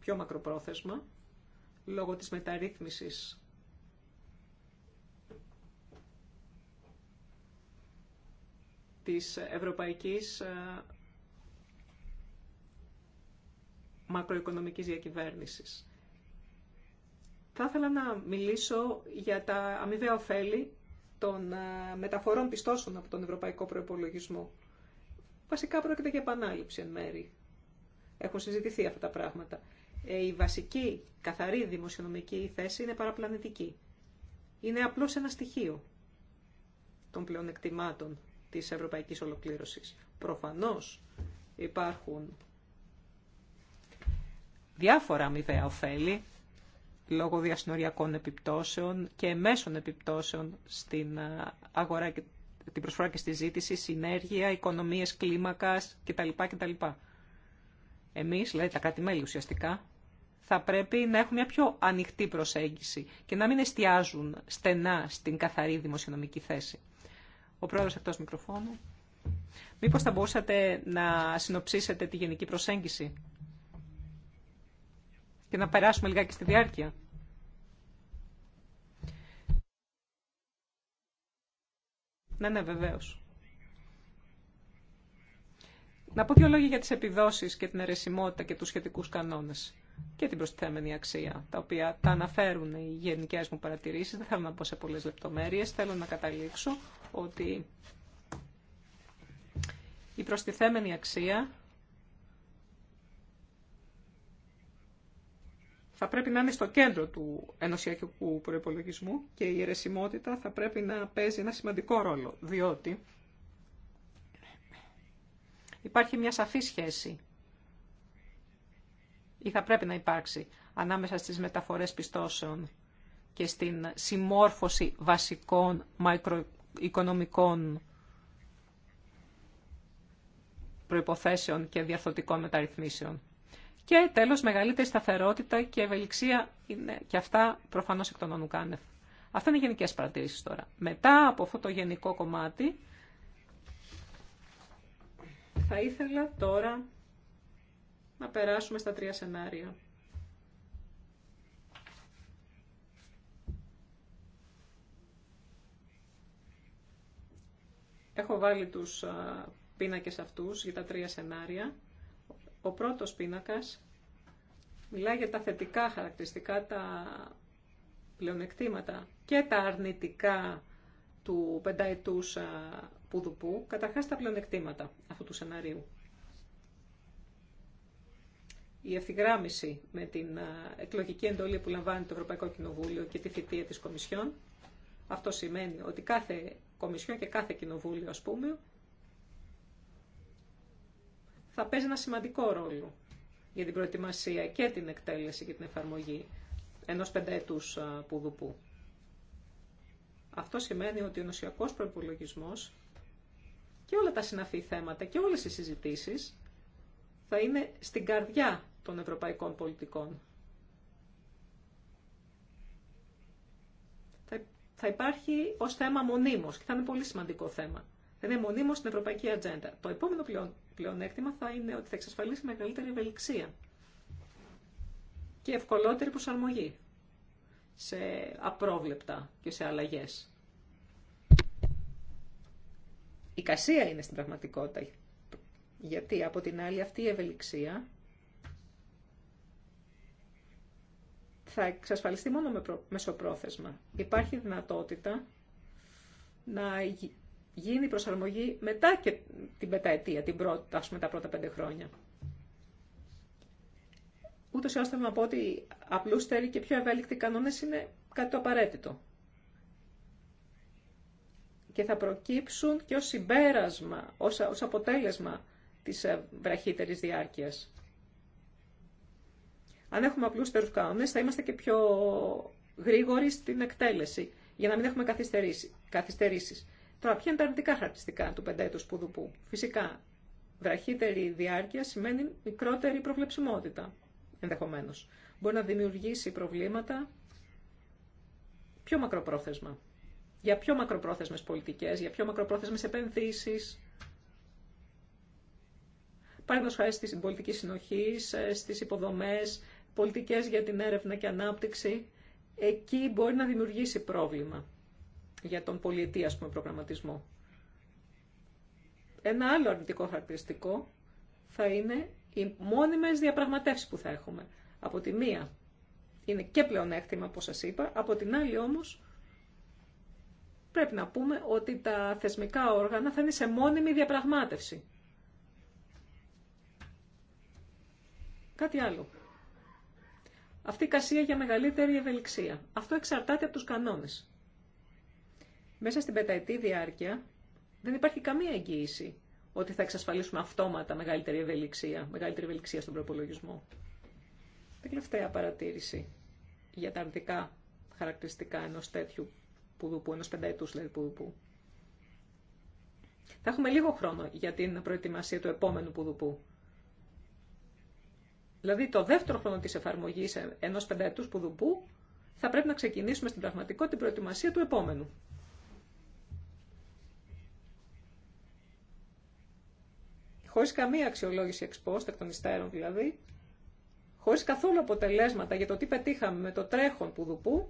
πιο μακροπρόθεσμα, λόγω της μεταρρύθμισης της ευρωπαϊκής ε, μακροοικονομικής διακυβέρνησης. Θα ήθελα να μιλήσω για τα αμοιβαία ωφέλη των ε, μεταφορών πιστώσεων από τον Ευρωπαϊκό Προϋπολογισμό. Βασικά πρόκειται για επανάληψη εν μέρη. Έχουν συζητηθεί αυτά τα πράγματα. Ε, η βασική καθαρή δημοσιονομική θέση είναι παραπλανητική. Είναι απλώς ένα στοιχείο των πλεονεκτημάτων της ευρωπαϊκής ολοκλήρωσης. Προφανώς υπάρχουν διάφορα αμοιβαία ωφέλη λόγω διασυνοριακών επιπτώσεων και μέσων επιπτώσεων στην ε, αγορά και την προσφορά και στη ζήτηση, συνέργεια, οικονομίες κλίμακας κτλ. κτλ. Εμείς, δηλαδή τα κράτη-μέλη ουσιαστικά, θα πρέπει να έχουν μια πιο ανοιχτή προσέγγιση και να μην εστιάζουν στενά στην καθαρή δημοσιονομική θέση. Ο πρόεδρος εκτός μικροφώνου. Μήπως θα μπορούσατε να συνοψίσετε τη γενική προσέγγιση και να περάσουμε λιγάκι στη διάρκεια. Ναι, ναι, βεβαίως. Να πω δύο λόγια για τις επιδόσεις και την αιρεσιμότητα και τους σχετικούς κανόνες και την προστιθέμενη αξία, τα οποία τα αναφέρουν οι γενικέ μου παρατηρήσεις. Δεν θέλω να πω σε πολλέ λεπτομέρειες. Θέλω να καταλήξω ότι η προστιθέμενη αξία θα πρέπει να είναι στο κέντρο του ενωσιακού προπολογισμού και η αιρεσιμότητα θα πρέπει να παίζει ένα σημαντικό ρόλο, διότι υπάρχει μια σαφή σχέση ή θα πρέπει να υπάρξει ανάμεσα στις μεταφορές πιστώσεων και στην συμμόρφωση βασικών μικροοικονομικών προϋποθέσεων και διαρθωτικών μεταρρυθμίσεων. Και τέλος, μεγαλύτερη σταθερότητα και ευελιξία είναι και αυτά προφανώς εκ των ονουκάνευ. Αυτά είναι οι γενικές παρατηρήσεις τώρα. Μετά από αυτό το γενικό κομμάτι, θα ήθελα τώρα να περάσουμε στα τρία σενάρια. Έχω βάλει τους πίνακες αυτούς για τα τρία σενάρια. Ο πρώτος πίνακας μιλάει για τα θετικά χαρακτηριστικά, τα πλεονεκτήματα και τα αρνητικά του πενταετούς πουδουπού, καταρχάς τα πλεονεκτήματα αυτού του σενάριου η ευθυγράμμιση με την εκλογική εντολή που λαμβάνει το Ευρωπαϊκό Κοινοβούλιο και τη θητεία της Κομισιόν. Αυτό σημαίνει ότι κάθε Κομισιόν και κάθε Κοινοβούλιο, ας πούμε, θα παίζει ένα σημαντικό ρόλο για την προετοιμασία και την εκτέλεση και την εφαρμογή ενός πενταετούς πουδουπού. Αυτό σημαίνει ότι ο νοσιακός προπολογισμό και όλα τα συναφή θέματα και όλες οι συζητήσεις θα είναι στην καρδιά των ευρωπαϊκών πολιτικών. Θα υπάρχει ως θέμα μονίμως και θα είναι πολύ σημαντικό θέμα. Θα είναι μονίμως στην ευρωπαϊκή ατζέντα. Το επόμενο πλεονέκτημα θα είναι ότι θα εξασφαλίσει μεγαλύτερη ευελιξία και ευκολότερη προσαρμογή σε απρόβλεπτα και σε αλλαγές. Η κασία είναι στην πραγματικότητα. Γιατί από την άλλη αυτή η ευελιξία θα εξασφαλιστεί μόνο με μεσοπρόθεσμα. Υπάρχει δυνατότητα να γίνει προσαρμογή μετά και την πενταετία, την πρώτη, ας πούμε, τα πρώτα πέντε χρόνια. Ούτω ή άλλω θέλω να πω ότι απλούστεροι και πιο ευέλικτοι κανόνε είναι κάτι το απαραίτητο. Και θα προκύψουν και ω συμπέρασμα, ω αποτέλεσμα τη ε, βραχύτερη διάρκεια. Αν έχουμε απλούστερου κανόνε, θα είμαστε και πιο γρήγοροι στην εκτέλεση, για να μην έχουμε καθυστερήσει. Τώρα, ποια είναι τα αρνητικά χαρακτηριστικά του πεντέτου σπουδουπού. Φυσικά, βραχύτερη διάρκεια σημαίνει μικρότερη προβλεψιμότητα, ενδεχομένω. Μπορεί να δημιουργήσει προβλήματα πιο μακροπρόθεσμα. Για πιο μακροπρόθεσμε πολιτικέ, για πιο μακροπρόθεσμες επενδύσει. Παραδείγματο χάρη στην πολιτική συνοχή, στι υποδομέ πολιτικές για την έρευνα και ανάπτυξη, εκεί μπορεί να δημιουργήσει πρόβλημα για τον πολιτή, ας πούμε, προγραμματισμό. Ένα άλλο αρνητικό χαρακτηριστικό θα είναι οι μόνιμες διαπραγματεύσεις που θα έχουμε. Από τη μία είναι και πλεονέκτημα, όπως σας είπα, από την άλλη όμως πρέπει να πούμε ότι τα θεσμικά όργανα θα είναι σε μόνιμη διαπραγμάτευση. Κάτι άλλο αυτή η κασία για μεγαλύτερη ευελιξία. Αυτό εξαρτάται από τους κανόνες. Μέσα στην πενταετή διάρκεια δεν υπάρχει καμία εγγύηση ότι θα εξασφαλίσουμε αυτόματα μεγαλύτερη ευελιξία, μεγαλύτερη ευελιξία στον προπολογισμό. Τελευταία παρατήρηση για τα αρνητικά χαρακτηριστικά ενός τέτοιου πουδουπού, ενός πενταετούς δηλαδή πουδουπού. Θα έχουμε λίγο χρόνο για την προετοιμασία του επόμενου πουδουπού δηλαδή το δεύτερο χρόνο της εφαρμογής ε, ενός πενταετούς πουδουπού, θα πρέπει να ξεκινήσουμε στην πραγματικότητα την προετοιμασία του επόμενου. Χωρί καμία αξιολόγηση εξπόστα, εκ των υστέρων δηλαδή, χωρίς καθόλου αποτελέσματα για το τι πετύχαμε με το τρέχον πουδουπού,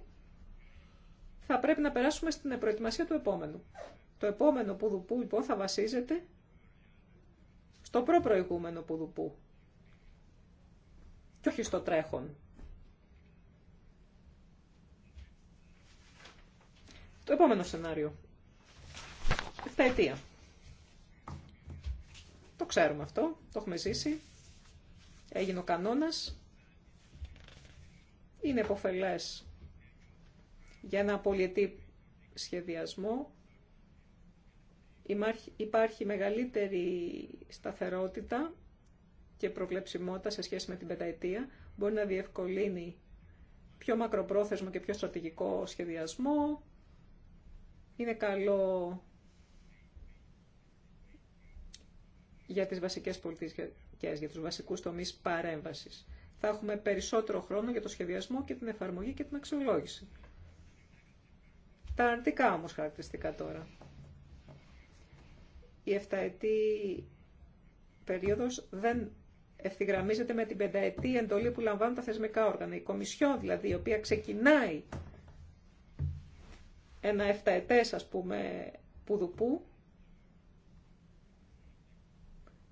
θα πρέπει να περάσουμε στην προετοιμασία του επόμενου. Το επόμενο πουδουπού λοιπόν θα βασίζεται στο που πουδουπού και όχι στο τρέχον. Το επόμενο σενάριο. αιτία. Το ξέρουμε αυτό, το έχουμε ζήσει. Έγινε ο κανόνας. Είναι εποφελές για ένα πολιετή σχεδιασμό. Υπάρχει μεγαλύτερη σταθερότητα και προβλεψιμότητα σε σχέση με την πενταετία μπορεί να διευκολύνει πιο μακροπρόθεσμο και πιο στρατηγικό σχεδιασμό. Είναι καλό για τις βασικές πολιτικές, για τους βασικούς τομείς παρέμβασης. Θα έχουμε περισσότερο χρόνο για το σχεδιασμό και την εφαρμογή και την αξιολόγηση. Τα αρνητικά όμως χαρακτηριστικά τώρα. Η εφταετή περίοδος δεν ευθυγραμμίζεται με την πενταετή εντολή που λαμβάνουν τα θεσμικά όργανα. Η Κομισιόν δηλαδή, η οποία ξεκινάει ένα εφταετές ας πούμε πουδουπού,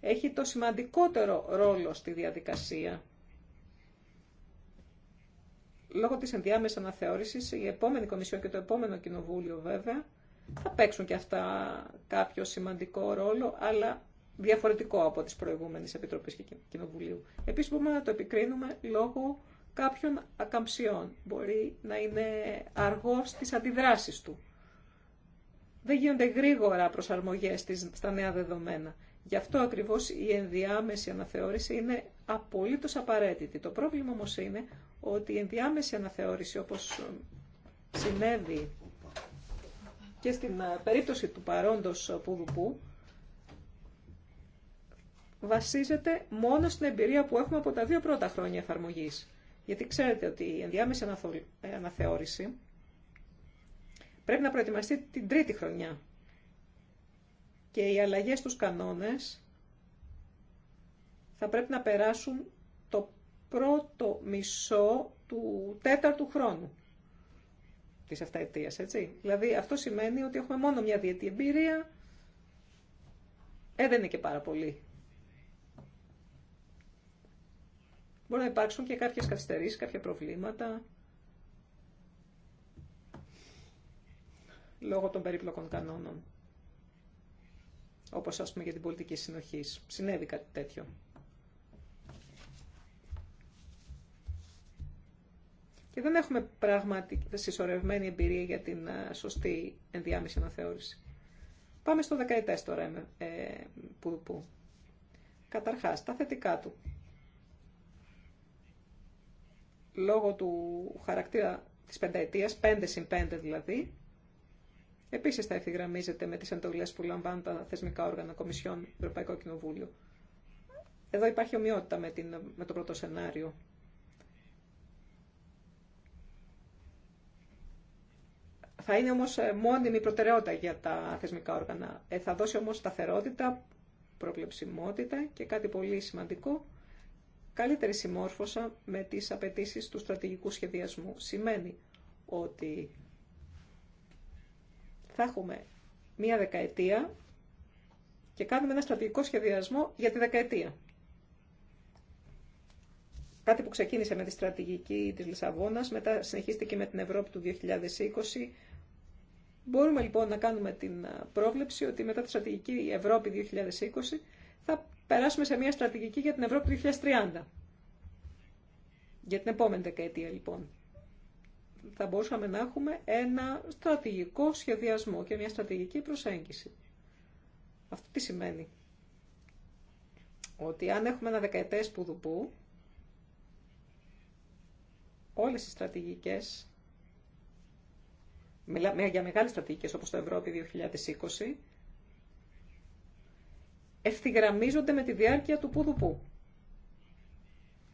έχει το σημαντικότερο ρόλο στη διαδικασία. Λόγω της ενδιάμεσης αναθεώρησης, η επόμενη Κομισιόν και το επόμενο Κοινοβούλιο βέβαια θα παίξουν και αυτά κάποιο σημαντικό ρόλο, αλλά διαφορετικό από τις προηγούμενες Επιτροπές και Κοινοβουλίου. Επίσης μπορούμε να το επικρίνουμε λόγω κάποιων ακαμψιών. Μπορεί να είναι αργός στις αντιδράσεις του. Δεν γίνονται γρήγορα προσαρμογές στα νέα δεδομένα. Γι' αυτό ακριβώς η ενδιάμεση αναθεώρηση είναι απολύτως απαραίτητη. Το πρόβλημα όμως είναι ότι η ενδιάμεση αναθεώρηση όπως ε, συνέβη και στην ε, περίπτωση του παρόντος ε, Πουδουπού βασίζεται μόνο στην εμπειρία που έχουμε από τα δύο πρώτα χρόνια εφαρμογή. Γιατί ξέρετε ότι η ενδιάμεση αναθεώρηση πρέπει να προετοιμαστεί την τρίτη χρονιά. Και οι αλλαγές στους κανόνες θα πρέπει να περάσουν το πρώτο μισό του τέταρτου χρόνου της αυταετίας, έτσι. Δηλαδή αυτό σημαίνει ότι έχουμε μόνο μια διετή εμπειρία, ε, δεν είναι και πάρα πολύ Μπορεί να υπάρξουν και κάποιες καθυστερήσεις, κάποια προβλήματα. Λόγω των περίπλοκων κανόνων. Όπως ας πούμε για την πολιτική συνοχή. Συνέβη κάτι τέτοιο. Και δεν έχουμε πράγματι συσσωρευμένη εμπειρία για την ε, σωστή ενδιάμεση αναθεώρηση. Πάμε στο δεκαετές τώρα, ε, ε που, που. Καταρχάς, τα θετικά του. λόγω του χαρακτήρα της πενταετίας, 5 συν 5 δηλαδή, επίσης θα ευθυγραμμίζεται με τις εντολές που λαμβάνουν τα θεσμικά όργανα Κομισιόν Ευρωπαϊκό Κοινοβούλιο. Εδώ υπάρχει ομοιότητα με, την, με το πρώτο σενάριο. Θα είναι όμως ε, μόνιμη προτεραιότητα για τα θεσμικά όργανα. Ε, θα δώσει όμως σταθερότητα, προβλεψιμότητα και κάτι πολύ σημαντικό, καλύτερη συμμόρφωσα με τις απαιτήσεις του στρατηγικού σχεδιασμού. Σημαίνει ότι θα έχουμε μία δεκαετία και κάνουμε ένα στρατηγικό σχεδιασμό για τη δεκαετία. Κάτι που ξεκίνησε με τη στρατηγική της Λισαβόνας, μετά συνεχίστηκε με την Ευρώπη του 2020. Μπορούμε λοιπόν να κάνουμε την πρόβλεψη ότι μετά τη στρατηγική Ευρώπη 2020 θα περάσουμε σε μια στρατηγική για την Ευρώπη 2030. Για την επόμενη δεκαετία λοιπόν. Θα μπορούσαμε να έχουμε ένα στρατηγικό σχεδιασμό και μια στρατηγική προσέγγιση. Αυτό τι σημαίνει. Ότι αν έχουμε ένα δεκαετές πουδουπού, όλες οι στρατηγικές, για μεγάλες στρατηγικές όπως το Ευρώπη 2020, ευθυγραμμίζονται με τη διάρκεια του πουδουπού.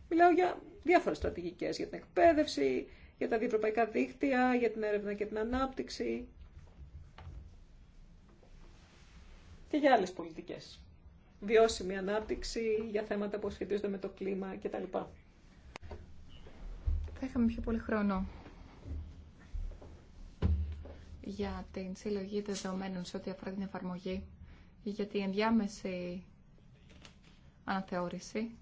Μιλάω για διάφορες στρατηγικές, για την εκπαίδευση, για τα διευρωπαϊκά δίκτυα, για την έρευνα και την ανάπτυξη και για άλλε πολιτικέ. Βιώσιμη ανάπτυξη για θέματα που σχετίζονται με το κλίμα κτλ. Θα είχαμε πιο πολύ χρόνο για την συλλογή δεδομένων σε ό,τι αφορά την εφαρμογή γιατί η ενδιάμεση αναθεώρηση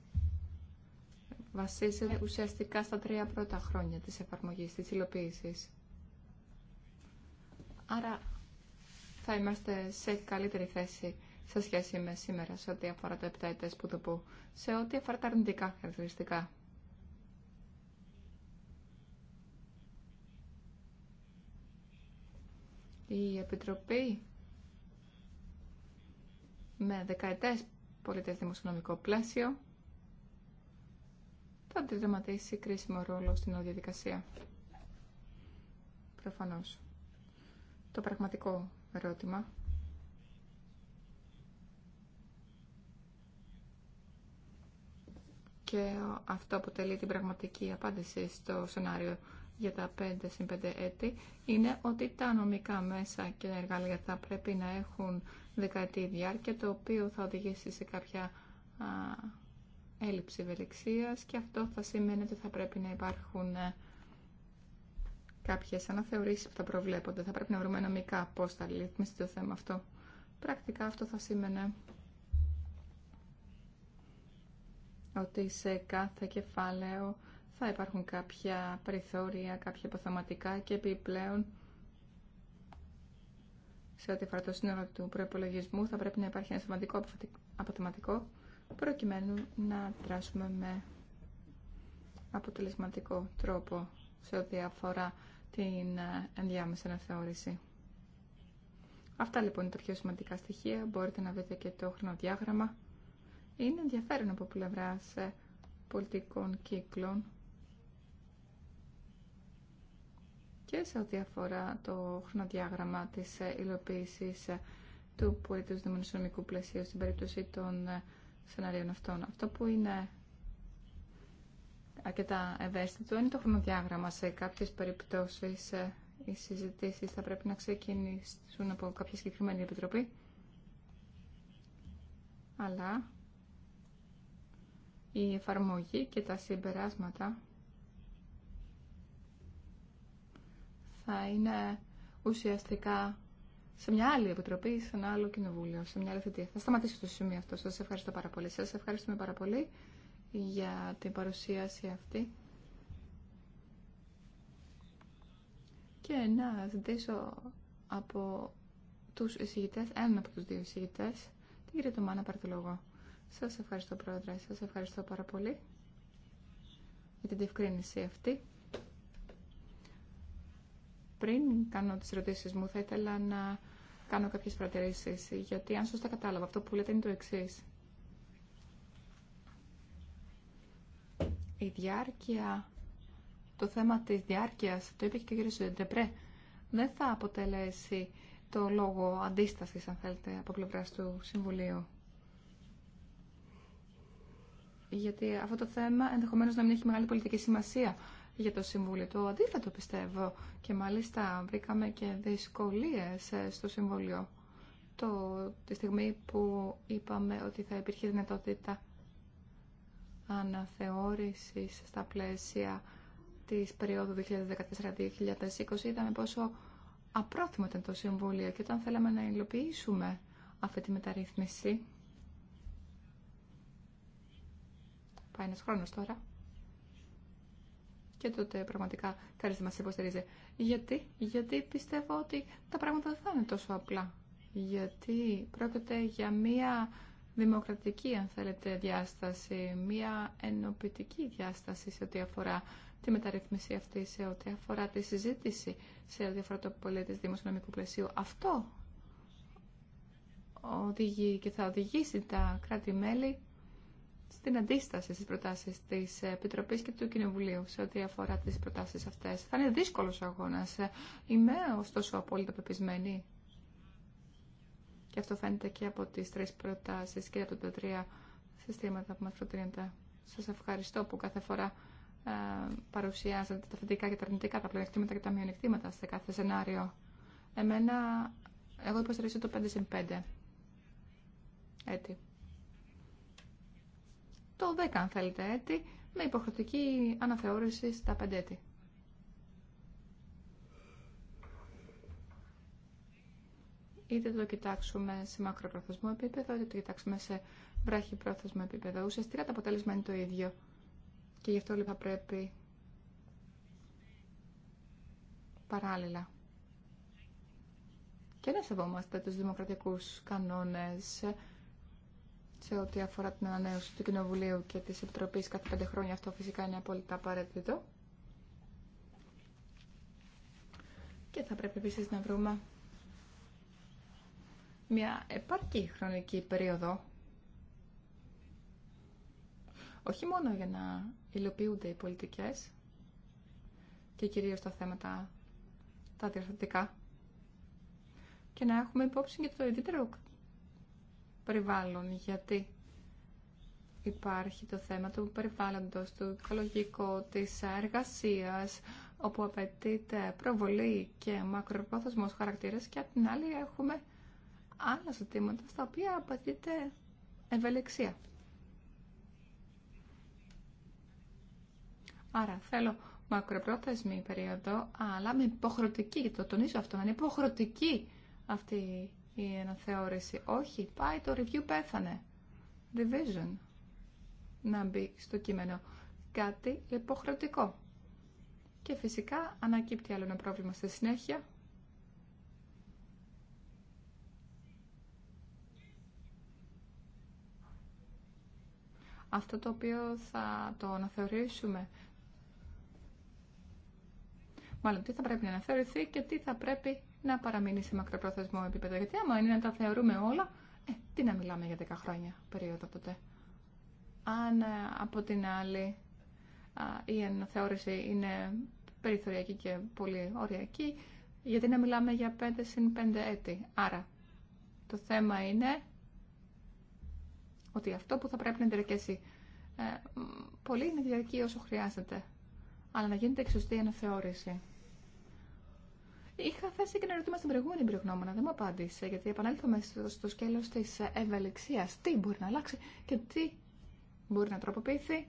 βασίζεται ε. ουσιαστικά στα τρία πρώτα χρόνια της εφαρμογής, της υλοποίησης. Άρα θα είμαστε σε καλύτερη θέση σε σχέση με σήμερα σε ό,τι αφορά το επτάετες πω, σε ό,τι αφορά τα αρνητικά χαρακτηριστικά. Η Επιτροπή με δεκαετές πολιτές δημοσιονομικό πλαίσιο θα αντιδραματίσει κρίσιμο ρόλο στην όλη διαδικασία. Προφανώς. Το πραγματικό ερώτημα και αυτό αποτελεί την πραγματική απάντηση στο σενάριο για τα 5 συν 5 έτη είναι ότι τα νομικά μέσα και εργαλεία θα πρέπει να έχουν δεκαετή διάρκεια, το οποίο θα οδηγήσει σε κάποια α, έλλειψη ευελιξίας και αυτό θα σημαίνει ότι θα πρέπει να υπάρχουν ε, κάποιες αναθεωρήσεις που θα προβλέπονται. Θα πρέπει να βρούμε νομικά πώς θα λύθμισει το θέμα αυτό. Πρακτικά αυτό θα σήμαινε ότι σε κάθε κεφάλαιο θα υπάρχουν κάποια περιθώρια, κάποια αποθεματικά και επιπλέον σε ό,τι αφορά το σύνολο του προπολογισμού θα πρέπει να υπάρχει ένα σημαντικό αποθεματικό προκειμένου να δράσουμε με αποτελεσματικό τρόπο σε ό,τι αφορά την ε, ενδιάμεση αναθεώρηση. Αυτά λοιπόν είναι τα πιο σημαντικά στοιχεία. Μπορείτε να δείτε και το χρονοδιάγραμμα. Είναι ενδιαφέρον από πλευρά ε, πολιτικών κύκλων και σε ό,τι αφορά το χρονοδιάγραμμα της ε, υλοποίησης ε, του πολιτικού δημοσιονομικού πλαισίου στην περίπτωση των ε, σενάριων αυτών. Αυτό που είναι αρκετά ευαίσθητο είναι το χρονοδιάγραμμα. Σε κάποιες περιπτώσεις οι συζητήσεις θα πρέπει να ξεκινήσουν από κάποια συγκεκριμένη επιτροπή. Αλλά η εφαρμογή και τα συμπεράσματα θα είναι ουσιαστικά σε μια άλλη επιτροπή σε ένα άλλο κοινοβούλιο, σε μια άλλη θητεία. Θα σταματήσω το σημείο αυτό. Σα ευχαριστώ πάρα πολύ. Σα ευχαριστούμε πάρα πολύ για την παρουσίαση αυτή. Και να ζητήσω από του εισηγητέ, έναν από του δύο εισηγητέ, την κυρία Τωμά να πάρει Σας ευχαριστώ πρόεδρε, Σα ευχαριστώ πάρα πολύ για την διευκρίνηση αυτή. Πριν κάνω τις ερωτήσεις μου, θα ήθελα να κάνω κάποιες παρατηρήσεις, γιατί αν σωστά κατάλαβα, αυτό που λέτε είναι το εξή. Η διάρκεια, το θέμα της διάρκειας, το είπε και ο κ. Ντεπρέ, δεν θα αποτελέσει το λόγο αντίστασης, αν θέλετε, από πλευρά του Συμβουλίου γιατί αυτό το θέμα ενδεχομένως να μην έχει μεγάλη πολιτική σημασία για το Συμβούλιο. Το αντίθετο πιστεύω και μάλιστα βρήκαμε και δυσκολίες ε, στο Συμβούλιο το, τη στιγμή που είπαμε ότι θα υπήρχε δυνατότητα αναθεώρησης στα πλαίσια της περίοδου 2014-2020 είδαμε πόσο απρόθυμο ήταν το Συμβούλιο και όταν θέλαμε να υλοποιήσουμε αυτή τη μεταρρύθμιση πάει ένας χρόνος τώρα και τότε πραγματικά καλέστε μας υποστηρίζει. Γιατί, γιατί πιστεύω ότι τα πράγματα δεν θα είναι τόσο απλά. Γιατί πρόκειται για μία δημοκρατική, αν θέλετε, διάσταση, μία ενωπητική διάσταση σε ό,τι αφορά τη μεταρρύθμιση αυτή, σε ό,τι αφορά τη συζήτηση, σε ό,τι αφορά το πολιτή δημοσιονομικού πλαισίου. Αυτό οδηγεί και θα οδηγήσει τα κράτη-μέλη στην αντίσταση στις προτάσεις της Επιτροπής και του Κοινοβουλίου σε ό,τι αφορά τις προτάσεις αυτές. Θα είναι δύσκολος ο αγώνας. Είμαι ωστόσο απόλυτα πεπισμένη. Και αυτό φαίνεται και από τις τρεις προτάσεις και από τα τρία συστήματα που μας προτείνετε. Σας ευχαριστώ που κάθε φορά ε, παρουσιάζετε τα θετικά και τα αρνητικά, τα πλεονεκτήματα και τα μειονεκτήματα σε κάθε σενάριο. Εμένα, εγώ υποστηρίζω το 5 συν 5. Έτσι το 10 αν θέλετε έτη με υποχρεωτική αναθεώρηση στα 5 έτη. Είτε το κοιτάξουμε σε μακροπρόθεσμο επίπεδο, είτε το κοιτάξουμε σε βραχυπρόθεσμο επίπεδο. Ουσιαστικά το αποτέλεσμα είναι το ίδιο. Και γι' αυτό λοιπόν πρέπει παράλληλα και να σεβόμαστε τους δημοκρατικούς κανόνες σε ό,τι αφορά την ανανέωση του Κοινοβουλίου και τη Επιτροπής κάθε πέντε χρόνια. Αυτό φυσικά είναι απόλυτα απαραίτητο. Και θα πρέπει επίσης να βρούμε μια επαρκή χρονική περίοδο. Όχι μόνο για να υλοποιούνται οι πολιτικές και κυρίως τα θέματα τα διευθυντικά και να έχουμε υπόψη και το ιδιαίτερο περιβάλλον, γιατί υπάρχει το θέμα του περιβάλλοντος, του οικολογικού, της εργασίας, όπου απαιτείται προβολή και μακροπρόθεσμος χαρακτήρας και απ' την άλλη έχουμε άλλα ζητήματα στα οποία απαιτείται ευελιξία. Άρα θέλω μακροπρόθεσμη περίοδο, αλλά με υποχρεωτική, το τονίζω αυτό, είναι υποχρεωτική αυτή η αναθεώρηση. Όχι, πάει το review πέθανε. Division, Να μπει στο κείμενο. Κάτι υποχρεωτικό. Και φυσικά ανακύπτει άλλο ένα πρόβλημα στη συνέχεια. Αυτό το οποίο θα το αναθεωρήσουμε. Μάλλον τι θα πρέπει να αναθεωρηθεί και τι θα πρέπει να παραμείνει σε μακροπρόθεσμο επίπεδο. Γιατί άμα είναι να τα θεωρούμε όλα, ε, τι να μιλάμε για 10 χρόνια περίοδο τότε. Αν ε, από την άλλη η αναθεώρηση είναι περιθωριακή και πολύ ωριακή, γιατί να μιλάμε για 5 συν 5 έτη. Άρα, το θέμα είναι ότι αυτό που θα πρέπει να διαρκέσει ε, πολύ είναι διαρκή όσο χρειάζεται, αλλά να γίνεται εξωστή αναθεώρηση. Είχα θέσει και ένα ερώτημα στην προηγούμενη προγνώμονα, δεν μου απάντησε, γιατί επανέλθουμε στο, στο σκέλος της ευελιξίας. Τι μπορεί να αλλάξει και τι μπορεί να τροποποιηθεί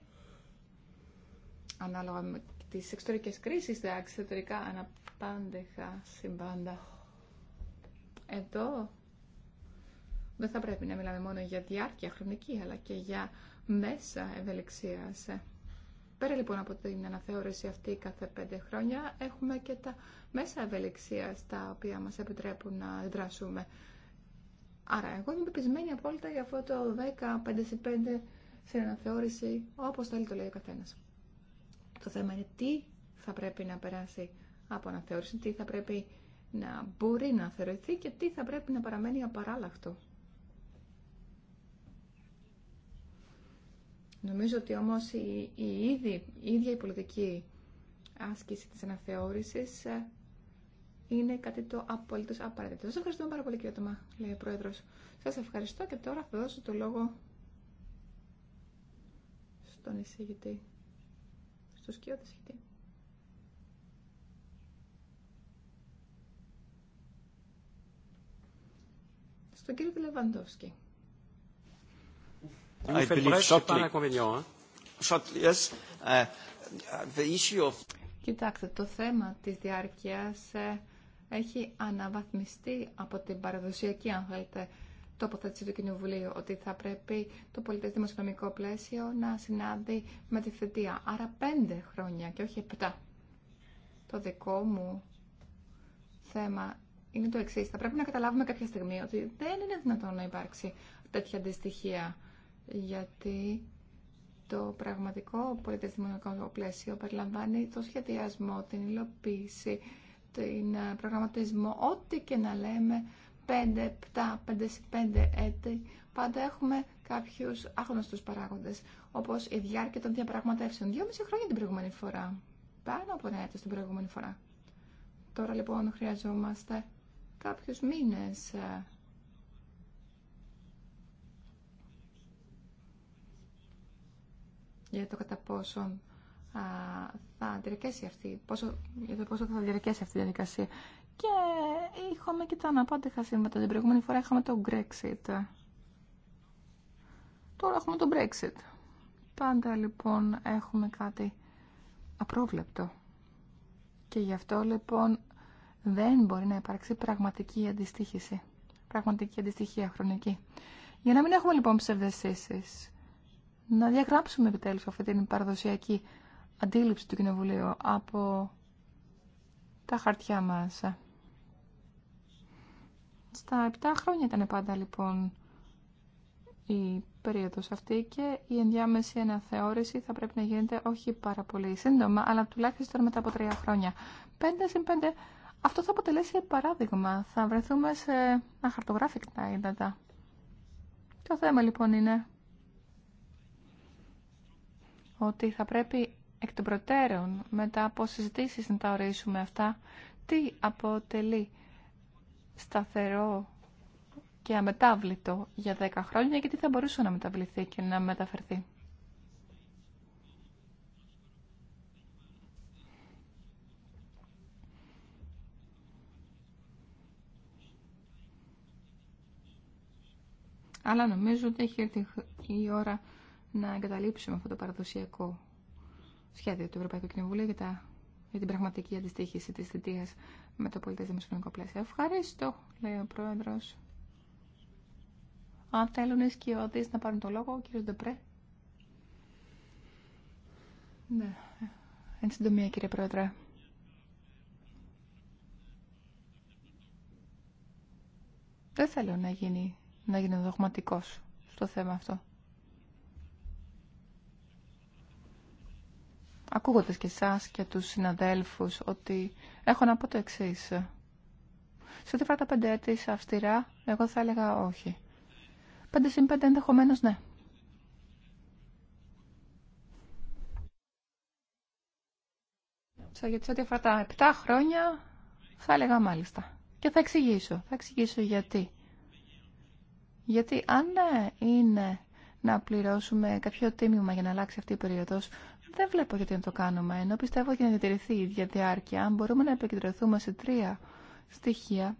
ανάλογα με τις εξωτερικές κρίσεις, τα εξωτερικά αναπάντεχα συμπάντα. Εδώ δεν θα πρέπει να μιλάμε μόνο για διάρκεια χρονική, αλλά και για μέσα ευελιξίας. Πέρα λοιπόν από την αναθεώρηση αυτή κάθε πέντε χρόνια, έχουμε και τα μέσα ευελιξία τα οποία μας επιτρέπουν να δράσουμε. Άρα, εγώ είμαι πεπισμένη απόλυτα για αυτό το 10-5 5 στην αναθεώρηση, όπως θέλει το λέει ο καθένας. Το θέμα είναι τι θα πρέπει να περάσει από αναθεώρηση, τι θα πρέπει να μπορεί να θεωρηθεί και τι θα πρέπει να παραμένει απαράλλαχτο. Νομίζω ότι όμως η, ίδια, η πολιτική άσκηση της αναθεώρησης ε, είναι κάτι το απολύτω απαραίτητο. Σας ευχαριστούμε πάρα πολύ κύριε Τωμά, λέει ο Πρόεδρος. Σας ευχαριστώ και τώρα θα δώσω το λόγο στον εισηγητή, στο σκιό εισηγητή. Στον κύριο Λεβαντόφσκι. Uh, Κοιτάξτε, το θέμα της διάρκειας ε, έχει αναβαθμιστεί από την παραδοσιακή, αν θέλετε, τοποθέτηση του Κοινοβουλίου, ότι θα πρέπει το πολιτικό δημοσιονομικό πλαίσιο να συνάδει με τη θετία. Άρα πέντε χρόνια και όχι επτά. Το δικό μου θέμα είναι το εξή. Θα πρέπει να καταλάβουμε κάποια στιγμή ότι δεν είναι δυνατόν να υπάρξει τέτοια αντιστοιχεία γιατί το πραγματικό πολιτιστικό πλαίσιο περιλαμβάνει το σχεδιασμό, την υλοποίηση, την ε, προγραμματισμό, ό,τι και να λέμε, 5, 7, 5, 5 έτη, πάντα έχουμε κάποιους άγνωστους παράγοντες, όπως η διάρκεια των διαπραγματεύσεων. μισή χρόνια την προηγούμενη φορά. Πάνω από ένα έτος την προηγούμενη φορά. Τώρα λοιπόν χρειαζόμαστε κάποιους μήνες ε, για το κατά πόσον θα διαρκέσει αυτή, πόσο, για το πόσο θα διαρκέσει αυτή η διαδικασία. Και είχαμε και τα αναπάντηχα σήματα. Την προηγούμενη φορά είχαμε το Brexit. Τώρα έχουμε το Brexit. Πάντα λοιπόν έχουμε κάτι απρόβλεπτο. Και γι' αυτό λοιπόν δεν μπορεί να υπάρξει πραγματική αντιστοίχηση. Πραγματική αντιστοιχία χρονική. Για να μην έχουμε λοιπόν ψευδεσίσεις να διαγράψουμε επιτέλους αυτή την παραδοσιακή αντίληψη του Κοινοβουλίου από τα χαρτιά μας. Στα επτά χρόνια ήταν πάντα λοιπόν η περίοδος αυτή και η ενδιάμεση αναθεώρηση θα πρέπει να γίνεται όχι πάρα πολύ σύντομα, αλλά τουλάχιστον μετά από τρία χρόνια. Πέντε συν πέντε. αυτό θα αποτελέσει παράδειγμα. Θα βρεθούμε σε αχαρτογράφικτα ύδατα. Το θέμα λοιπόν είναι ότι θα πρέπει εκ των προτέρων μετά από συζητήσει να τα ορίσουμε αυτά τι αποτελεί σταθερό και αμετάβλητο για 10 χρόνια και τι θα μπορούσε να μεταβληθεί και να μεταφερθεί. αλλά νομίζω ότι έχει έρθει η ώρα να εγκαταλείψουμε αυτό το παραδοσιακό σχέδιο του Ευρωπαϊκού Κοινοβουλίου για, τα, την πραγματική αντιστοίχηση τη θητεία με το πολιτές δημοσιονομικό πλαίσιο. Ευχαριστώ, λέει ο πρόεδρο. Αν θέλουν οι σκιώδει να πάρουν το λόγο, κύριε κύριος Ντεπρέ. Ναι, εν συντομία κύριε Πρόεδρε. Δεν θέλω να γίνει, να γίνει δογματικός στο θέμα αυτό. ακούγοντας και εσά και τους συναδέλφους ότι έχω να πω το εξή. Σε ό,τι φορά τα πέντε έτη αυστηρά, εγώ θα έλεγα όχι. Πέντε συν πέντε ενδεχομένω ναι. Σε ό,τι αφορά τα επτά χρόνια, θα έλεγα μάλιστα. Και θα εξηγήσω. Θα εξηγήσω γιατί. Γιατί αν ναι, είναι να πληρώσουμε κάποιο τίμημα για να αλλάξει αυτή η περίοδος, δεν βλέπω γιατί να το κάνουμε, ενώ πιστεύω ότι για να διατηρηθεί η ίδια διάρκεια, αν μπορούμε να επικεντρωθούμε σε τρία στοιχεία,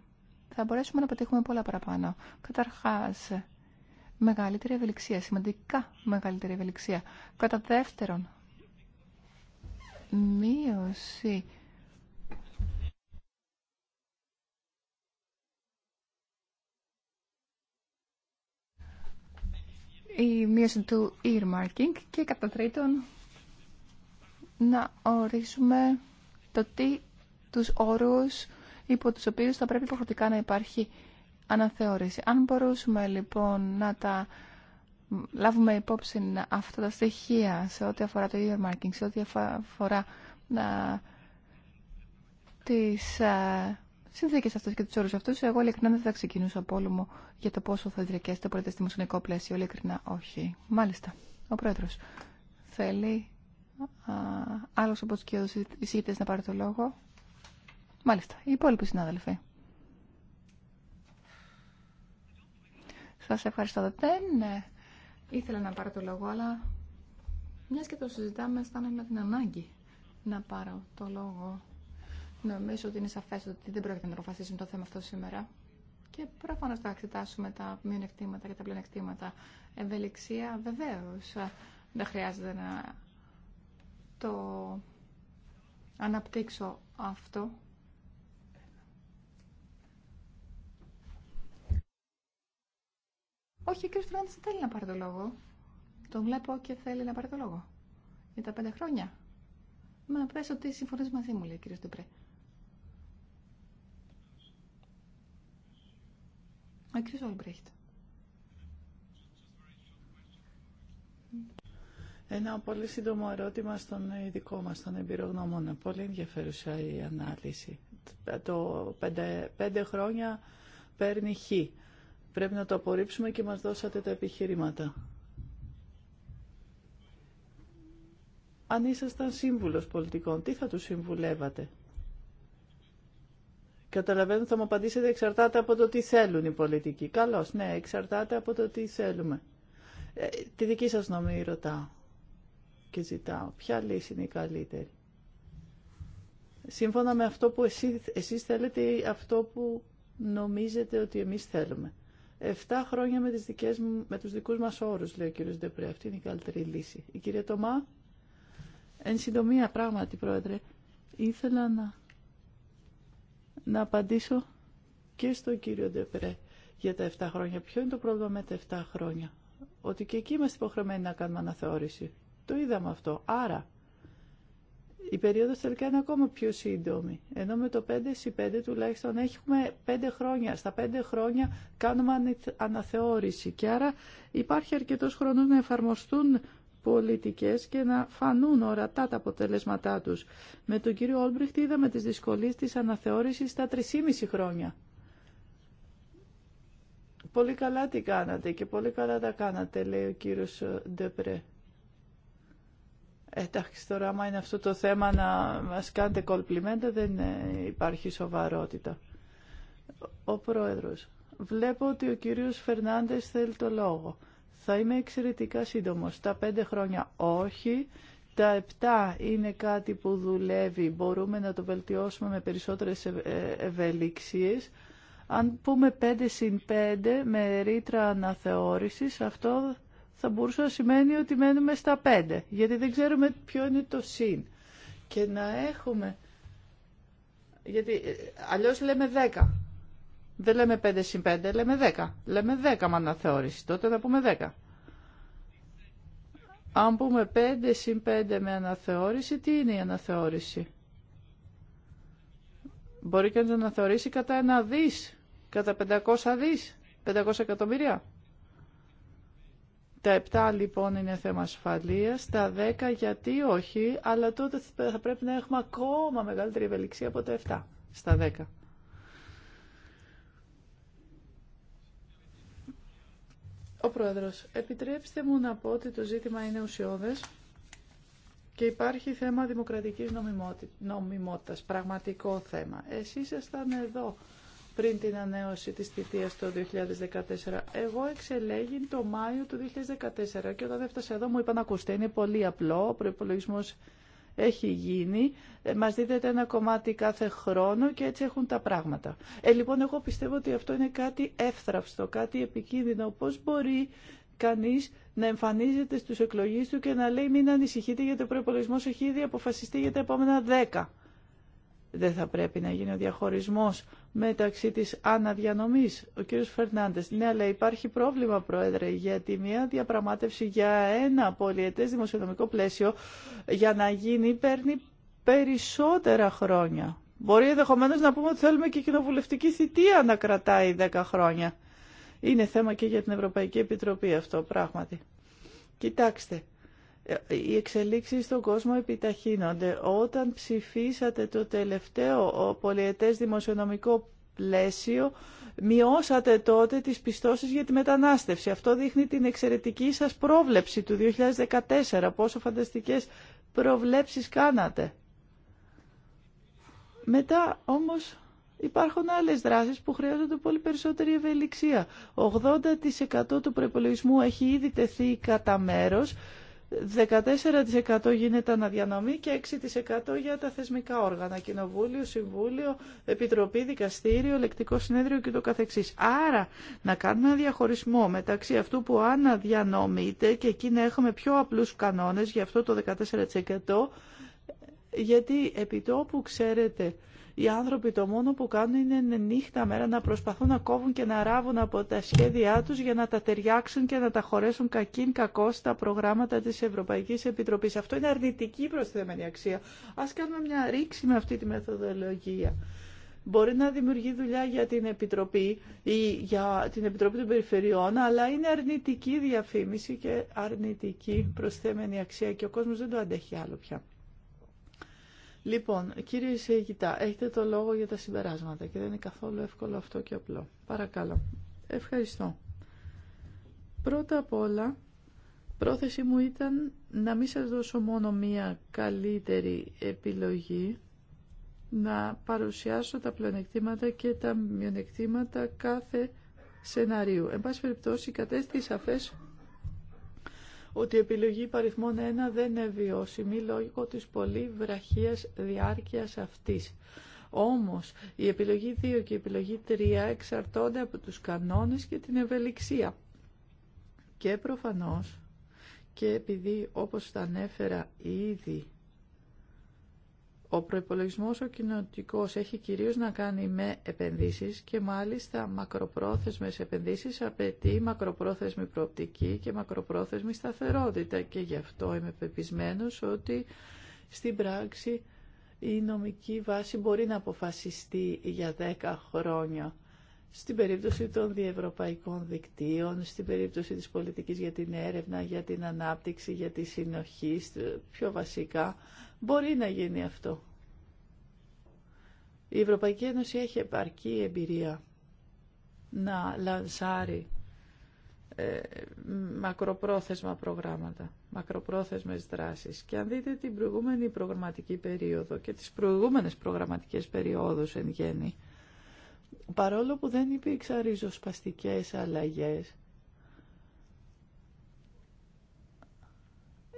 θα μπορέσουμε να πετύχουμε πολλά παραπάνω. Καταρχάς, μεγαλύτερη ευελιξία, σημαντικά μεγαλύτερη ευελιξία. Κατά δεύτερον, μείωση η μείωση του earmarking και κατά τρίτον να ορίσουμε το τι τους όρους υπό τους οποίους θα πρέπει υποχρεωτικά να υπάρχει αναθεώρηση. Αν μπορούσουμε λοιπόν να τα λάβουμε υπόψη αυτά τα στοιχεία σε ό,τι αφορά το earmarking, σε ό,τι αφορά να... τις α, ε, συνθήκες αυτές και τους όρους αυτούς, εγώ ειλικρινά δεν θα ξεκινούσα μου για το πόσο θα διαρκέσει το πολιτεστημοσυνικό πλαίσιο, ειλικρινά όχι. Μάλιστα, ο Πρόεδρος θέλει Άλλο από τους κύριου εισηγητές να πάρει το λόγο. Μάλιστα, οι υπόλοιποι συνάδελφοι. Σα ευχαριστώ. Δεν ναι, ήθελα να πάρω το λόγο, αλλά μια και το συζητάμε, αισθάνομαι την ανάγκη να πάρω το λόγο. Νομίζω ότι είναι σαφέ ότι δεν πρόκειται να αποφασίσουμε το θέμα αυτό σήμερα. Και προφανώ θα εξετάσουμε τα μειονεκτήματα και τα πλεονεκτήματα. Ευελιξία, βεβαίω. Δεν χρειάζεται να το αναπτύξω αυτό. Όχι, ο κ. Φράντς δεν θέλει να πάρει το λόγο. Τον βλέπω και θέλει να πάρει το λόγο. Για τα πέντε χρόνια. Μα πες ότι συμφωνείς μαζί μου, λέει ο κ. Ο κ. Ένα πολύ σύντομο ερώτημα στον ειδικό μα τον εμπειρογνώμονα. Πολύ ενδιαφέρουσα η ανάλυση. Το πέντε, χρόνια παίρνει χ. Πρέπει να το απορρίψουμε και μας δώσατε τα επιχειρήματα. Αν ήσασταν σύμβουλος πολιτικών, τι θα του συμβουλεύατε. Καταλαβαίνω θα μου απαντήσετε εξαρτάται από το τι θέλουν οι πολιτικοί. Καλώς, ναι, εξαρτάται από το τι θέλουμε. Ε, τη δική σας νόμη ρωτάω και ζητάω. Ποια λύση είναι η καλύτερη. Σύμφωνα με αυτό που εσείς, εσείς θέλετε ή αυτό που νομίζετε ότι εμείς θέλουμε. Εφτά χρόνια με, τις δικές, με τους δικούς μας όρους, λέει ο κύριος Ντεπρέ. Αυτή είναι η καλύτερη λύση. Η κυρία Τωμά, εν συντομία πράγματι, πρόεδρε, ήθελα να, να απαντήσω και στον κύριο Ντεπρέ για τα 7 χρόνια. Ποιο είναι το πρόβλημα με τα 7 χρόνια. Ότι και εκεί είμαστε υποχρεωμένοι να κάνουμε αναθεώρηση. Το είδαμε αυτό. Άρα, η περίοδο τελικά είναι ακόμα πιο σύντομη. Ενώ με το 5 συ 5 τουλάχιστον έχουμε 5 χρόνια. Στα 5 χρόνια κάνουμε αναθεώρηση. Και άρα υπάρχει αρκετό χρόνο να εφαρμοστούν πολιτικές και να φανούν ορατά τα αποτελέσματά τους. Με τον κύριο Όλμπριχτ είδαμε τις δυσκολίες της αναθεώρησης στα 3,5 χρόνια. Πολύ καλά τι κάνατε και πολύ καλά τα κάνατε, λέει ο κύριος Ντεπρέ. Εντάξει, τώρα άμα είναι αυτό το θέμα να μας κάνετε κολπλιμέντα δεν ε, υπάρχει σοβαρότητα. Ο Πρόεδρος. Βλέπω ότι ο κύριος Φερνάντες θέλει το λόγο. Θα είμαι εξαιρετικά σύντομος. Τα πέντε χρόνια όχι. Τα επτά είναι κάτι που δουλεύει. Μπορούμε να το βελτιώσουμε με περισσότερες ε, ευελιξίες. Αν πούμε 5 συν πέντε, με ρήτρα αναθεώρησης, αυτό θα μπορούσε να σημαίνει ότι μένουμε στα 5, γιατί δεν ξέρουμε ποιο είναι το συν. Και να έχουμε... Γιατί ε, αλλιώς λέμε 10. Δεν λέμε 5 συν 5, λέμε 10. Λέμε 10 με αναθεώρηση. Τότε θα πούμε 10. Αν πούμε 5 συν 5 με αναθεώρηση, τι είναι η αναθεώρηση. Μπορεί και να αναθεωρήσει κατά ένα δις, κατά 500 δις, 500 εκατομμύρια. Τα 7 λοιπόν είναι θέμα ασφαλεία. τα 10 γιατί όχι, αλλά τότε θα πρέπει να έχουμε ακόμα μεγαλύτερη ευελιξία από τα 7 στα 10. Ο Πρόεδρος, επιτρέψτε μου να πω ότι το ζήτημα είναι ουσιώδες και υπάρχει θέμα δημοκρατικής νομιμότητας, πραγματικό θέμα. Εσείς ήσασταν εδώ πριν την ανέωση της θητείας το 2014. Εγώ εξελέγην το Μάιο του 2014 και όταν έφτασα εδώ μου είπαν ακούστε είναι πολύ απλό, ο προϋπολογισμός έχει γίνει, ε, μας δίδεται ένα κομμάτι κάθε χρόνο και έτσι έχουν τα πράγματα. Ε, λοιπόν, εγώ πιστεύω ότι αυτό είναι κάτι εύθραυστο, κάτι επικίνδυνο. Πώς μπορεί κανείς να εμφανίζεται στους εκλογείς του και να λέει μην ανησυχείτε γιατί ο προπολογισμό έχει ήδη αποφασιστεί για τα επόμενα δέκα δεν θα πρέπει να γίνει ο διαχωρισμός μεταξύ της αναδιανομής. Ο κύριος Φερνάντες, ναι, αλλά υπάρχει πρόβλημα, Πρόεδρε, γιατί μια διαπραγμάτευση για ένα πολιετές δημοσιονομικό πλαίσιο για να γίνει παίρνει περισσότερα χρόνια. Μπορεί ενδεχομένω να πούμε ότι θέλουμε και κοινοβουλευτική θητεία να κρατάει 10 χρόνια. Είναι θέμα και για την Ευρωπαϊκή Επιτροπή αυτό, πράγματι. Κοιτάξτε, οι εξελίξεις στον κόσμο επιταχύνονται. Όταν ψηφίσατε το τελευταίο πολιετές δημοσιονομικό πλαίσιο, μειώσατε τότε τις πιστώσεις για τη μετανάστευση. Αυτό δείχνει την εξαιρετική σας πρόβλεψη του 2014, πόσο φανταστικές προβλέψεις κάνατε. Μετά όμως υπάρχουν άλλες δράσεις που χρειάζονται πολύ περισσότερη ευελιξία. 80% του προπολογισμού έχει ήδη τεθεί κατά μέρος 14% γίνεται αναδιανομή και 6% για τα θεσμικά όργανα, κοινοβούλιο, συμβούλιο, επιτροπή, δικαστήριο, λεκτικό συνέδριο και το καθεξής. Άρα να κάνουμε ένα διαχωρισμό μεταξύ αυτού που αναδιανομείται και εκεί να έχουμε πιο απλούς κανόνες για αυτό το 14% γιατί επί ξέρετε οι άνθρωποι το μόνο που κάνουν είναι νύχτα μέρα να προσπαθούν να κόβουν και να ράβουν από τα σχέδιά τους για να τα ταιριάξουν και να τα χωρέσουν κακήν κακό στα προγράμματα της Ευρωπαϊκής Επιτροπής. Αυτό είναι αρνητική προσθέμενη αξία. Ας κάνουμε μια ρήξη με αυτή τη μεθοδολογία μπορεί να δημιουργεί δουλειά για την Επιτροπή ή για την Επιτροπή των Περιφερειών, αλλά είναι αρνητική διαφήμιση και αρνητική προσθέμενη αξία και ο κόσμος δεν το αντέχει άλλο πια. Λοιπόν, κύριε Ισηγητά, έχετε το λόγο για τα συμπεράσματα και δεν είναι καθόλου εύκολο αυτό και απλό. Παρακαλώ. Ευχαριστώ. Πρώτα απ' όλα, πρόθεση μου ήταν να μην σας δώσω μόνο μία καλύτερη επιλογή, να παρουσιάσω τα πλεονεκτήματα και τα μειονεκτήματα κάθε σενάριου. Εν πάση περιπτώσει, κατέστη σαφές ότι η επιλογή παριθμών 1 δεν είναι βιώσιμη λόγω της πολύ βραχίας διάρκειας αυτής. Όμως, η επιλογή 2 και η επιλογή 3 εξαρτώνται από τους κανόνες και την ευελιξία. Και προφανώς, και επειδή όπως τα ανέφερα ήδη, ο προϋπολογισμός ο κοινοτικός έχει κυρίως να κάνει με επενδύσεις και μάλιστα μακροπρόθεσμες επενδύσεις απαιτεί μακροπρόθεσμη προοπτική και μακροπρόθεσμη σταθερότητα και γι' αυτό είμαι πεπισμένος ότι στην πράξη η νομική βάση μπορεί να αποφασιστεί για 10 χρόνια στην περίπτωση των διευρωπαϊκών δικτύων, στην περίπτωση της πολιτικής για την έρευνα, για την ανάπτυξη, για τη συνοχή, πιο βασικά Μπορεί να γίνει αυτό. Η Ευρωπαϊκή Ένωση έχει επαρκή εμπειρία να λανσάρει ε, μακροπρόθεσμα προγράμματα, μακροπρόθεσμες δράσεις. Και αν δείτε την προηγούμενη προγραμματική περίοδο και τις προηγούμενες προγραμματικές περιόδους εν γέννη, παρόλο που δεν υπήρξαν ριζοσπαστικές αλλαγές,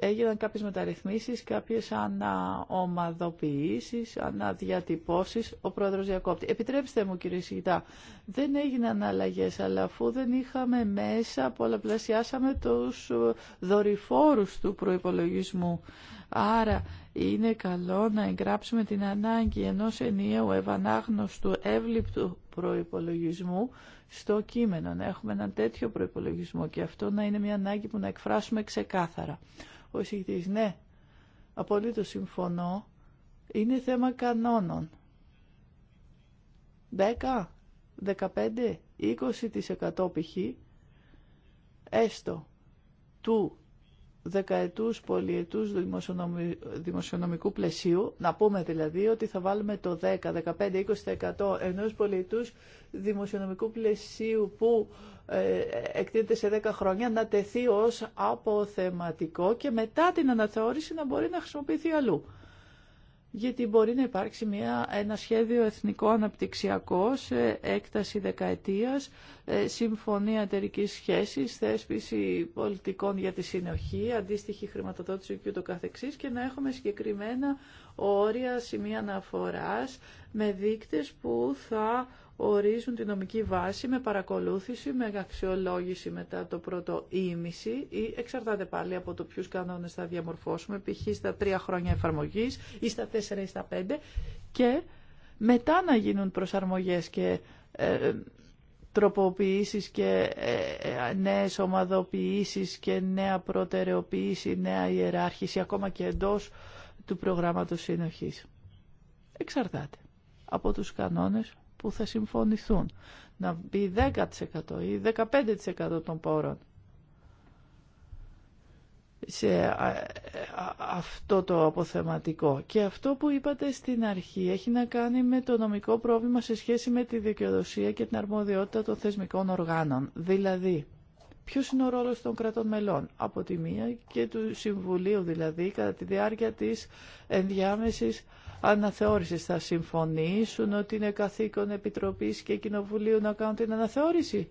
έγιναν κάποιες μεταρρυθμίσεις, κάποιες αναομαδοποιήσεις, αναδιατυπώσεις. Ο πρόεδρος διακόπτη. Επιτρέψτε μου κύριε Σιγητά, δεν έγιναν αλλαγές, αλλά αφού δεν είχαμε μέσα, πολλαπλασιάσαμε τους δορυφόρους του προϋπολογισμού. Άρα είναι καλό να εγγράψουμε την ανάγκη ενός ενιαίου ευανάγνωστου εύληπτου προϋπολογισμού στο κείμενο, να έχουμε ένα τέτοιο προϋπολογισμό και αυτό να είναι μια ανάγκη που να εκφράσουμε ξεκάθαρα. Ο εισηγητής, ναι, απολύτως συμφωνώ. Είναι θέμα κανόνων. 10, 15, 20% π.χ. έστω του δεκαετούς πολιετούς δημοσιονομικού πλαισίου, να πούμε δηλαδή ότι θα βάλουμε το 10, 15, 20% ενός πολιετούς δημοσιονομικού πλαισίου που ε, εκτείνεται σε 10 χρόνια να τεθεί ως αποθεματικό και μετά την αναθεώρηση να μπορεί να χρησιμοποιηθεί αλλού γιατί μπορεί να υπάρξει μια, ένα σχέδιο εθνικό αναπτυξιακό σε έκταση δεκαετίας, ε, συμφωνία εταιρική σχέσης, θέσπιση πολιτικών για τη συνοχή, αντίστοιχη χρηματοδότηση και το καθεξής και να έχουμε συγκεκριμένα όρια, σημεία αναφοράς με δείκτες που θα ορίζουν τη νομική βάση με παρακολούθηση, με αξιολόγηση μετά το πρώτο ήμιση ή εξαρτάται πάλι από το ποιους κανόνες θα διαμορφώσουμε, π.χ. στα τρία χρόνια εφαρμογής ή στα τέσσερα ή στα πέντε και μετά να γίνουν προσαρμογές και ε, τροποποιήσεις και ε, ε νέες ομαδοποιήσεις και νέα προτεραιοποίηση, νέα ιεράρχηση ακόμα και εντός του προγράμματος συνοχής. Εξαρτάται από τους κανόνες που θα συμφωνηθούν. Να μπει 10% ή 15% των πόρων σε ε, αυτό το αποθεματικό. Και αυτό που είπατε στην αρχή έχει να κάνει με το νομικό πρόβλημα σε σχέση με τη δικαιοδοσία και την αρμοδιότητα των θεσμικών οργάνων. Δηλαδή, ποιος είναι ο ρόλος των κρατών μελών από τη μία και του Συμβουλίου δηλαδή κατά τη διάρκεια της ενδιάμεσης αναθεώρηση Θα συμφωνήσουν ότι είναι καθήκον Επιτροπής και Κοινοβουλίου να κάνουν την αναθεώρηση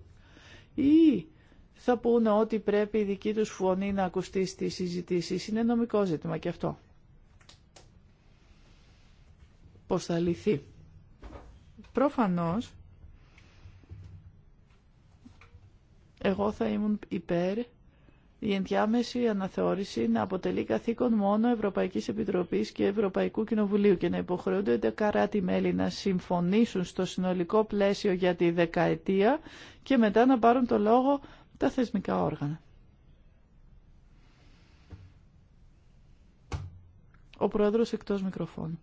ή θα πούνε ότι πρέπει η δική τους φωνή να ακουστεί στις συζητήσεις. Είναι νομικό ζήτημα και αυτό. Πώς θα λυθεί. Προφανώς, εγώ θα ήμουν υπέρ η ενδιάμεση αναθεώρηση να αποτελεί καθήκον μόνο Ευρωπαϊκής Επιτροπής και Ευρωπαϊκού Κοινοβουλίου και να υποχρεούνται τα κράτη-μέλη να συμφωνήσουν στο συνολικό πλαίσιο για τη δεκαετία και μετά να πάρουν το λόγο τα θεσμικά όργανα. Ο Πρόεδρος εκτός μικροφώνου.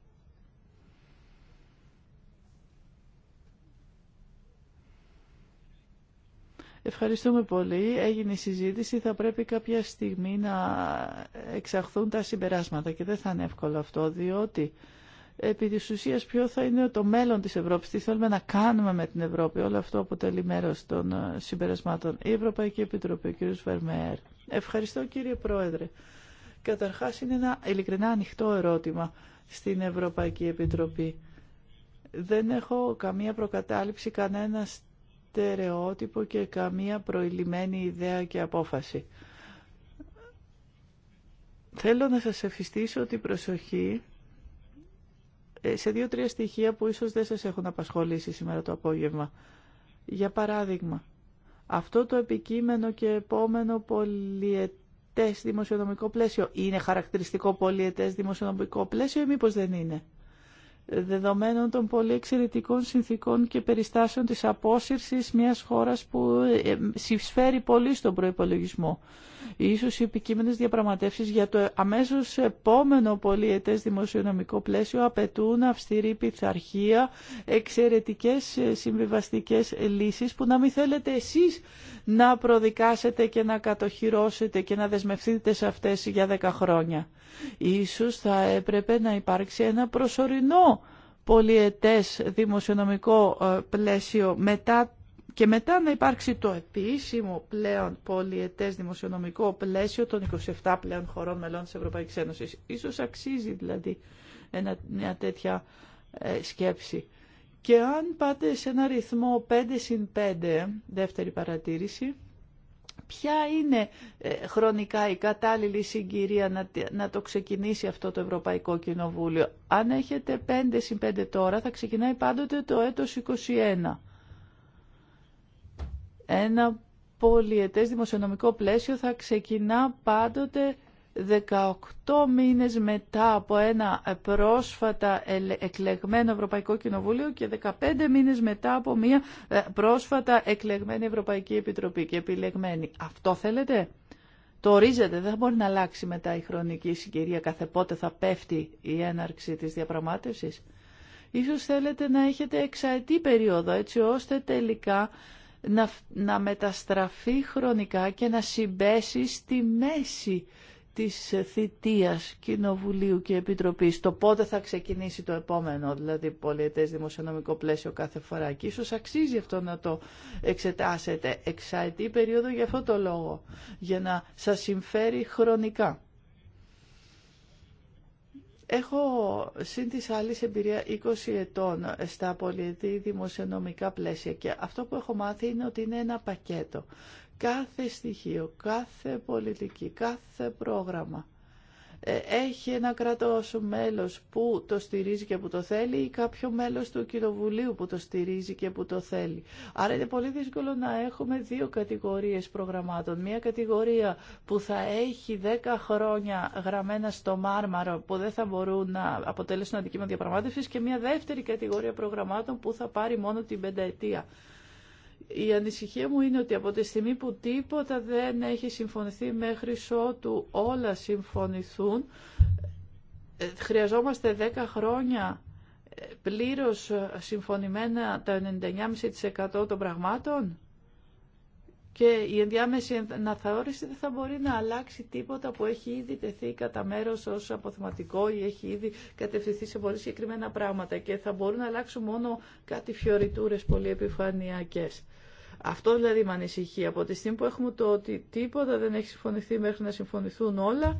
Ευχαριστούμε πολύ. Έγινε η συζήτηση. Θα πρέπει κάποια στιγμή να εξαχθούν τα συμπεράσματα και δεν θα είναι εύκολο αυτό, διότι επί της ουσίας ποιο θα είναι το μέλλον της Ευρώπης, τι θέλουμε να κάνουμε με την Ευρώπη. Όλο αυτό αποτελεί μέρος των συμπερασμάτων. Η Ευρωπαϊκή Επιτροπή, ο κ. Βερμεέρ. Ευχαριστώ κύριε Πρόεδρε. Καταρχάς είναι ένα ειλικρινά ανοιχτό ερώτημα στην Ευρωπαϊκή Επιτροπή. Δεν έχω καμία προκατάληψη κανένας στερεότυπο και καμία προηλημένη ιδέα και απόφαση. Θέλω να σας ευχηστήσω την προσοχή ε, σε δύο-τρία στοιχεία που ίσως δεν σας έχουν απασχολήσει σήμερα το απόγευμα. Για παράδειγμα, αυτό το επικείμενο και επόμενο πολιετές δημοσιονομικό πλαίσιο είναι χαρακτηριστικό πολιετές δημοσιονομικό πλαίσιο ή μήπως δεν είναι δεδομένων των πολύ εξαιρετικών συνθήκων και περιστάσεων της απόσυρσης μιας χώρας που ε, συμφέρει πολύ στον προϋπολογισμό. Ίσως οι επικείμενες διαπραγματεύσεις για το αμέσως επόμενο πολιετές δημοσιονομικό πλαίσιο απαιτούν αυστηρή πειθαρχία, εξαιρετικές ε, συμβιβαστικές λύσεις που να μην θέλετε εσείς να προδικάσετε και να κατοχυρώσετε και να δεσμευτείτε σε αυτές για δέκα χρόνια. Ίσως θα έπρεπε να υπάρξει ένα προσωρινό πολιετές δημοσιονομικό ε, πλαίσιο μετά και μετά να υπάρξει το επίσημο πλέον πολιετές δημοσιονομικό πλαίσιο των 27 πλέον χωρών μελών της Ευρωπαϊκής Ένωσης. Ίσως αξίζει δηλαδή μια τέτοια ε, σκέψη. Και αν πάτε σε ένα ρυθμό 5 συν 5, δεύτερη παρατήρηση, ποια είναι ε, χρονικά η κατάλληλη συγκυρία να το ξεκινήσει αυτό το Ευρωπαϊκό Κοινοβούλιο. Αν έχετε 5 συν 5 τώρα, θα ξεκινάει πάντοτε το έτος 21. Ένα πολιετές δημοσιονομικό πλαίσιο θα ξεκινά πάντοτε 18 μήνες μετά από ένα πρόσφατα εκλεγμένο Ευρωπαϊκό Κοινοβούλιο και 15 μήνες μετά από μια ε, πρόσφατα εκλεγμένη Ευρωπαϊκή Επιτροπή και επιλεγμένη. Αυτό θέλετε? Το ορίζεται, δεν μπορεί να αλλάξει μετά η χρονική συγκυρία κάθε πότε θα πέφτει η έναρξη της διαπραγμάτευσης. Ίσως θέλετε να έχετε εξαετή περίοδο έτσι ώστε τελικά να, να μεταστραφεί χρονικά και να συμπέσει στη μέση της θητείας Κοινοβουλίου και Επιτροπής, το πότε θα ξεκινήσει το επόμενο, δηλαδή πολιετές δημοσιονομικό πλαίσιο κάθε φορά και ίσως αξίζει αυτό να το εξετάσετε εξαετή περίοδο για αυτό το λόγο, για να σας συμφέρει χρονικά. Έχω σύν της άλλης εμπειρία 20 ετών στα πολιετή δημοσιονομικά πλαίσια και αυτό που έχω μάθει είναι ότι είναι ένα πακέτο. Κάθε στοιχείο, κάθε πολιτική, κάθε πρόγραμμα ε, έχει ένα κράτος μέλος που το στηρίζει και που το θέλει ή κάποιο μέλος του Κοινοβουλίου που το στηρίζει και που το θέλει. Άρα είναι πολύ δύσκολο να έχουμε δύο κατηγορίες προγραμμάτων. Μία κατηγορία που θα έχει 10 χρόνια γραμμένα στο μάρμαρο που δεν θα μπορούν να αποτέλεσουν αντικείμενο διαπραγμάτευσης και μία δεύτερη κατηγορία προγραμμάτων που θα πάρει μόνο την πενταετία. Η ανησυχία μου είναι ότι από τη στιγμή που τίποτα δεν έχει συμφωνηθεί μέχρι ότου όλα συμφωνηθούν, ε, χρειαζόμαστε 10 χρόνια ε, πλήρως ε, συμφωνημένα τα 99,5% των πραγμάτων και η ενδιάμεση αναθεώρηση δεν θα μπορεί να αλλάξει τίποτα που έχει ήδη τεθεί κατά μέρο ω αποθεματικό ή έχει ήδη κατευθυνθεί σε πολύ συγκεκριμένα πράγματα και θα μπορούν να αλλάξουν μόνο κάτι φιωριτούρε πολύ επιφανειακέ. Αυτό δηλαδή με ανησυχεί. Από τη στιγμή που έχουμε το ότι τίποτα δεν έχει συμφωνηθεί μέχρι να συμφωνηθούν όλα,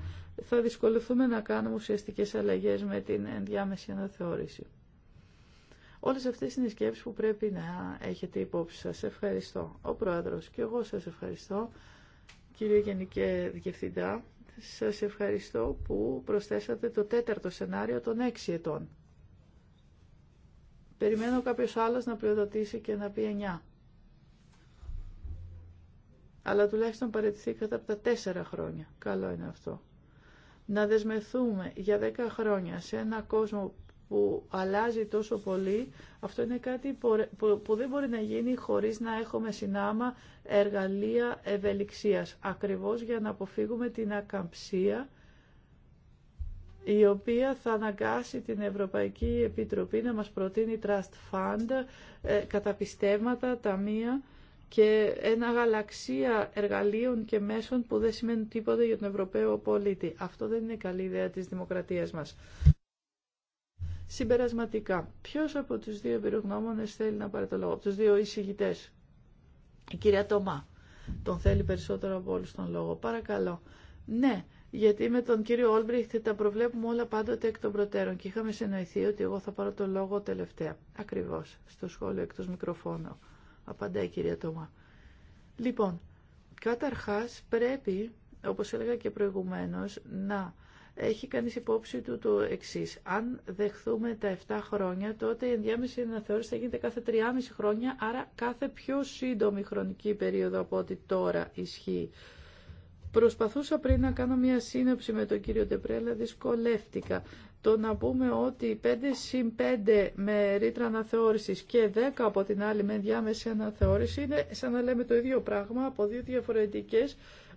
θα δυσκολευτούμε να κάνουμε ουσιαστικέ αλλαγέ με την ενδιάμεση αναθεώρηση. Όλες αυτές είναι οι σκέψεις που πρέπει να έχετε υπόψη σας. Ευχαριστώ. Ο Πρόεδρος και εγώ σας ευχαριστώ. Κύριε Γενικέ Διευθυντά, σας ευχαριστώ που προσθέσατε το τέταρτο σενάριο των έξι ετών. Περιμένω κάποιος άλλος να πλειοδοτήσει και να πει εννιά. Αλλά τουλάχιστον παραιτηθήκατε από τα τέσσερα χρόνια. Καλό είναι αυτό. Να δεσμευτούμε για δέκα χρόνια σε ένα κόσμο που αλλάζει τόσο πολύ, αυτό είναι κάτι που δεν μπορεί να γίνει χωρίς να έχουμε συνάμα εργαλεία ευελιξίας, ακριβώς για να αποφύγουμε την ακαμψία η οποία θα αναγκάσει την Ευρωπαϊκή Επιτροπή να μας προτείνει trust fund, ε, καταπιστέματα, ταμεία και ένα γαλαξία εργαλείων και μέσων που δεν σημαίνουν τίποτα για τον Ευρωπαίο πολίτη. Αυτό δεν είναι καλή ιδέα της δημοκρατίας μας. Συμπερασματικά, Ποιο από του δύο εμπειρογνώμονε θέλει να πάρει το λόγο, από του δύο εισηγητέ, Η κυρία Τωμά τον θέλει περισσότερο από όλου τον λόγο. Παρακαλώ. Ναι, γιατί με τον κύριο Όλμπριχτ τα προβλέπουμε όλα πάντοτε εκ των προτέρων και είχαμε συνοηθεί ότι εγώ θα πάρω το λόγο τελευταία. Ακριβώ, στο σχόλιο εκτό μικροφώνου, απαντάει η κυρία Τωμά. Λοιπόν, καταρχά πρέπει, όπως έλεγα και προηγουμένως, να έχει κανεί υπόψη του το εξή. Αν δεχθούμε τα 7 χρόνια, τότε η ενδιάμεση αναθεώρηση θα γίνεται κάθε 3,5 χρόνια, άρα κάθε πιο σύντομη χρονική περίοδο από ό,τι τώρα ισχύει. Προσπαθούσα πριν να κάνω μια σύνοψη με τον κύριο Τεπρέλα, δυσκολεύτηκα. Το να πούμε ότι 5 συν 5 με ρήτρα αναθεώρηση και 10 από την άλλη με ενδιάμεση αναθεώρηση είναι σαν να λέμε το ίδιο πράγμα από δύο διαφορετικέ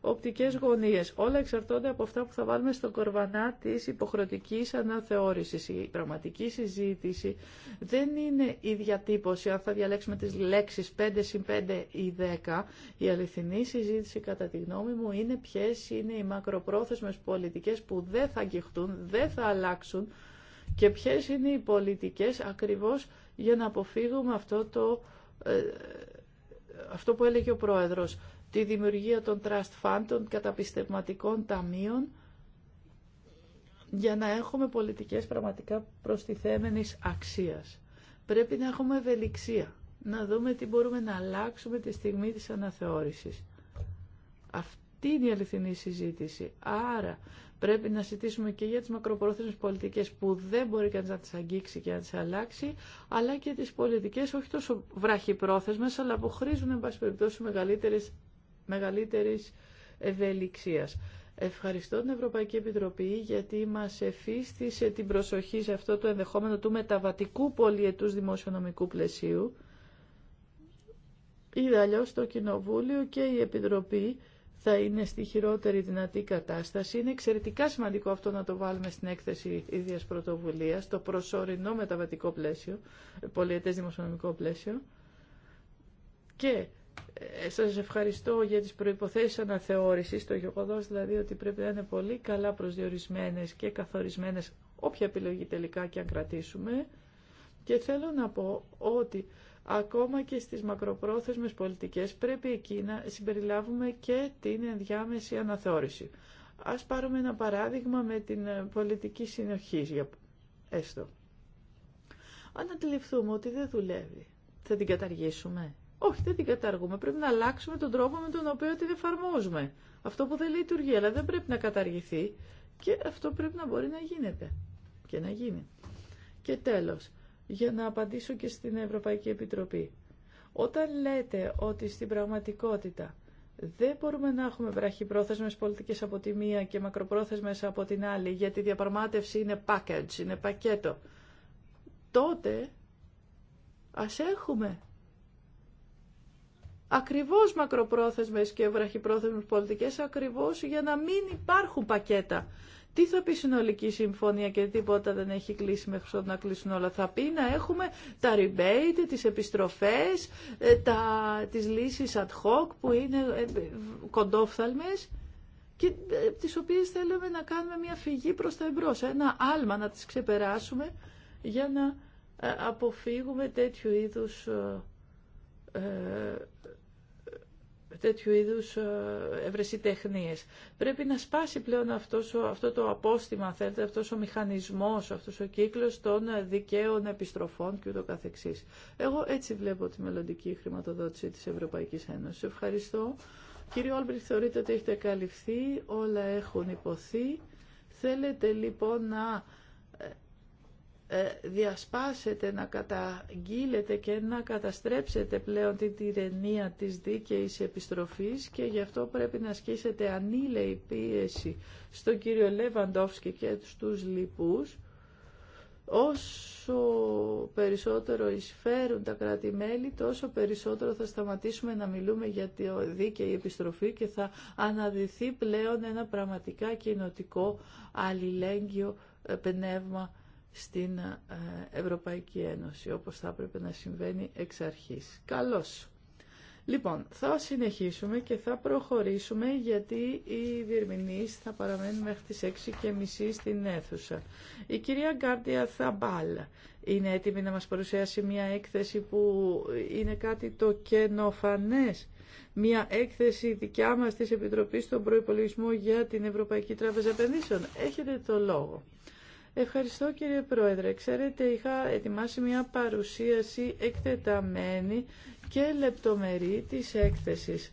οπτικές γωνίες. Όλα εξαρτώνται από αυτά που θα βάλουμε στο κορβανά της υποχρεωτικής αναθεώρησης. Η πραγματική συζήτηση δεν είναι η διατύπωση, αν θα διαλέξουμε τις λέξεις 5 συν 5 ή 10. Η αληθινή συζήτηση, κατά τη γνώμη μου, είναι ποιε είναι οι μακροπρόθεσμες πολιτικές που δεν θα αγγιχτούν, δεν θα αλλάξουν και ποιε είναι οι πολιτικές ακριβώς για να αποφύγουμε αυτό το... Ε, αυτό που έλεγε ο Πρόεδρος, τη δημιουργία των trust fund, των καταπιστευματικών ταμείων, για να έχουμε πολιτικές πραγματικά προστιθέμενης αξίας. Πρέπει να έχουμε ευελιξία, να δούμε τι μπορούμε να αλλάξουμε τη στιγμή της αναθεώρησης. Αυτή είναι η αληθινή συζήτηση. Άρα πρέπει να συζητήσουμε και για τις μακροπρόθεσμες πολιτικές που δεν μπορεί κανείς να τις αγγίξει και να τις αλλάξει, αλλά και τις πολιτικές όχι τόσο βραχυπρόθεσμες, αλλά που χρήζουν εν πάση περιπτώσει μεγαλύτερης ευελιξίας. Ευχαριστώ την Ευρωπαϊκή Επιτροπή γιατί μας εφίστησε την προσοχή σε αυτό το ενδεχόμενο του μεταβατικού πολιετούς δημοσιονομικού πλαισίου. Ήδη αλλιώ το Κοινοβούλιο και η Επιτροπή θα είναι στη χειρότερη δυνατή κατάσταση. Είναι εξαιρετικά σημαντικό αυτό να το βάλουμε στην έκθεση ίδιας πρωτοβουλίας, το προσωρινό μεταβατικό πλαίσιο, πολιετές δημοσιονομικό πλαίσιο. Και σας ευχαριστώ για τις προϋποθέσεις αναθεώρησης, το γεγονός δηλαδή ότι πρέπει να είναι πολύ καλά προσδιορισμένες και καθορισμένες όποια επιλογή τελικά και αν κρατήσουμε. Και θέλω να πω ότι ακόμα και στις μακροπρόθεσμες πολιτικές πρέπει εκεί να συμπεριλάβουμε και την ενδιάμεση αναθεώρηση. Ας πάρουμε ένα παράδειγμα με την πολιτική συνοχή, για έστω. Αν αντιληφθούμε ότι δεν δουλεύει, θα την καταργήσουμε όχι, δεν την καταργούμε. Πρέπει να αλλάξουμε τον τρόπο με τον οποίο την εφαρμόζουμε. Αυτό που δεν λειτουργεί, αλλά δεν πρέπει να καταργηθεί και αυτό πρέπει να μπορεί να γίνεται και να γίνει. Και τέλος, για να απαντήσω και στην Ευρωπαϊκή Επιτροπή. Όταν λέτε ότι στην πραγματικότητα δεν μπορούμε να έχουμε βραχυπρόθεσμες πολιτικές από τη μία και μακροπρόθεσμες από την άλλη, γιατί η διαπραγμάτευση είναι package, είναι πακέτο, τότε ας έχουμε ακριβώς μακροπρόθεσμες και βραχυπρόθεσμες πολιτικές, ακριβώς για να μην υπάρχουν πακέτα. Τι θα πει συνολική συμφωνία και τίποτα δεν έχει κλείσει μέχρι ότου να κλείσουν όλα. Θα πει να έχουμε τα rebate, τις επιστροφές, ε, τα, τις λύσεις ad hoc που είναι ε, ε, κοντόφθαλμες και τις οποίες θέλουμε να κάνουμε μια φυγή προς τα εμπρός, ένα άλμα να τις ξεπεράσουμε για να αποφύγουμε τέτοιου είδους τέτοιου είδους ε, ευρεσιτεχνίες. Πρέπει να σπάσει πλέον αυτό το απόστημα, θέλετε, αυτός ο μηχανισμός, αυτός ο κύκλος των ε, δικαίων επιστροφών και ούτω καθεξής. Εγώ έτσι βλέπω τη μελλοντική χρηματοδότηση της Ευρωπαϊκής Ένωσης. Ευχαριστώ. Κύριε Όλμπριχ, θεωρείτε ότι έχετε καλυφθεί, όλα έχουν υποθεί. Θέλετε λοιπόν να ε, διασπάσετε, να καταγγείλετε και να καταστρέψετε πλέον την τυρενία της δίκαιης επιστροφής και γι' αυτό πρέπει να ασκήσετε ανήλαιη πίεση στον κύριο Λεβαντόφσκι και στους λοιπούς όσο περισσότερο εισφέρουν τα κράτη-μέλη, τόσο περισσότερο θα σταματήσουμε να μιλούμε για τη δίκαιη επιστροφή και θα αναδυθεί πλέον ένα πραγματικά κοινοτικό αλληλέγγυο ε, πνεύμα στην ε, Ευρωπαϊκή Ένωση, όπως θα έπρεπε να συμβαίνει εξ αρχής. Καλώς. Λοιπόν, θα συνεχίσουμε και θα προχωρήσουμε γιατί οι διερμηνείς θα παραμένουν μέχρι τις 6.30 στην αίθουσα. Η κυρία Γκάρντια Θαμπάλ είναι έτοιμη να μας παρουσιάσει μια έκθεση που είναι κάτι το κενοφανές. Μια έκθεση δικιά μας της Επιτροπής στον Προϋπολογισμό για την Ευρωπαϊκή Τράπεζα Επενδύσεων. Έχετε το λόγο. Ευχαριστώ κύριε Πρόεδρε. Ξέρετε, είχα ετοιμάσει μια παρουσίαση εκτεταμένη και λεπτομερή της έκθεσης.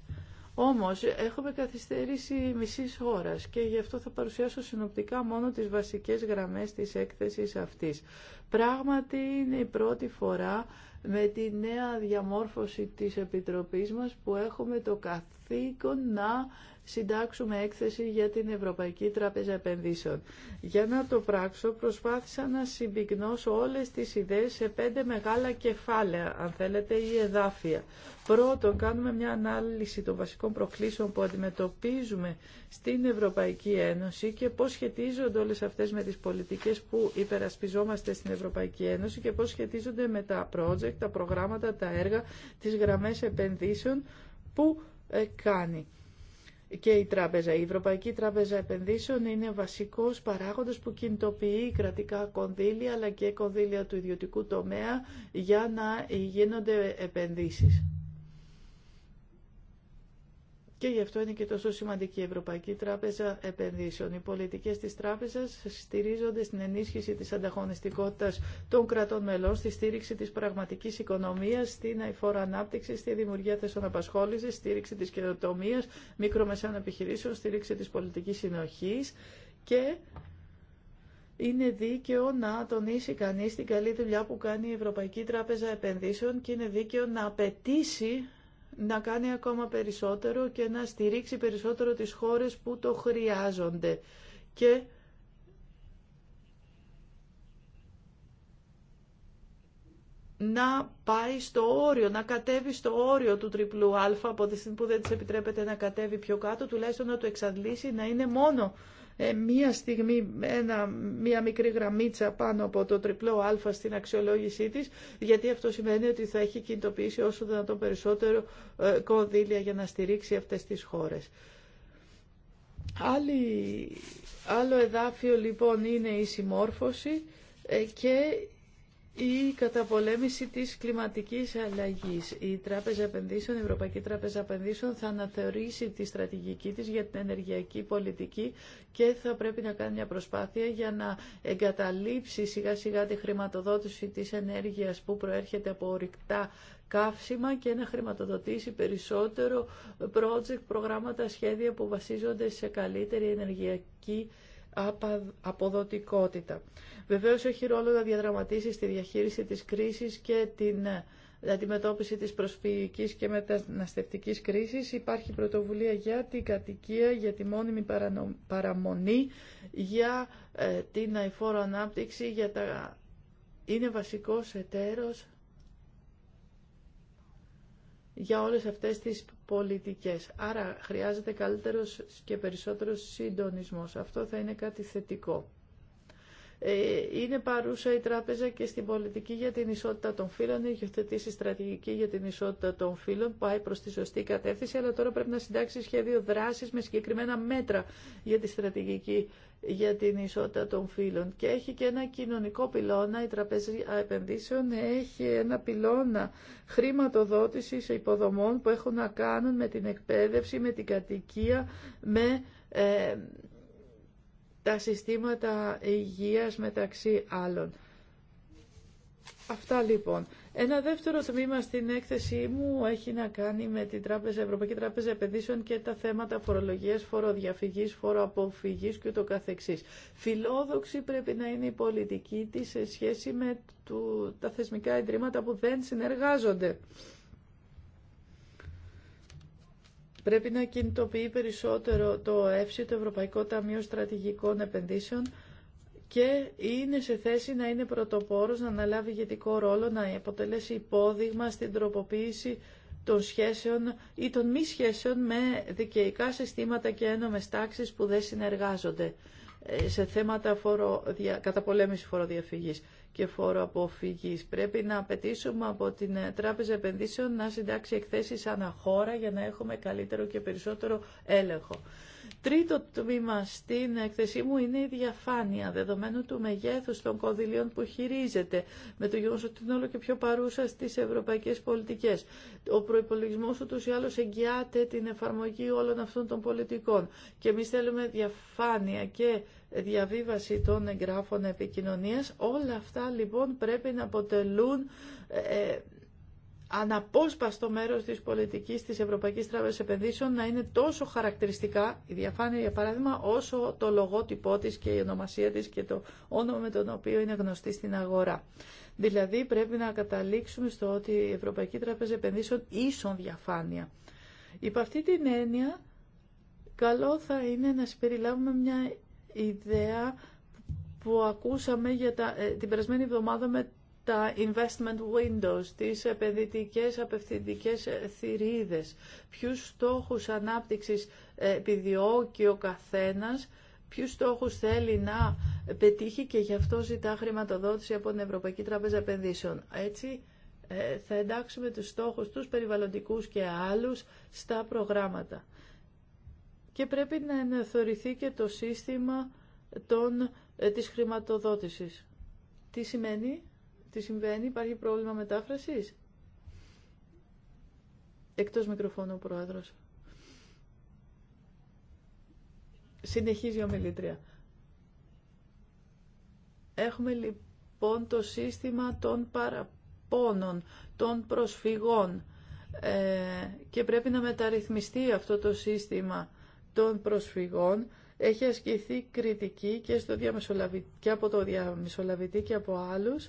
Όμως, έχουμε καθυστερήσει μισή ώρας και γι' αυτό θα παρουσιάσω συνοπτικά μόνο τις βασικές γραμμές της έκθεσης αυτής. Πράγματι, είναι η πρώτη φορά με τη νέα διαμόρφωση της Επιτροπής μας που έχουμε το καθήκον να συντάξουμε έκθεση για την Ευρωπαϊκή Τράπεζα Επενδύσεων. Για να το πράξω προσπάθησα να συμπυκνώσω όλες τις ιδέες σε πέντε μεγάλα κεφάλαια, αν θέλετε, ή εδάφια. Πρώτον, κάνουμε μια ανάλυση των βασικών προκλήσεων που αντιμετωπίζουμε στην Ευρωπαϊκή Ένωση και πώς σχετίζονται όλες αυτές με τις πολιτικές που υπερασπιζόμαστε στην Ευρωπαϊκή Ένωση και πώς σχετίζονται με τα project, τα προγράμματα, τα έργα, τις γραμμές επενδύσεων που ε, κάνει και η τράπεζα. Η Ευρωπαϊκή Τράπεζα Επενδύσεων είναι βασικός παράγοντας που κινητοποιεί κρατικά κονδύλια αλλά και κονδύλια του ιδιωτικού τομέα για να γίνονται επενδύσεις. Και γι' αυτό είναι και τόσο σημαντική η Ευρωπαϊκή Τράπεζα Επενδύσεων. Οι πολιτικέ τη τράπεζα στηρίζονται στην ενίσχυση τη ανταγωνιστικότητα των κρατών μελών, στη στήριξη τη πραγματική οικονομία, στην αηφόρα ανάπτυξη, στη δημιουργία θέσεων απασχόληση, στήριξη τη καινοτομία, μικρομεσαίων επιχειρήσεων, στήριξη τη πολιτική συνοχή και είναι δίκαιο να τονίσει κανείς την καλή δουλειά που κάνει η Ευρωπαϊκή Τράπεζα Επενδύσεων και είναι δίκαιο να απαιτήσει να κάνει ακόμα περισσότερο και να στηρίξει περισσότερο τις χώρες που το χρειάζονται. Και να πάει στο όριο, να κατέβει στο όριο του τριπλού α από τη στιγμή που δεν της επιτρέπεται να κατέβει πιο κάτω, τουλάχιστον να το εξαντλήσει, να είναι μόνο ε, μία στιγμή ένα, μία μικρή γραμμίτσα πάνω από το τριπλό α στην αξιολόγησή της, γιατί αυτό σημαίνει ότι θα έχει κινητοποιήσει όσο δυνατόν περισσότερο ε, κονδύλια για να στηρίξει αυτές τις χώρες. άλλο εδάφιο λοιπόν είναι η συμμόρφωση ε, και η καταπολέμηση της κλιματικής αλλαγής. Η Τράπεζα Επενδύσεων, η Ευρωπαϊκή Τράπεζα Επενδύσεων θα αναθεωρήσει τη στρατηγική της για την ενεργειακή πολιτική και θα πρέπει να κάνει μια προσπάθεια για να εγκαταλείψει σιγά σιγά τη χρηματοδότηση της ενέργειας που προέρχεται από ορυκτά καύσιμα και να χρηματοδοτήσει περισσότερο project, προγράμματα, σχέδια που βασίζονται σε καλύτερη ενεργειακή αποδοτικότητα. Βεβαίως έχει ρόλο να διαδραματίσει στη διαχείριση της κρίσης και την ε, αντιμετώπιση της προσφυγικής και μεταναστευτικής κρίσης. Υπάρχει πρωτοβουλία για την κατοικία, για τη μόνιμη παραμονή, για ε, την αηφόρο ανάπτυξη, για τα... είναι βασικός εταίρος για όλες αυτές τις πολιτικές. Άρα χρειάζεται καλύτερος και περισσότερος συντονισμός. Αυτό θα είναι κάτι θετικό. Ε, είναι παρούσα η τράπεζα και στην πολιτική για την ισότητα των φύλων. Έχει οθετήσει στρατηγική για την ισότητα των φύλων. Πάει προς τη σωστή κατεύθυνση, αλλά τώρα πρέπει να συντάξει σχέδιο δράσης με συγκεκριμένα μέτρα για τη στρατηγική για την ισότητα των φύλων και έχει και ένα κοινωνικό πυλώνα, η Τραπεζή Επενδύσεων έχει ένα πυλώνα χρηματοδότησης υποδομών που έχουν να κάνουν με την εκπαίδευση, με την κατοικία, με ε, τα συστήματα υγείας μεταξύ άλλων. Αυτά λοιπόν. Ένα δεύτερο τμήμα στην έκθεσή μου έχει να κάνει με την Τράπεζα, Ευρωπαϊκή Τράπεζα Επενδύσεων και τα θέματα φορολογίας, φοροδιαφυγής, φοροαποφυγής και ούτω καθεξής. Φιλόδοξη πρέπει να είναι η πολιτική της σε σχέση με του, τα θεσμικά ιδρύματα που δεν συνεργάζονται. Πρέπει να κινητοποιεί περισσότερο το ΕΦΣΙ, το Ευρωπαϊκό Ταμείο Στρατηγικών Επενδύσεων, και είναι σε θέση να είναι πρωτοπόρος, να αναλάβει ηγετικό ρόλο, να αποτελέσει υπόδειγμα στην τροποποίηση των σχέσεων ή των μη σχέσεων με δικαιικά συστήματα και ένομες τάξεις που δεν συνεργάζονται ε, σε θέματα φοροδια... καταπολέμησης φοροδιαφυγής και φόρο αποφυγή. Πρέπει να απαιτήσουμε από την Τράπεζα Επενδύσεων να συντάξει εκθέσεις αναχώρα για να έχουμε καλύτερο και περισσότερο έλεγχο. Τρίτο τμήμα στην εκθεσή μου είναι η διαφάνεια, δεδομένου του μεγέθους των κονδυλίων που χειρίζεται, με το γεγονός ότι είναι όλο και πιο παρούσα στις ευρωπαϊκέ πολιτικέ. Ο προπολογισμό, ούτω ή άλλω εγγυάται την εφαρμογή όλων αυτών των πολιτικών και εμεί θέλουμε διαφάνεια και διαβίβαση των εγγράφων επικοινωνίας. Όλα αυτά λοιπόν πρέπει να αποτελούν ε, ε, αναπόσπαστο μέρος της πολιτικής της Ευρωπαϊκής Τράπεζας Επενδύσεων να είναι τόσο χαρακτηριστικά, η διαφάνεια για παράδειγμα, όσο το λογότυπό της και η ονομασία της και το όνομα με τον οποίο είναι γνωστή στην αγορά. Δηλαδή πρέπει να καταλήξουμε στο ότι η Ευρωπαϊκή Τράπεζα Επενδύσεων ίσον διαφάνεια. Υπ' αυτή την έννοια, καλό θα είναι να συμπεριλάβουμε μια ιδέα που ακούσαμε για τα, ε, την περασμένη εβδομάδα με τα investment windows, τις επενδυτικές απευθυντικές ε, θηρίδες, ποιους στόχους ανάπτυξης ε, επιδιώκει ο καθένας, ποιους στόχους θέλει να πετύχει και γι' αυτό ζητά χρηματοδότηση από την Ευρωπαϊκή Τράπεζα Επενδύσεων. Έτσι θα εντάξουμε τους στόχους τους περιβαλλοντικούς και άλλους στα προγράμματα. Και πρέπει να ενεθωρηθεί και το σύστημα των, ε, της χρηματοδότησης. Τι σημαίνει, τι συμβαίνει, υπάρχει πρόβλημα μετάφρασης. Εκτός μικροφώνου ο Πρόεδρος. Συνεχίζει ο Μιλήτρια. Έχουμε λοιπόν το σύστημα των παραπώνων, των προσφυγών ε, και πρέπει να μεταρρυθμιστεί αυτό το σύστημα των προσφυγών έχει ασκηθεί κριτική και, στο από το διαμεσολαβητή και από άλλους.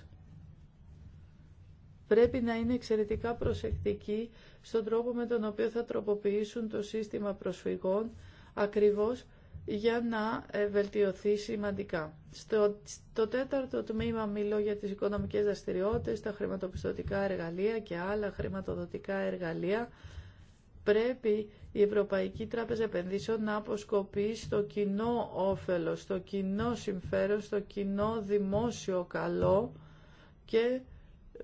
Πρέπει να είναι εξαιρετικά προσεκτική στον τρόπο με τον οποίο θα τροποποιήσουν το σύστημα προσφυγών ακριβώς για να ε, βελτιωθεί σημαντικά. Στο, στο τέταρτο τμήμα μιλώ για τις οικονομικές δραστηριότητες, τα χρηματοπιστωτικά εργαλεία και άλλα χρηματοδοτικά εργαλεία πρέπει η Ευρωπαϊκή Τράπεζα Επενδύσεων να αποσκοπεί στο κοινό όφελο, στο κοινό συμφέρον, στο κοινό δημόσιο καλό και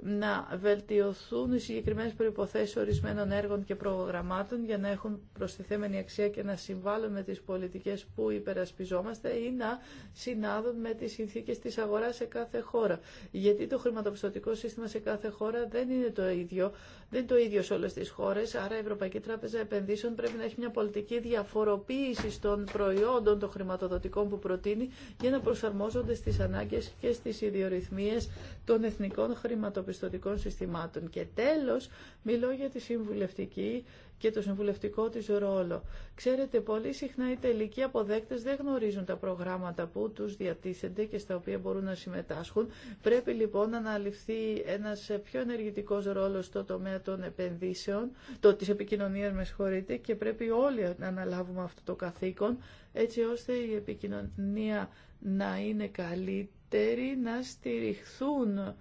να βελτιωθούν οι συγκεκριμένες προϋποθέσεις ορισμένων έργων και προγραμμάτων για να έχουν προστιθέμενη αξία και να συμβάλλουν με τις πολιτικές που υπερασπιζόμαστε ή να συνάδουν με τις συνθήκες της αγοράς σε κάθε χώρα. Γιατί το χρηματοπιστωτικό σύστημα σε κάθε χώρα δεν είναι το ίδιο. Δεν είναι το ίδιο σε όλες τις χώρες, άρα η Ευρωπαϊκή Τράπεζα Επενδύσεων πρέπει να έχει μια πολιτική διαφοροποίηση των προϊόντων των χρηματοδοτικών που προτείνει για να προσαρμόζονται στις ανάγκες και στις ιδιορυθμίες των εθνικών χρηματοπιστωτικών συστημάτων. Και τέλος, μιλώ για τη συμβουλευτική και το συμβουλευτικό της ρόλο. Ξέρετε, πολύ συχνά οι τελικοί αποδέκτες δεν γνωρίζουν τα προγράμματα που τους διατίθενται και στα οποία μπορούν να συμμετάσχουν. Πρέπει λοιπόν να αναλυφθεί ένας πιο ενεργητικός ρόλος στο τομέα των επενδύσεων, το της επικοινωνίας με συγχωρείτε, και πρέπει όλοι να αναλάβουμε αυτό το καθήκον, έτσι ώστε η επικοινωνία να είναι καλύτερη, να στηριχθούν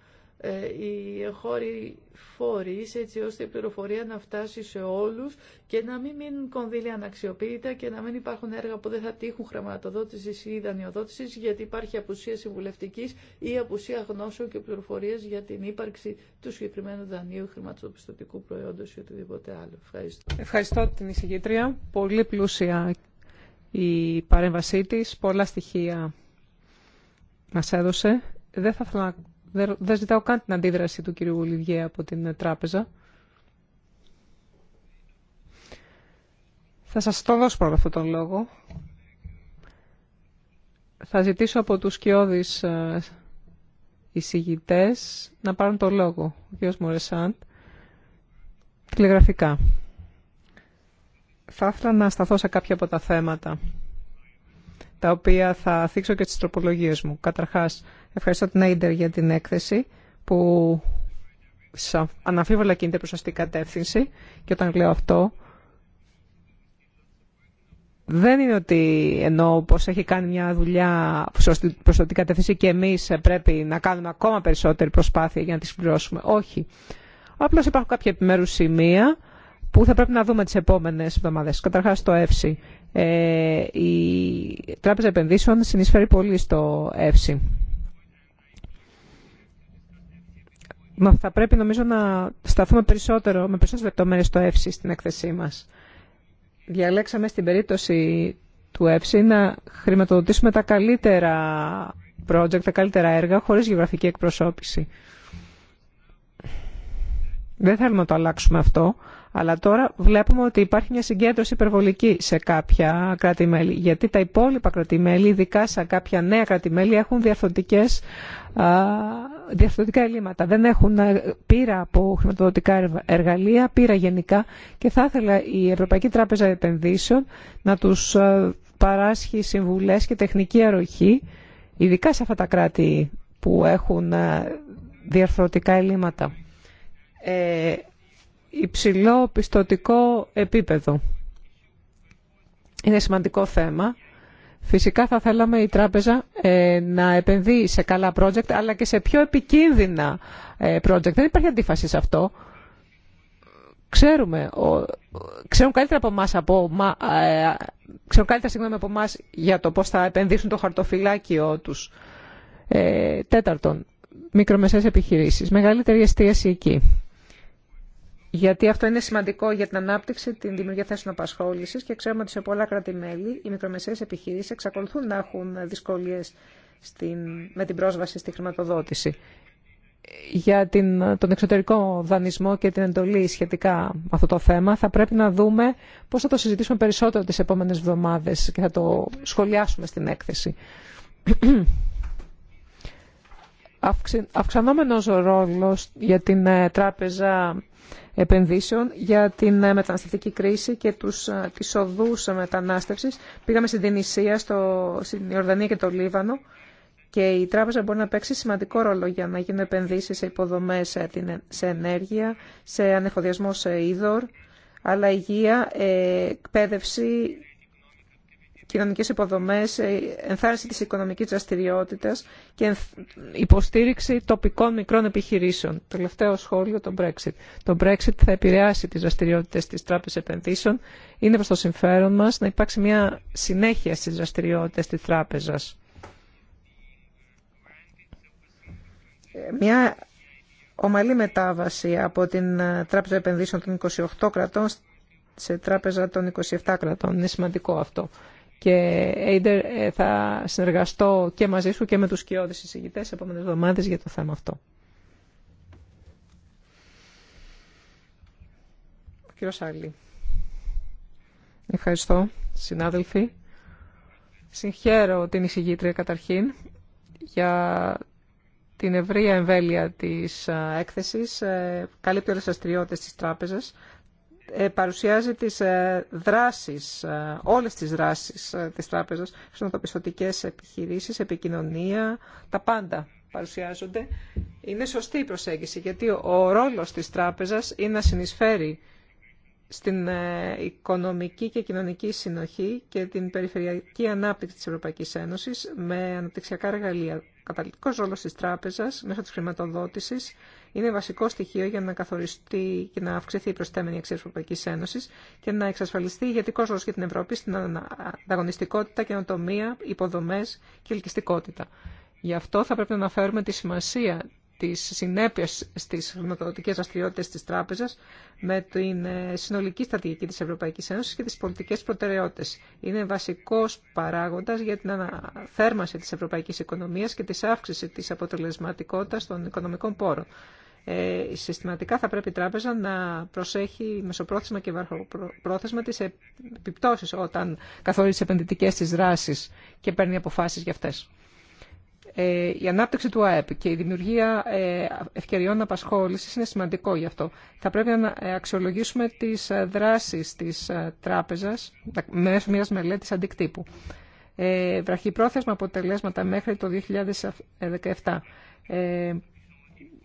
ε, οι χώροι φορείς έτσι ώστε η πληροφορία να φτάσει σε όλους και να μην μείνουν κονδύλια αναξιοποιητά και να μην υπάρχουν έργα που δεν θα τύχουν χρηματοδότησης ή δανειοδότησης γιατί υπάρχει απουσία συμβουλευτική ή απουσία γνώσεων και πληροφορίες για την ύπαρξη του συγκεκριμένου δανείου χρηματοπιστωτικού προϊόντος ή οτιδήποτε άλλο. Ευχαριστώ. Ευχαριστώ την εισηγήτρια. Πολύ πλούσια η παρέμβασή της. Πολλά στοιχεία μας έδωσε. Δεν θα δεν ζητάω καν την αντίδραση του κυρίου Ολιβιέ από την τράπεζα. Θα σας το δώσω πρώτα αυτόν τον λόγο. Θα ζητήσω από τους κοιόδης ε, εισηγητές να πάρουν τον λόγο. Ο κ. Μορεσάντ, τηλεγραφικά. Θα ήθελα να σταθώ σε κάποια από τα θέματα τα οποία θα θίξω και τις τροπολογίες μου. Καταρχάς, ευχαριστώ την AIDER για την έκθεση που αναφίβολα κινείται προς αυτή κατεύθυνση και όταν λέω αυτό δεν είναι ότι εννοώ πως έχει κάνει μια δουλειά προς την κατεύθυνση και εμείς πρέπει να κάνουμε ακόμα περισσότερη προσπάθεια για να τη συμπληρώσουμε. Όχι. Απλώς υπάρχουν κάποια επιμέρους σημεία που θα πρέπει να δούμε τις επόμενες εβδομάδες. Καταρχάς το ΕΦΣΙ. Ε, η Τράπεζα Επενδύσεων συνεισφέρει πολύ στο Μα Θα πρέπει νομίζω να σταθούμε περισσότερο, με περισσότερες λεπτομέρειες στο ΕΦΣΙ στην έκθεσή μας. Διαλέξαμε στην περίπτωση του ΕΦΣΙ να χρηματοδοτήσουμε τα καλύτερα project, τα καλύτερα έργα, χωρίς γεωγραφική εκπροσώπηση. Δεν θέλουμε να το αλλάξουμε αυτό, αλλά τώρα βλέπουμε ότι υπάρχει μια συγκέντρωση υπερβολική σε κάποια κράτη-μέλη. Γιατί τα υπόλοιπα κράτη-μέλη, ειδικά σε κάποια νέα κράτη-μέλη, έχουν διαφθορτικά ελλείμματα. Δεν έχουν ε, πείρα από χρηματοδοτικά εργαλεία, πείρα γενικά. Και θα ήθελα η Ευρωπαϊκή Τράπεζα Επενδύσεων να τους ε, παράσχει συμβουλές και τεχνική αρρωχή, ειδικά σε αυτά τα κράτη που έχουν ε, διαφορετικά ελλείμματα. Ε, υψηλό πιστοτικό επίπεδο. Είναι σημαντικό θέμα. Φυσικά θα θέλαμε η τράπεζα ε, να επενδύει σε καλά project αλλά και σε πιο επικίνδυνα ε, project. Δεν υπάρχει αντίφαση σε αυτό. Ξέρουμε, ξέρουν καλύτερα από εμάς, από, ε, ξέρουν καλύτερα συγγνώμη από εμάς για το πώς θα επενδύσουν το χαρτοφυλάκιο τους. τέταρτον, μικρομεσαίες επιχειρήσεις. Μεγαλύτερη εστίαση εκεί. Γιατί αυτό είναι σημαντικό για την ανάπτυξη, την δημιουργία θέσεων απασχόληση και ξέρουμε ότι σε πολλά κράτη-μέλη οι μικρομεσαίε επιχειρήσει εξακολουθούν να έχουν δυσκολίε με την πρόσβαση στη χρηματοδότηση. Για την, τον εξωτερικό δανεισμό και την εντολή σχετικά με αυτό το θέμα θα πρέπει να δούμε πώ θα το συζητήσουμε περισσότερο τι επόμενε εβδομάδε και θα το σχολιάσουμε στην έκθεση αυξανόμενος ρόλος για την ε, Τράπεζα Επενδύσεων, για την ε, μεταναστευτική κρίση και τους, ε, τις οδούς μετανάστευσης. Πήγαμε στην Τινησία, στο, στην Ιορδανία και το Λίβανο και η Τράπεζα μπορεί να παίξει σημαντικό ρόλο για να γίνουν επενδύσεις σε υποδομές, σε ενέργεια, σε ανεφοδιασμό σε είδωρ, αλλά υγεία, εκπαίδευση κοινωνικές υποδομές, ε, ενθάρρυνση της οικονομικής δραστηριότητας και υποστήριξη τοπικών μικρών επιχειρήσεων. Τελευταίο σχόλιο, το Brexit. Το Brexit θα επηρεάσει τις δραστηριότητες της Τράπεζας Επενδύσεων. Είναι προς το συμφέρον μας να υπάρξει μια συνέχεια στις δραστηριότητες της Τράπεζας. Μια ομαλή μετάβαση από την ε, Τράπεζα Επενδύσεων των 28 κρατών σε τράπεζα των 27 κρατών. Είναι σημαντικό αυτό. Και Έιντερ, θα συνεργαστώ και μαζί σου και με τους σκιώδεις συζητητές σε επόμενες εβδομάδες για το θέμα αυτό. Κύριο Σάλλη. Ευχαριστώ, συνάδελφοι. Συγχαίρω την εισηγήτρια καταρχήν για την ευρεία εμβέλεια της ε, έκθεσης. Ε, καλύπτει όλες τις αστριότητες της τράπεζας. Ε, παρουσιάζει τις ε, δράσεις, ε, όλες τις δράσεις της τράπεζας, χρησιμοποιητικές επιχειρήσεις, επικοινωνία, τα πάντα παρουσιάζονται. Είναι σωστή η προσέγγιση, γιατί ο ρόλος της τράπεζας είναι να συνεισφέρει στην οικονομική και κοινωνική συνοχή και την περιφερειακή ανάπτυξη της Ευρωπαϊκής Ένωσης με αναπτυξιακά εργαλεία. Καταλητικός ρόλος της τράπεζας μέσω της χρηματοδότησης είναι βασικό στοιχείο για να καθοριστεί και να αυξηθεί η προστέμενη αξία τη Ευρωπαϊκή Ένωση και να εξασφαλιστεί ηγετικό ρόλο για την Ευρώπη στην ανταγωνιστικότητα, καινοτομία, υποδομέ και ελκυστικότητα. Γι' αυτό θα πρέπει να αναφέρουμε τη σημασία τη συνέπεια στι χρηματοδοτικέ δραστηριότητε τη Τράπεζα με την ε, συνολική στρατηγική τη Ευρωπαϊκή Ένωση και τι πολιτικέ προτεραιότητε. Είναι βασικό παράγοντα για την αναθέρμανση τη ευρωπαϊκή οικονομία και τη αύξηση τη αποτελεσματικότητα των οικονομικών πόρων ε, συστηματικά θα πρέπει η τράπεζα να προσέχει μεσοπρόθεσμα και βαρχοπρόθεσμα τις επιπτώσεις όταν καθορίζει τις επενδυτικές της δράσεις και παίρνει αποφάσεις για αυτές. Ε, η ανάπτυξη του ΑΕΠ και η δημιουργία ε, ευκαιριών απασχόλησης είναι σημαντικό γι' αυτό. Θα πρέπει να ε, αξιολογήσουμε τις δράσεις της τράπεζας μέσω μιας μελέτης αντικτύπου. Ε, βραχυπρόθεσμα αποτελέσματα μέχρι το 2017. Ε,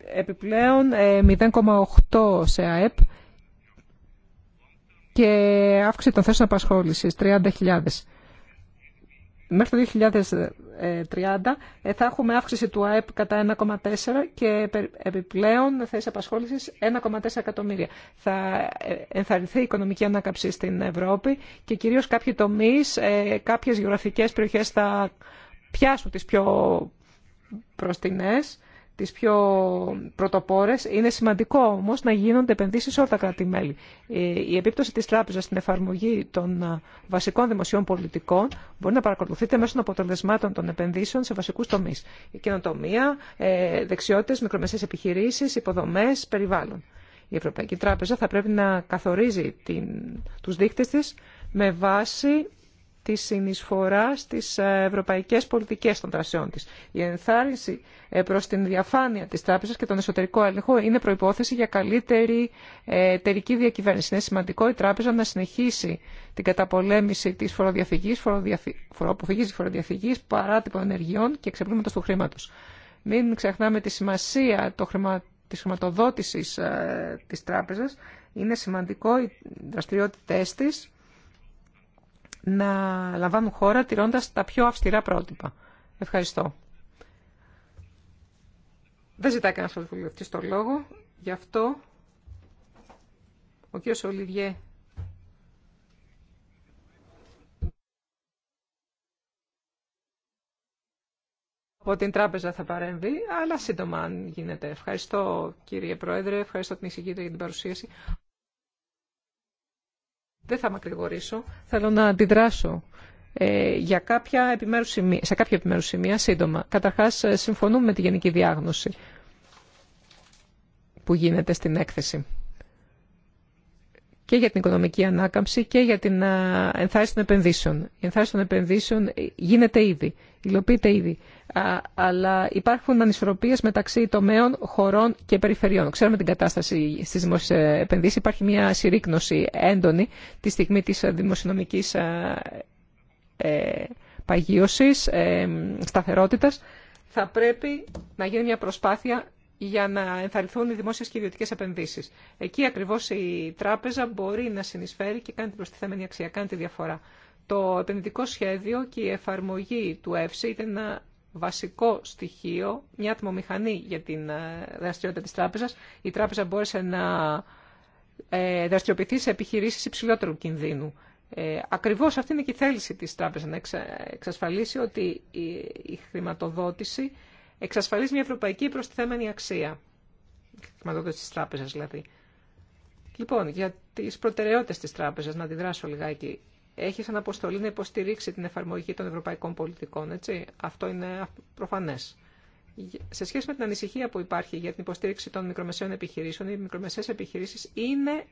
επιπλέον 0,8 ε, σε ΑΕΠ και αύξηση των θέσεων απασχόλησης 30.000. Μέχρι το 2030 ε, θα έχουμε αύξηση του ΑΕΠ κατά 1,4 και επιπλέον θέσεις απασχόλησης 1,4 εκατομμύρια. Θα ε, ενθαρρυνθεί η οικονομική ανάκαψη στην Ευρώπη και κυρίως κάποιοι τομείς, κάποιες γεωγραφικές περιοχές θα πιάσουν τις πιο προστινές τι πιο πρωτοπόρε Είναι σημαντικό όμως να γίνονται επενδύσει σε όλα τα κράτη-μέλη. Ε, η επίπτωση της τράπεζας στην εφαρμογή των ε, βασικών δημοσίων πολιτικών μπορεί να παρακολουθείται μέσω των αποτελεσμάτων των επενδύσεων σε βασικούς τομείς. Η καινοτομία, ε, δεξιότητες, μικρομεσαίες επιχειρήσεις, υποδομές, περιβάλλον. Η Ευρωπαϊκή Τράπεζα θα πρέπει να καθορίζει την, τους τη με βάση τη συνεισφορά στις ε, ευρωπαϊκές πολιτικές των δρασιών της. Η ενθάρρυνση ε, προς την διαφάνεια της τράπεζας και τον εσωτερικό έλεγχο είναι προϋπόθεση για καλύτερη ε, εταιρική διακυβέρνηση. Είναι σημαντικό η τράπεζα να συνεχίσει την καταπολέμηση της φοροδιαφυγής, της φοροδιαφυγής, παράτυπων ενεργειών και εξεπλήματος του χρήματος. Μην ξεχνάμε τη σημασία το χρημα... της χρηματοδότησης της τράπεζας. Είναι σημαντικό οι δραστηριότητε της να λαμβάνουν χώρα τηρώντας τα πιο αυστηρά πρότυπα. Ευχαριστώ. Δεν ζητάει κανένας άλλο βουλευτή το λόγο. Γι' αυτό ο κ. Ολιβιέ. Από την τράπεζα θα παρέμβει, αλλά σύντομα αν γίνεται. Ευχαριστώ κύριε Πρόεδρε, ευχαριστώ την εισηγήτρια για την παρουσίαση. Δεν θα μακρηγορήσω. Θέλω να αντιδράσω ε, για κάποια επιμέρους σημεία, σε κάποια επιμέρους σημεία σύντομα. Καταρχά ε, συμφωνούμε με τη γενική διάγνωση που γίνεται στην έκθεση και για την οικονομική ανάκαμψη και για την ενθάρρυνση των επενδύσεων. Η ενθάρρυνση των επενδύσεων γίνεται ήδη, υλοποιείται ήδη. Αλλά υπάρχουν ανισορροπίε μεταξύ τομέων, χωρών και περιφερειών. Ξέρουμε την κατάσταση στι δημόσιε επενδύσει. Υπάρχει μια συρρήκνωση έντονη τη στιγμή της δημοσιονομικής ε, παγίωσης, ε, σταθερότητα, Θα πρέπει να γίνει μια προσπάθεια για να ενθαρρυνθούν οι δημόσιε και ιδιωτικέ επενδύσει. Εκεί ακριβώ η τράπεζα μπορεί να συνεισφέρει και κάνει την προστιθέμενη αξία, κάνει τη διαφορά. Το επενδυτικό σχέδιο και η εφαρμογή του ΕΦΣΙ ήταν ένα βασικό στοιχείο, μια ατμομηχανή για την ε, δραστηριότητα της τράπεζας. Η τράπεζα μπόρεσε να ε, δραστηριοποιηθεί σε επιχειρήσεις υψηλότερου κινδύνου. Ε, ακριβώς αυτή είναι και η θέληση της τράπεζας να εξασφαλίσει ότι η, χρηματοδότηση εξασφαλίζει μια ευρωπαϊκή προστιθέμενη αξία. Χρηματοδότηση τη τράπεζα δηλαδή. Λοιπόν, για τι προτεραιότητε τη τράπεζα, να αντιδράσω λιγάκι. Έχει σαν αποστολή να υποστηρίξει την εφαρμογή των ευρωπαϊκών πολιτικών, έτσι. Αυτό είναι προφανέ. Σε σχέση με την ανησυχία που υπάρχει για την υποστήριξη των μικρομεσαίων επιχειρήσεων, οι μικρομεσαίε επιχειρήσει είναι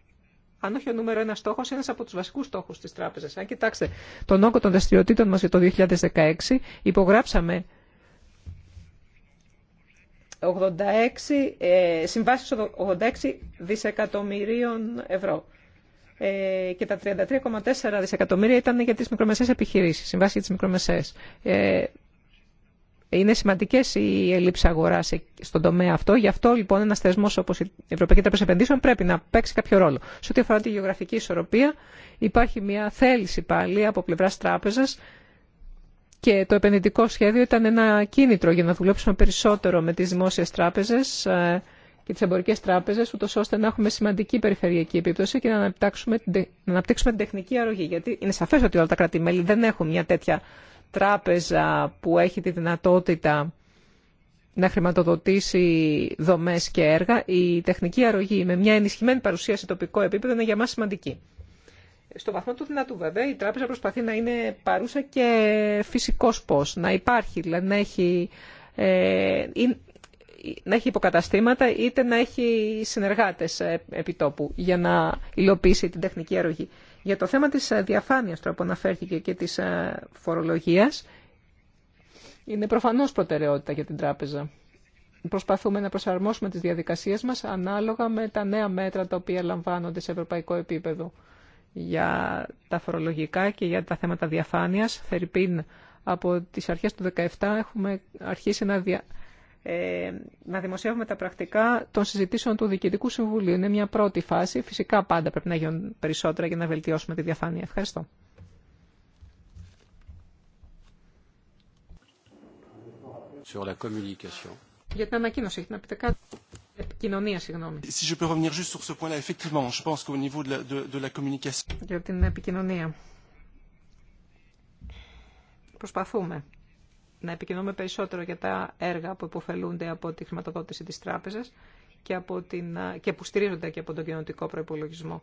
αν όχι ο νούμερο ένα στόχο, ένα από του βασικού στόχου τη τράπεζα. Αν κοιτάξτε τον όγκο των δραστηριοτήτων μα για το 2016, υπογράψαμε 86, ε, συμβάσεις 86 δισεκατομμυρίων ευρώ. Ε, και τα 33,4 δισεκατομμύρια ήταν για τις μικρομεσαίες επιχειρήσεις, συμβάσεις για τις μικρομεσαίες. Ε, είναι σημαντικές οι ελλείψεις αγοράς στον τομέα αυτό, γι' αυτό λοιπόν ένας θεσμός όπως η Ευρωπαϊκή Τράπεζα Επενδύσεων πρέπει να παίξει κάποιο ρόλο. Σε ό,τι αφορά τη γεωγραφική ισορροπία υπάρχει μια θέληση πάλι από πλευράς τράπεζας και το επενδυτικό σχέδιο ήταν ένα κίνητρο για να δουλέψουμε περισσότερο με τις δημόσιες τράπεζες ε, και τις εμπορικές τράπεζες, ούτως ώστε να έχουμε σημαντική περιφερειακή επίπτωση και να αναπτύξουμε, την τεχνική αρρωγή. Γιατί είναι σαφές ότι όλα τα κρατημέλη δεν έχουν μια τέτοια τράπεζα που έχει τη δυνατότητα να χρηματοδοτήσει δομές και έργα. Η τεχνική αρρωγή με μια ενισχυμένη παρουσία σε τοπικό επίπεδο είναι για μας σημαντική στο βαθμό του δυνατού βέβαια η τράπεζα προσπαθεί να είναι παρούσα και φυσικός πώς, να υπάρχει, δηλαδή να έχει, ε, να έχει υποκαταστήματα είτε να έχει συνεργάτες ε, επιτόπου για να υλοποιήσει την τεχνική αρρωγή. Για το θέμα της ε, διαφάνειας τώρα που αναφέρθηκε και της ε, φορολογίας είναι προφανώς προτεραιότητα για την τράπεζα. Προσπαθούμε να προσαρμόσουμε τις διαδικασίες μας ανάλογα με τα νέα μέτρα τα οποία λαμβάνονται σε ευρωπαϊκό επίπεδο για τα φορολογικά και για τα θέματα διαφάνειας. Φερρυπίν, από τις αρχές του 2017 έχουμε αρχίσει να, ε, να δημοσιεύουμε τα πρακτικά των συζητήσεων του Διοικητικού Συμβουλίου. Είναι μια πρώτη φάση. Φυσικά πάντα πρέπει να γίνουν περισσότερα για να βελτιώσουμε τη διαφάνεια. Ευχαριστώ. Sur la communication. Για την ανακοίνωση, έχετε να πείτε κάτι επικοινωνία, συγγνώμη. Si je peux revenir Για την επικοινωνία. Προσπαθούμε να επικοινωνούμε περισσότερο για τα έργα που υποφελούνται από τη χρηματοδότηση της τράπεζας και, από την, και που στηρίζονται και από τον κοινωνικό προϋπολογισμό.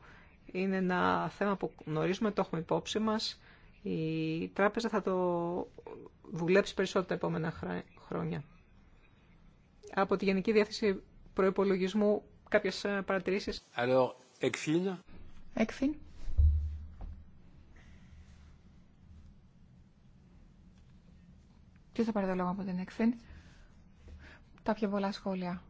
Είναι ένα θέμα που γνωρίζουμε, το έχουμε υπόψη μας. Η τράπεζα θα το δουλέψει περισσότερο τα επόμενα χρόνια. Από τη Γενική Διάθεση Προπολογισμού κάποιες ε, παρατηρήσεις. Alors, Ποιο Τι θα πάρει το λόγο από την ΕΚΦΙΝ. Τα πιο πολλά σχόλια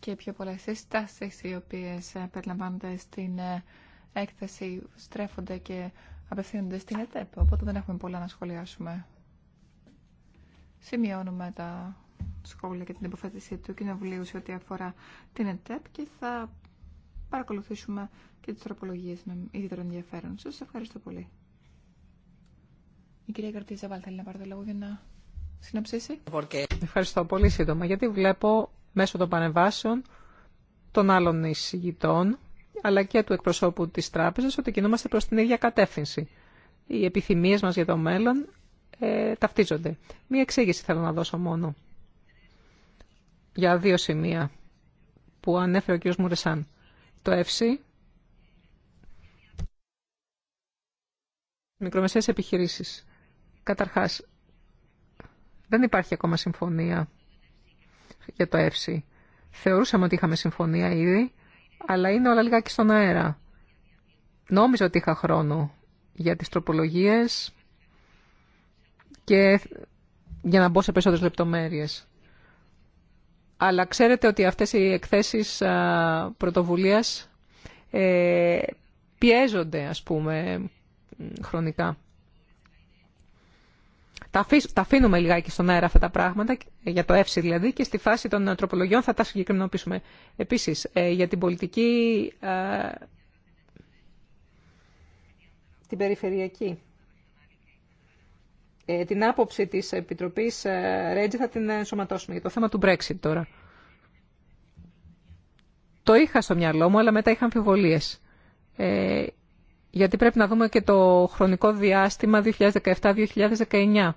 και οι πιο πολλέ συστάσει οι οποίε ε, περιλαμβάνονται στην ε, έκθεση στρέφονται και απευθύνονται στην ΕΤΕΠ. Οπότε δεν έχουμε πολλά να σχολιάσουμε. Σημειώνουμε τα σχόλια και την υποθέτηση του Κοινοβουλίου σε ό,τι αφορά την ΕΤΕΠ και θα παρακολουθήσουμε και τις τροπολογίες με ιδιαίτερο ενδιαφέρον. Σας ευχαριστώ πολύ. Η κυρία Καρτίζα Βάλ θέλει να πάρει το λόγο για να συνοψίσει. Ευχαριστώ πολύ σύντομα γιατί βλέπω μέσω των πανεβάσεων των άλλων εισηγητών αλλά και του εκπροσώπου της τράπεζας ότι κινούμαστε προς την ίδια κατεύθυνση. Οι επιθυμίες μας για το μέλλον ε, ταυτίζονται. Μία εξήγηση θέλω να δώσω μόνο για δύο σημεία που ανέφερε ο κ. Μουρεσάν. Το ΕΦΣΥ, μικρομεσαίες επιχειρήσεις. Καταρχάς, δεν υπάρχει ακόμα συμφωνία για το ΕΦΣΥ. Θεωρούσαμε ότι είχαμε συμφωνία ήδη, αλλά είναι όλα λιγάκι στον αέρα. Νόμιζα ότι είχα χρόνο για τις τροπολογίες και για να μπω σε περισσότερες λεπτομέρειες. Αλλά ξέρετε ότι αυτές οι εκθέσεις πρωτοβουλίας ε, πιέζονται, ας πούμε, χρονικά. Τα αφήνουμε λιγάκι στον αέρα αυτά τα πράγματα, για το ΕΦΣΙ δηλαδή, και στη φάση των τροπολογιών θα τα συγκεκριμενοποιήσουμε. Επίσης, ε, για την πολιτική, ε, την περιφερειακή. Ε, την άποψη της Επιτροπής ε, Ρέτζι θα την ε, ενσωματώσουμε για το θέμα του Brexit τώρα. Το είχα στο μυαλό μου, αλλά μετά είχα αμφιβολίες. Ε, γιατί πρέπει να δούμε και το χρονικό διάστημα 2017-2019.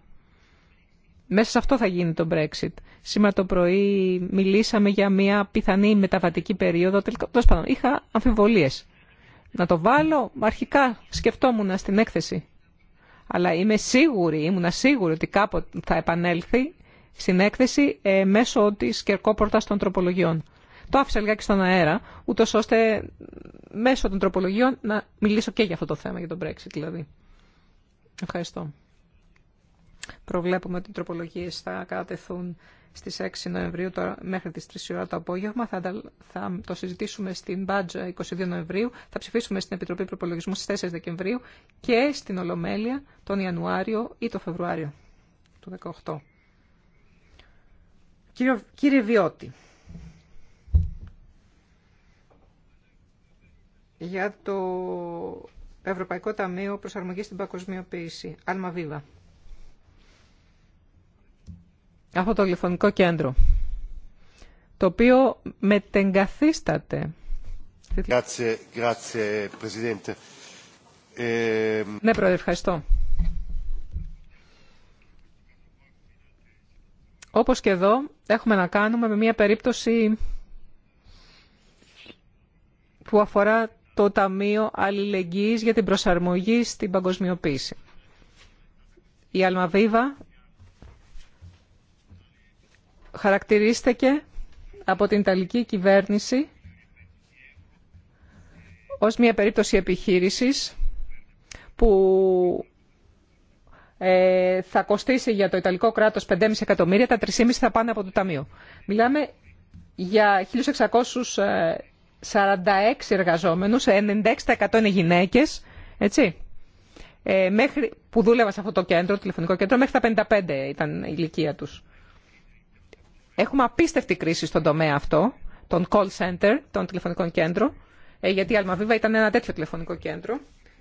Μέσα σε αυτό θα γίνει το Brexit. Σήμερα το πρωί μιλήσαμε για μια πιθανή μεταβατική περίοδο. Τέλος πάντων, είχα αμφιβολίες. Να το βάλω, αρχικά σκεφτόμουν στην έκθεση αλλά είμαι σίγουρη, ήμουν σίγουρη ότι κάποτε θα επανέλθει στην έκθεση ε, μέσω της κερκόπορτας των τροπολογιών. Το άφησα λιγάκι στον αέρα, ούτως ώστε μέσω των τροπολογιών να μιλήσω και για αυτό το θέμα, για τον Brexit δηλαδή. Ευχαριστώ. Προβλέπουμε ότι οι τροπολογίες θα κατεθούν στις 6 Νοεμβρίου τώρα, μέχρι τις 3 ώρα το απόγευμα. Θα, θα το συζητήσουμε στην Μπάτζα 22 Νοεμβρίου. Θα ψηφίσουμε στην Επιτροπή Προπολογισμού στις 4 Δεκεμβρίου και στην Ολομέλεια τον Ιανουάριο ή τον Φεβρουάριο του 2018. Κύριο, κύριε Βιώτη, για το Ευρωπαϊκό Ταμείο Προσαρμογής στην Παγκοσμιοποίηση, Αλμαβίβα αυτό το τηλεφωνικό κέντρο, το οποίο μετεγκαθίσταται. Grazie, grazie, ehm, Ναι, Πρόεδρε, ευχαριστώ. Όπως και εδώ, έχουμε να κάνουμε με μια περίπτωση που αφορά το Ταμείο Αλληλεγγύης για την προσαρμογή στην παγκοσμιοποίηση. Η Αλμαβίβα χαρακτηρίστηκε από την Ιταλική κυβέρνηση ως μια περίπτωση επιχείρησης που ε, θα κοστίσει για το Ιταλικό κράτος 5,5 εκατομμύρια, τα 3,5 θα πάνε από το Ταμείο. Μιλάμε για 1.646 ε, εργαζόμενους, 96% είναι γυναίκες, έτσι. Ε, μέχρι, που δούλευαν σε αυτό το κέντρο, το τηλεφωνικό κέντρο, μέχρι τα 55 ήταν η ηλικία τους. Έχουμε απίστευτη κρίση στον τομέα αυτό, των call center, των τηλεφωνικών κέντρων, ε, γιατί η Αλμαβίβα ήταν ένα τέτοιο τηλεφωνικό κέντρο.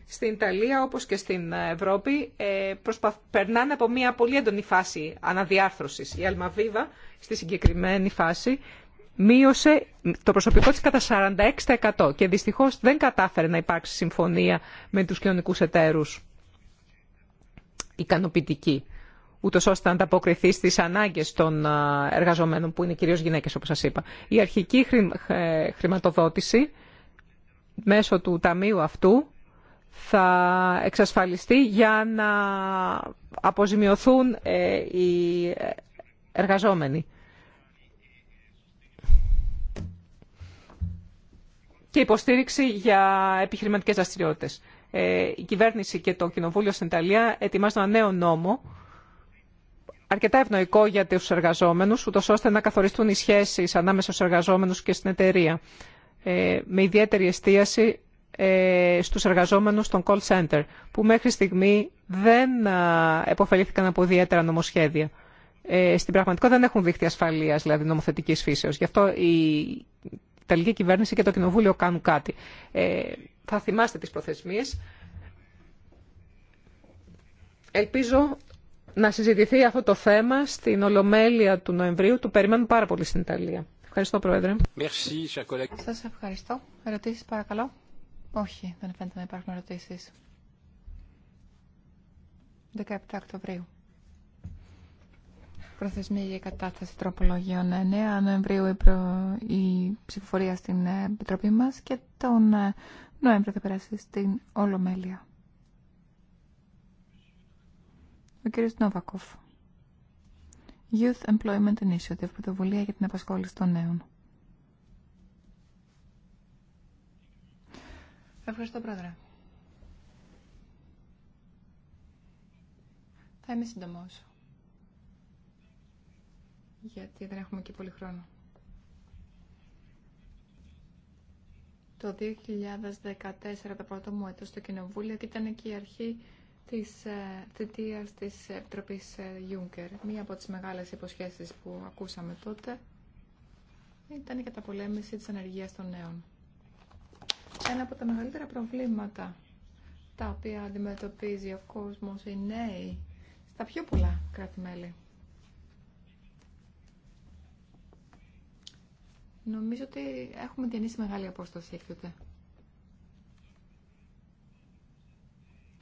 Στην Ιταλία, όπως και στην Ευρώπη, ε, προσπαθ... περνάνε από μια πολύ έντονη φάση αναδιάρθρωσης. Η Αλμαβίβα, στη συγκεκριμένη φάση, μείωσε το προσωπικό της κατά 46% και δυστυχώς δεν κατάφερε να υπάρξει συμφωνία με τους κοινωνικούς εταίρους ικανοποιητική ούτω ώστε να ανταποκριθεί στι ανάγκε των εργαζομένων, που είναι κυρίω γυναίκε, όπω σα είπα. Η αρχική ε, χρηματοδότηση μέσω του ταμείου αυτού θα εξασφαλιστεί για να αποζημιωθούν ε, οι εργαζόμενοι. Και υποστήριξη για επιχειρηματικές δραστηριότητες. Ε, η κυβέρνηση και το Κοινοβούλιο στην Ιταλία ετοιμάζουν ένα νέο νόμο αρκετά ευνοϊκό για τους εργαζόμενους, ούτως ώστε να καθοριστούν οι σχέσεις ανάμεσα στους εργαζόμενους και στην εταιρεία, ε, με ιδιαίτερη εστίαση ε, στους εργαζόμενους των call center, που μέχρι στιγμή δεν επωφελήθηκαν από ιδιαίτερα νομοσχέδια. Ε, στην πραγματικότητα δεν έχουν δείχτη ασφαλείας, δηλαδή νομοθετικής φύσεως. Γι' αυτό η Ιταλική κυβέρνηση και το Κοινοβούλιο κάνουν κάτι. Θα θυμάστε τι προθεσμίε. Ελπίζω να συζητηθεί αυτό το θέμα στην Ολομέλεια του Νοεμβρίου. Του περιμένουν πάρα πολύ στην Ιταλία. Ευχαριστώ, Πρόεδρε. Σας ευχαριστώ. Ερωτήσεις, παρακαλώ. Όχι, δεν φαίνεται να υπάρχουν ερωτήσεις. 17 Οκτωβρίου. Προθεσμία για κατάθεση τροπολογίων 9 Νοεμβρίου η, προ... η ψηφοφορία στην Επιτροπή μας και τον ε, Νοέμβριο θα περάσει στην Ολομέλεια. Ο κ. Νόβακοφ. Youth Employment Initiative, πρωτοβουλία για την απασχόληση των νέων. Ευχαριστώ, Πρόεδρε. Θα είμαι σύντομο. Γιατί δεν έχουμε και πολύ χρόνο. Το 2014, το πρώτο μου έτος στο Κοινοβούλιο, ήταν και η αρχή της ε, θητείας της Επιτροπής ε, Juncker. Μία από τις μεγάλες υποσχέσεις που ακούσαμε τότε ήταν η καταπολέμηση της ανεργίας των νέων. Ένα από τα μεγαλύτερα προβλήματα τα οποία αντιμετωπίζει ο κόσμος, οι νέοι, στα πιο πολλά κράτη-μέλη. Νομίζω ότι έχουμε διανύσει μεγάλη απόσταση έκτοτε.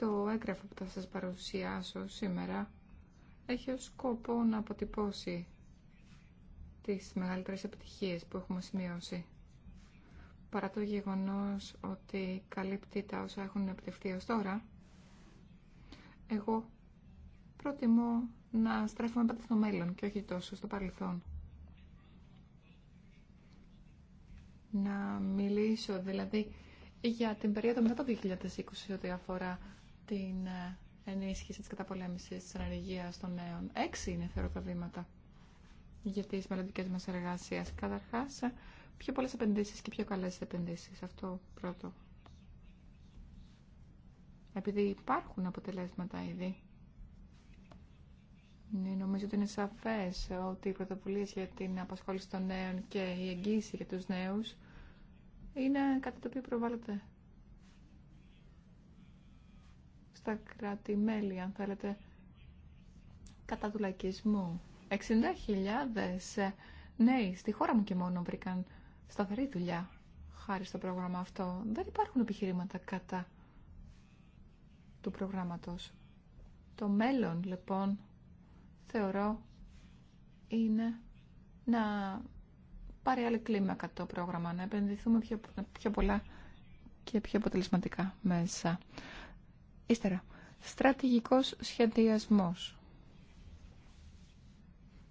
Το έγγραφο που θα σας παρουσιάσω σήμερα έχει ως σκοπό να αποτυπώσει τις μεγαλύτερες επιτυχίες που έχουμε σημειώσει. Παρά το γεγονός ότι καλύπτει τα όσα έχουν επιτευχθεί ως τώρα, εγώ προτιμώ να στρέφουμε πάντα στο μέλλον και όχι τόσο στο παρελθόν. Να μιλήσω δηλαδή για την περίοδο μετά το 2020 ό,τι αφορά την ε, ενίσχυση της καταπολέμησης της ανεργίας των νέων. Έξι είναι θεωρώ τα βήματα για τις μελλοντικές μας εργασίες. Καταρχάς, ε, πιο πολλές επενδύσεις και πιο καλές επενδύσεις. Αυτό πρώτο. Επειδή υπάρχουν αποτελέσματα ήδη. Ναι, νομίζω ότι είναι σαφές ότι οι πρωτοβουλίε για την απασχόληση των νέων και η εγγύηση για τους νέους είναι κάτι το οποίο προβάλλεται στα κρατη αν θέλετε, κατά του λαϊκισμού. 60.000 ε, νέοι στη χώρα μου και μόνο βρήκαν σταθερή δουλειά χάρη στο πρόγραμμα αυτό. Δεν υπάρχουν επιχειρήματα κατά του προγράμματος. Το μέλλον, λοιπόν, θεωρώ είναι να πάρει άλλη κλίμακα το πρόγραμμα, να επενδυθούμε πιο, πιο πολλά και πιο αποτελεσματικά μέσα. Ύστερα, στρατηγικός σχεδιασμός.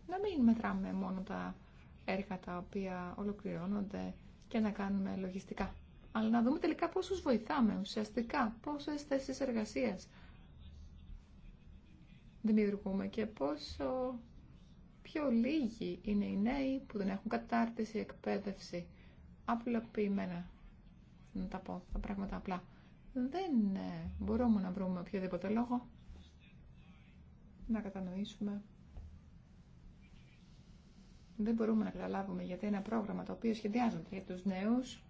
Να μην μετράμε μόνο τα έργα τα οποία ολοκληρώνονται και να κάνουμε λογιστικά. Αλλά να δούμε τελικά πόσους βοηθάμε ουσιαστικά, πόσες θέσεις εργασίας δημιουργούμε και πόσο πιο λίγοι είναι οι νέοι που δεν έχουν κατάρτιση, εκπαίδευση. Απλοποιημένα, να τα πω τα πράγματα απλά δεν ε, μπορούμε να βρούμε οποιοδήποτε λόγο να κατανοήσουμε. Δεν μπορούμε να καταλάβουμε γιατί ένα πρόγραμμα το οποίο σχεδιάζονται για τους νέους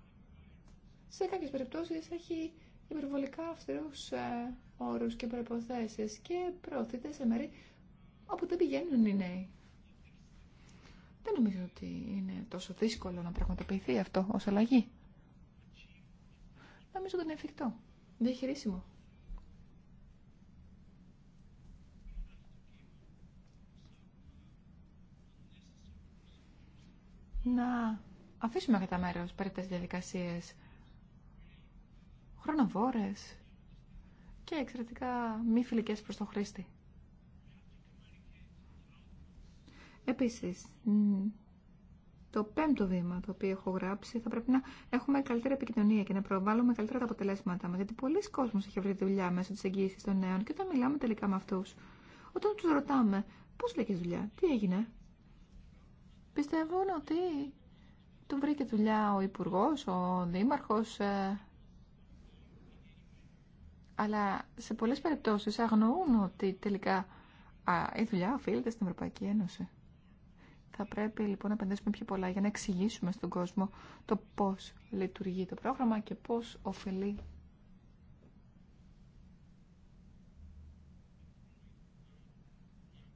σε κάποιες περιπτώσεις έχει υπερβολικά αυστηρούς ε, όρους και προϋποθέσεις και προωθείται σε μέρη όπου δεν πηγαίνουν οι νέοι. Δεν νομίζω ότι είναι τόσο δύσκολο να πραγματοποιηθεί αυτό ως αλλαγή. Νομίζω ότι είναι εφικτό. Να αφήσουμε κατά μέρο περίπτωση διαδικασίε χρονοβόρε και εξαιρετικά μη φιλικέ προ τον χρήστη. Επίση, το πέμπτο βήμα το οποίο έχω γράψει, θα πρέπει να έχουμε καλύτερη επικοινωνία και να προβάλλουμε καλύτερα τα αποτελέσματά μα. Γιατί πολλοί κόσμοι έχουν βρει δουλειά μέσω τη εγγύηση των νέων και όταν μιλάμε τελικά με αυτού, όταν του ρωτάμε πώ βρήκε δουλειά, τι έγινε, πιστεύουν ότι του βρήκε δουλειά ο υπουργό, ο δήμαρχο. Ε. Αλλά σε πολλέ περιπτώσει αγνοούν ότι τελικά η δουλειά οφείλεται στην Ευρωπαϊκή Ένωση. Θα πρέπει λοιπόν να επενδύσουμε πιο πολλά για να εξηγήσουμε στον κόσμο το πώς λειτουργεί το πρόγραμμα και πώς ωφελεί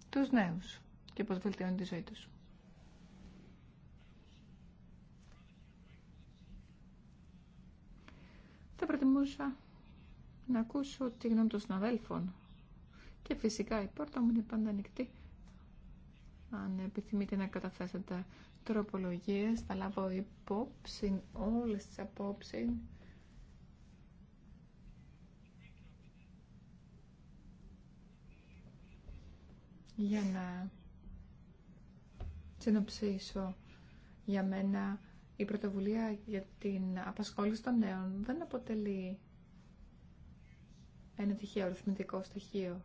τους νέους και πώς βελτιώνει τη ζωή τους. Θα προτιμούσα να ακούσω τη γνώμη των συναδέλφων και φυσικά η πόρτα μου είναι πάντα ανοιχτή αν επιθυμείτε να καταθέσετε τροπολογίες, θα λάβω υπόψη όλες τις απόψεις. για να συνοψίσω για μένα η πρωτοβουλία για την απασχόληση των νέων δεν αποτελεί ένα τυχαίο αριθμητικό στοιχείο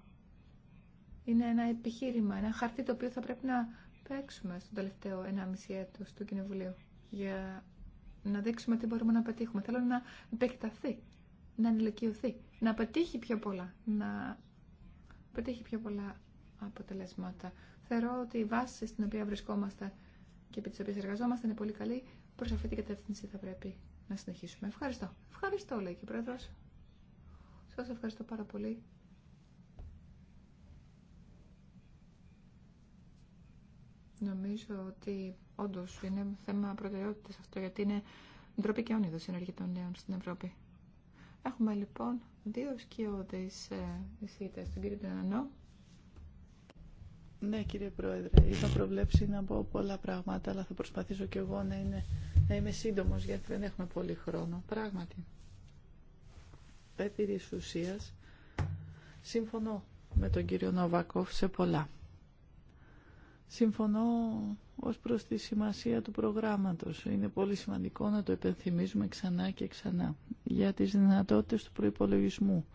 είναι ένα επιχείρημα, ένα χαρτί το οποίο θα πρέπει να παίξουμε στο τελευταίο 1,5 έτος του Κοινοβουλίου για να δείξουμε τι μπορούμε να πετύχουμε. Θέλω να επεκταθεί, να ενηλικιωθεί, να πετύχει πιο πολλά, να πετύχει πιο πολλά αποτελέσματα. Θεωρώ ότι η βάση στην οποία βρισκόμαστε και επί της οποίας εργαζόμαστε είναι πολύ καλή. Προς αυτή την κατεύθυνση θα πρέπει να συνεχίσουμε. Ευχαριστώ. Ευχαριστώ, λέει και ο Πρόεδρος. Σας ευχαριστώ πάρα πολύ. Νομίζω ότι όντω είναι θέμα προτεραιότητα αυτό, γιατί είναι ντροπή και όνειδο ενέργεια των νέων στην Ευρώπη. Έχουμε λοιπόν δύο σκιώδει ε, εισηγητέ, τον κύριο Τενανό. Ναι, κύριε Πρόεδρε, είχα προβλέψει να πω πολλά πράγματα, αλλά θα προσπαθήσω κι εγώ να, είμαι σύντομο, γιατί δεν έχουμε πολύ χρόνο. Πράγματι, επί ουσία, συμφωνώ με τον κύριο Νοβακόφ σε πολλά. Συμφωνώ ως προς τη σημασία του προγράμματος. Είναι πολύ σημαντικό να το επενθυμίζουμε ξανά και ξανά για τις δυνατότητες του προϋπολογισμού,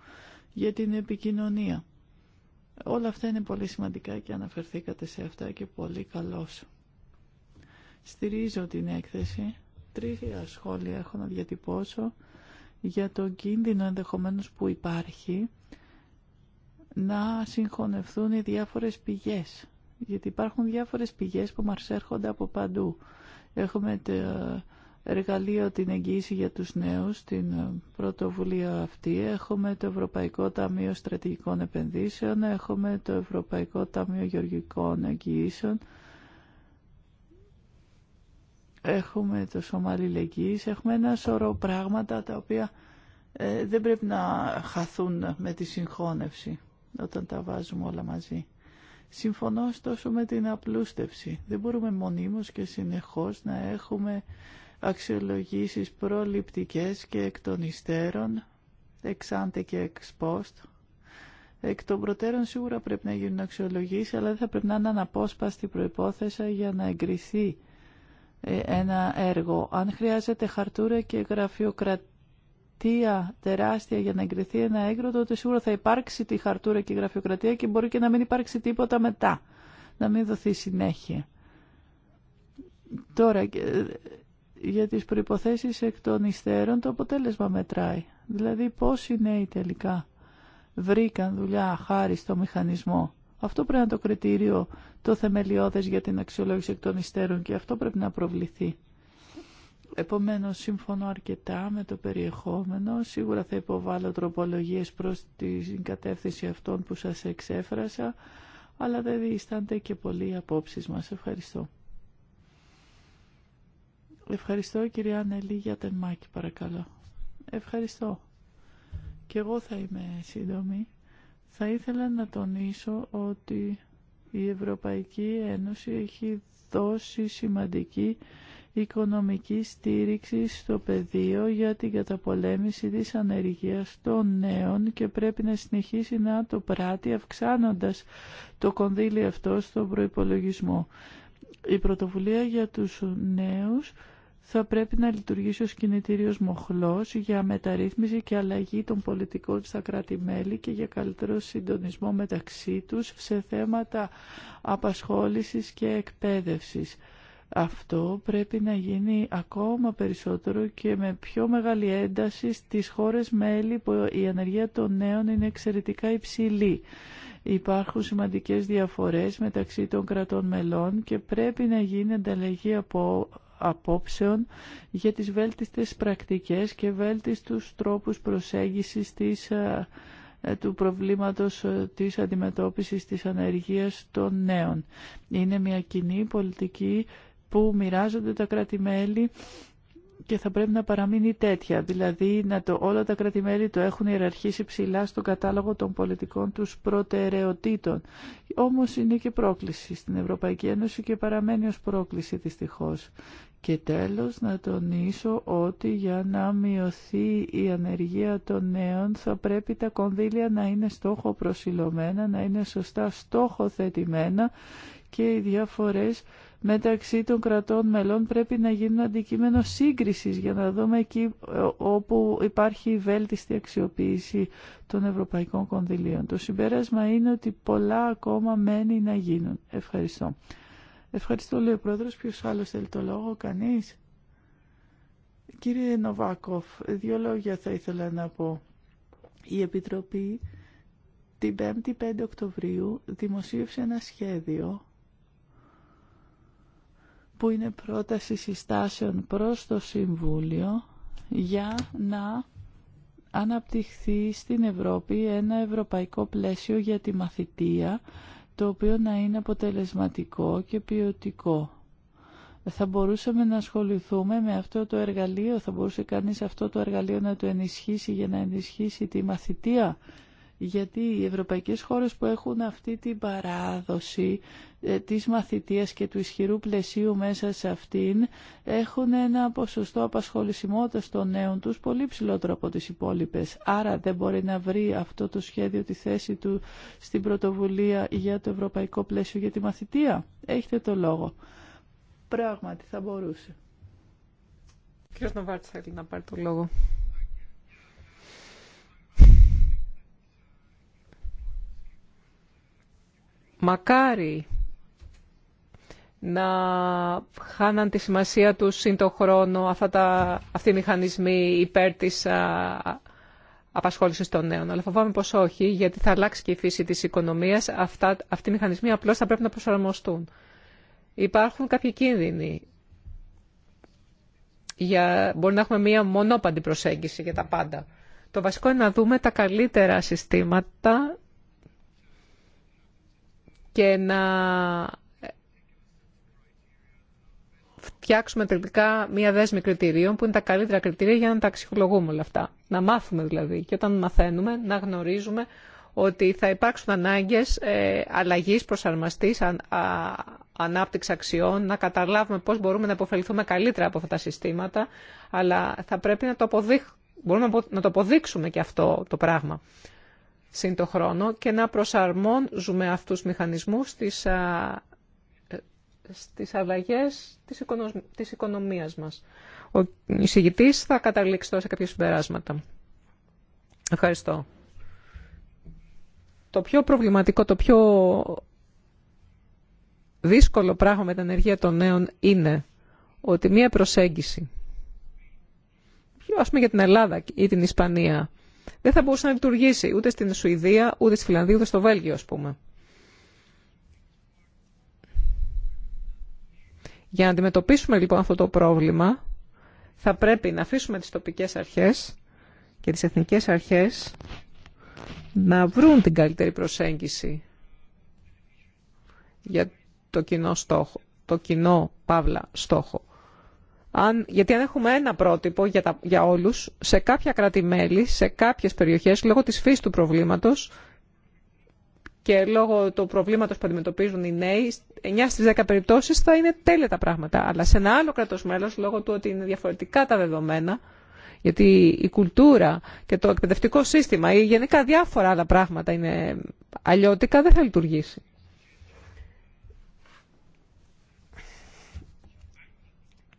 για την επικοινωνία. Όλα αυτά είναι πολύ σημαντικά και αναφερθήκατε σε αυτά και πολύ καλώς. Στηρίζω την έκθεση. Τρία σχόλια έχω να διατυπώσω για τον κίνδυνο ενδεχομένως που υπάρχει να συγχωνευτούν οι διάφορες πηγές γιατί υπάρχουν διάφορες πηγές που μας έρχονται από παντού. Έχουμε το εργαλείο την εγγύηση για τους νέους, την πρωτοβουλία αυτή. Έχουμε το Ευρωπαϊκό Ταμείο Στρατηγικών Επενδύσεων, έχουμε το Ευρωπαϊκό Ταμείο Γεωργικών Εγγυήσεων, έχουμε το Σομαλή Λεγγύης, έχουμε ένα σωρό πράγματα τα οποία ε, δεν πρέπει να χαθούν με τη συγχώνευση όταν τα βάζουμε όλα μαζί. Συμφωνώ ωστόσο με την απλούστευση. Δεν μπορούμε μονίμως και συνεχώς να έχουμε αξιολογήσεις προληπτικές και εκ των υστέρων, εξάντε και εξ post. Εκ των προτέρων σίγουρα πρέπει να γίνουν αξιολογήσεις, αλλά δεν θα πρέπει να είναι αναπόσπαστη προϋπόθεση για να εγκριθεί ε, ένα έργο. Αν χρειάζεται χαρτούρα και γραφειοκρατία, Τια τεράστια για να εγκριθεί ένα έγκρο, τότε σίγουρα θα υπάρξει τη χαρτούρα και η γραφειοκρατία και μπορεί και να μην υπάρξει τίποτα μετά, να μην δοθεί συνέχεια. Τώρα, ε, για τις προϋποθέσεις εκ των υστέρων το αποτέλεσμα μετράει. Δηλαδή πόσοι νέοι τελικά βρήκαν δουλειά χάρη στο μηχανισμό. Αυτό πρέπει να είναι το κριτήριο το θεμελιώδες για την αξιολόγηση εκ των υστέρων και αυτό πρέπει να προβληθεί. Επομένως, συμφωνώ αρκετά με το περιεχόμενο. Σίγουρα θα υποβάλω τροπολογίες προς την κατεύθυνση αυτών που σας εξέφρασα, αλλά δεν διστάνται και πολλοί απόψεις μας. Ευχαριστώ. Ευχαριστώ, κυρία Ανελή, για παρακαλώ. Ευχαριστώ. Και εγώ θα είμαι σύντομη. Θα ήθελα να τονίσω ότι η Ευρωπαϊκή Ένωση έχει δώσει σημαντική οικονομική στήριξη στο πεδίο για την καταπολέμηση της ανεργίας των νέων και πρέπει να συνεχίσει να το πράττει αυξάνοντας το κονδύλι αυτό στον προϋπολογισμό. Η πρωτοβουλία για τους νέους θα πρέπει να λειτουργήσει ως κινητήριος μοχλός για μεταρρύθμιση και αλλαγή των πολιτικών στα κρατη και για καλύτερο συντονισμό μεταξύ τους σε θέματα απασχόλησης και εκπαίδευσης. Αυτό πρέπει να γίνει ακόμα περισσότερο και με πιο μεγάλη ένταση στις χώρες μέλη που η ανεργία των νέων είναι εξαιρετικά υψηλή. Υπάρχουν σημαντικές διαφορές μεταξύ των κρατών μελών και πρέπει να γίνει ανταλλαγή από απόψεων για τις βέλτιστες πρακτικές και βέλτιστους τρόπους προσέγγισης της, ε, ε, του προβλήματος ε, της αντιμετώπισης της ανεργίας των νέων. Είναι μια κοινή πολιτική που μοιράζονται τα κράτη-μέλη και θα πρέπει να παραμείνει τέτοια. Δηλαδή να το, όλα τα κράτη-μέλη το έχουν ιεραρχήσει ψηλά στον κατάλογο των πολιτικών τους προτεραιοτήτων. Όμως είναι και πρόκληση στην Ευρωπαϊκή Ένωση και παραμένει ω πρόκληση δυστυχώ. Και τέλος να τονίσω ότι για να μειωθεί η ανεργία των νέων θα πρέπει τα κονδύλια να είναι στόχο προσιλωμένα, να είναι σωστά στόχοθετημένα... και οι διαφορές μεταξύ των κρατών μελών πρέπει να γίνουν αντικείμενο σύγκρισης για να δούμε εκεί ε, όπου υπάρχει η βέλτιστη αξιοποίηση των ευρωπαϊκών κονδυλίων. Το συμπέρασμα είναι ότι πολλά ακόμα μένει να γίνουν. Ευχαριστώ. Ευχαριστώ, λέει ο Πρόεδρος. Ποιος άλλος θέλει το λόγο, κανείς. Κύριε Νοβάκοφ, δύο λόγια θα ήθελα να πω. Η Επιτροπή την 5η 5 Οκτωβρίου δημοσίευσε ένα σχέδιο που είναι πρόταση συστάσεων προς το Συμβούλιο για να αναπτυχθεί στην Ευρώπη ένα ευρωπαϊκό πλαίσιο για τη μαθητεία, το οποίο να είναι αποτελεσματικό και ποιοτικό. Θα μπορούσαμε να ασχοληθούμε με αυτό το εργαλείο, θα μπορούσε κανείς αυτό το εργαλείο να το ενισχύσει για να ενισχύσει τη μαθητεία γιατί οι ευρωπαϊκές χώρες που έχουν αυτή την παράδοση ε, της μαθητείας και του ισχυρού πλαισίου μέσα σε αυτήν έχουν ένα ποσοστό απασχολησιμότητας των νέων τους πολύ ψηλότερο από τις υπόλοιπες. Άρα δεν μπορεί να βρει αυτό το σχέδιο τη θέση του στην πρωτοβουλία για το ευρωπαϊκό πλαίσιο για τη μαθητεία. Έχετε το λόγο. Πράγματι θα μπορούσε. Κύριος Νοβάρτης θέλει να πάρει το λόγο. Μακάρι να χάναν τη σημασία τους σύν το χρόνο αυτά τα, αυτοί οι μηχανισμοί υπέρ της απασχόλησης των νέων. Αλλά φοβάμαι πως όχι, γιατί θα αλλάξει και η φύση της οικονομίας. Αυτά, αυτοί οι μηχανισμοί απλώς θα πρέπει να προσαρμοστούν. Υπάρχουν κάποιοι κίνδυνοι. Για, μπορεί να έχουμε μία μονόπαντη προσέγγιση για τα πάντα. Το βασικό είναι να δούμε τα καλύτερα συστήματα και να φτιάξουμε τελικά μία δέσμη κριτηρίων που είναι τα καλύτερα κριτήρια για να τα αξιολογούμε όλα αυτά. Να μάθουμε δηλαδή και όταν μαθαίνουμε να γνωρίζουμε ότι θα υπάρξουν ανάγκες ε, αλλαγής, προσαρμαστής, ανάπτυξη αξιών, να καταλάβουμε πώς μπορούμε να υποφεληθούμε καλύτερα από αυτά τα συστήματα, αλλά θα πρέπει να το να το αποδείξουμε και αυτό το πράγμα σύν και να προσαρμόζουμε αυτούς τους μηχανισμούς στις, α, ε, στις αλλαγές της, οικονομίας μας. Ο εισηγητής θα καταλήξει τώρα σε κάποια συμπεράσματα. Ευχαριστώ. Το πιο προβληματικό, το πιο δύσκολο πράγμα με την ενεργεία των νέων είναι ότι μία προσέγγιση, πιο ας πούμε για την Ελλάδα ή την Ισπανία, δεν θα μπορούσε να λειτουργήσει ούτε στην Σουηδία, ούτε στη Φιλανδία, ούτε στο Βέλγιο, ας πούμε. Για να αντιμετωπίσουμε λοιπόν αυτό το πρόβλημα, θα πρέπει να αφήσουμε τις τοπικές αρχές και τις εθνικές αρχές να βρουν την καλύτερη προσέγγιση για το κοινό στόχο, το κοινό παύλα στόχο γιατί αν έχουμε ένα πρότυπο για, τα, όλους, σε κάποια κράτη-μέλη, σε κάποιες περιοχές, λόγω της φύσης του προβλήματος και λόγω του προβλήματος που αντιμετωπίζουν οι νέοι, 9 στις 10 περιπτώσεις θα είναι τέλεια τα πράγματα. Αλλά σε ένα άλλο κράτος μέλος, λόγω του ότι είναι διαφορετικά τα δεδομένα, γιατί η κουλτούρα και το εκπαιδευτικό σύστημα ή γενικά διάφορα άλλα πράγματα είναι αλλιώτικα, δεν θα λειτουργήσει.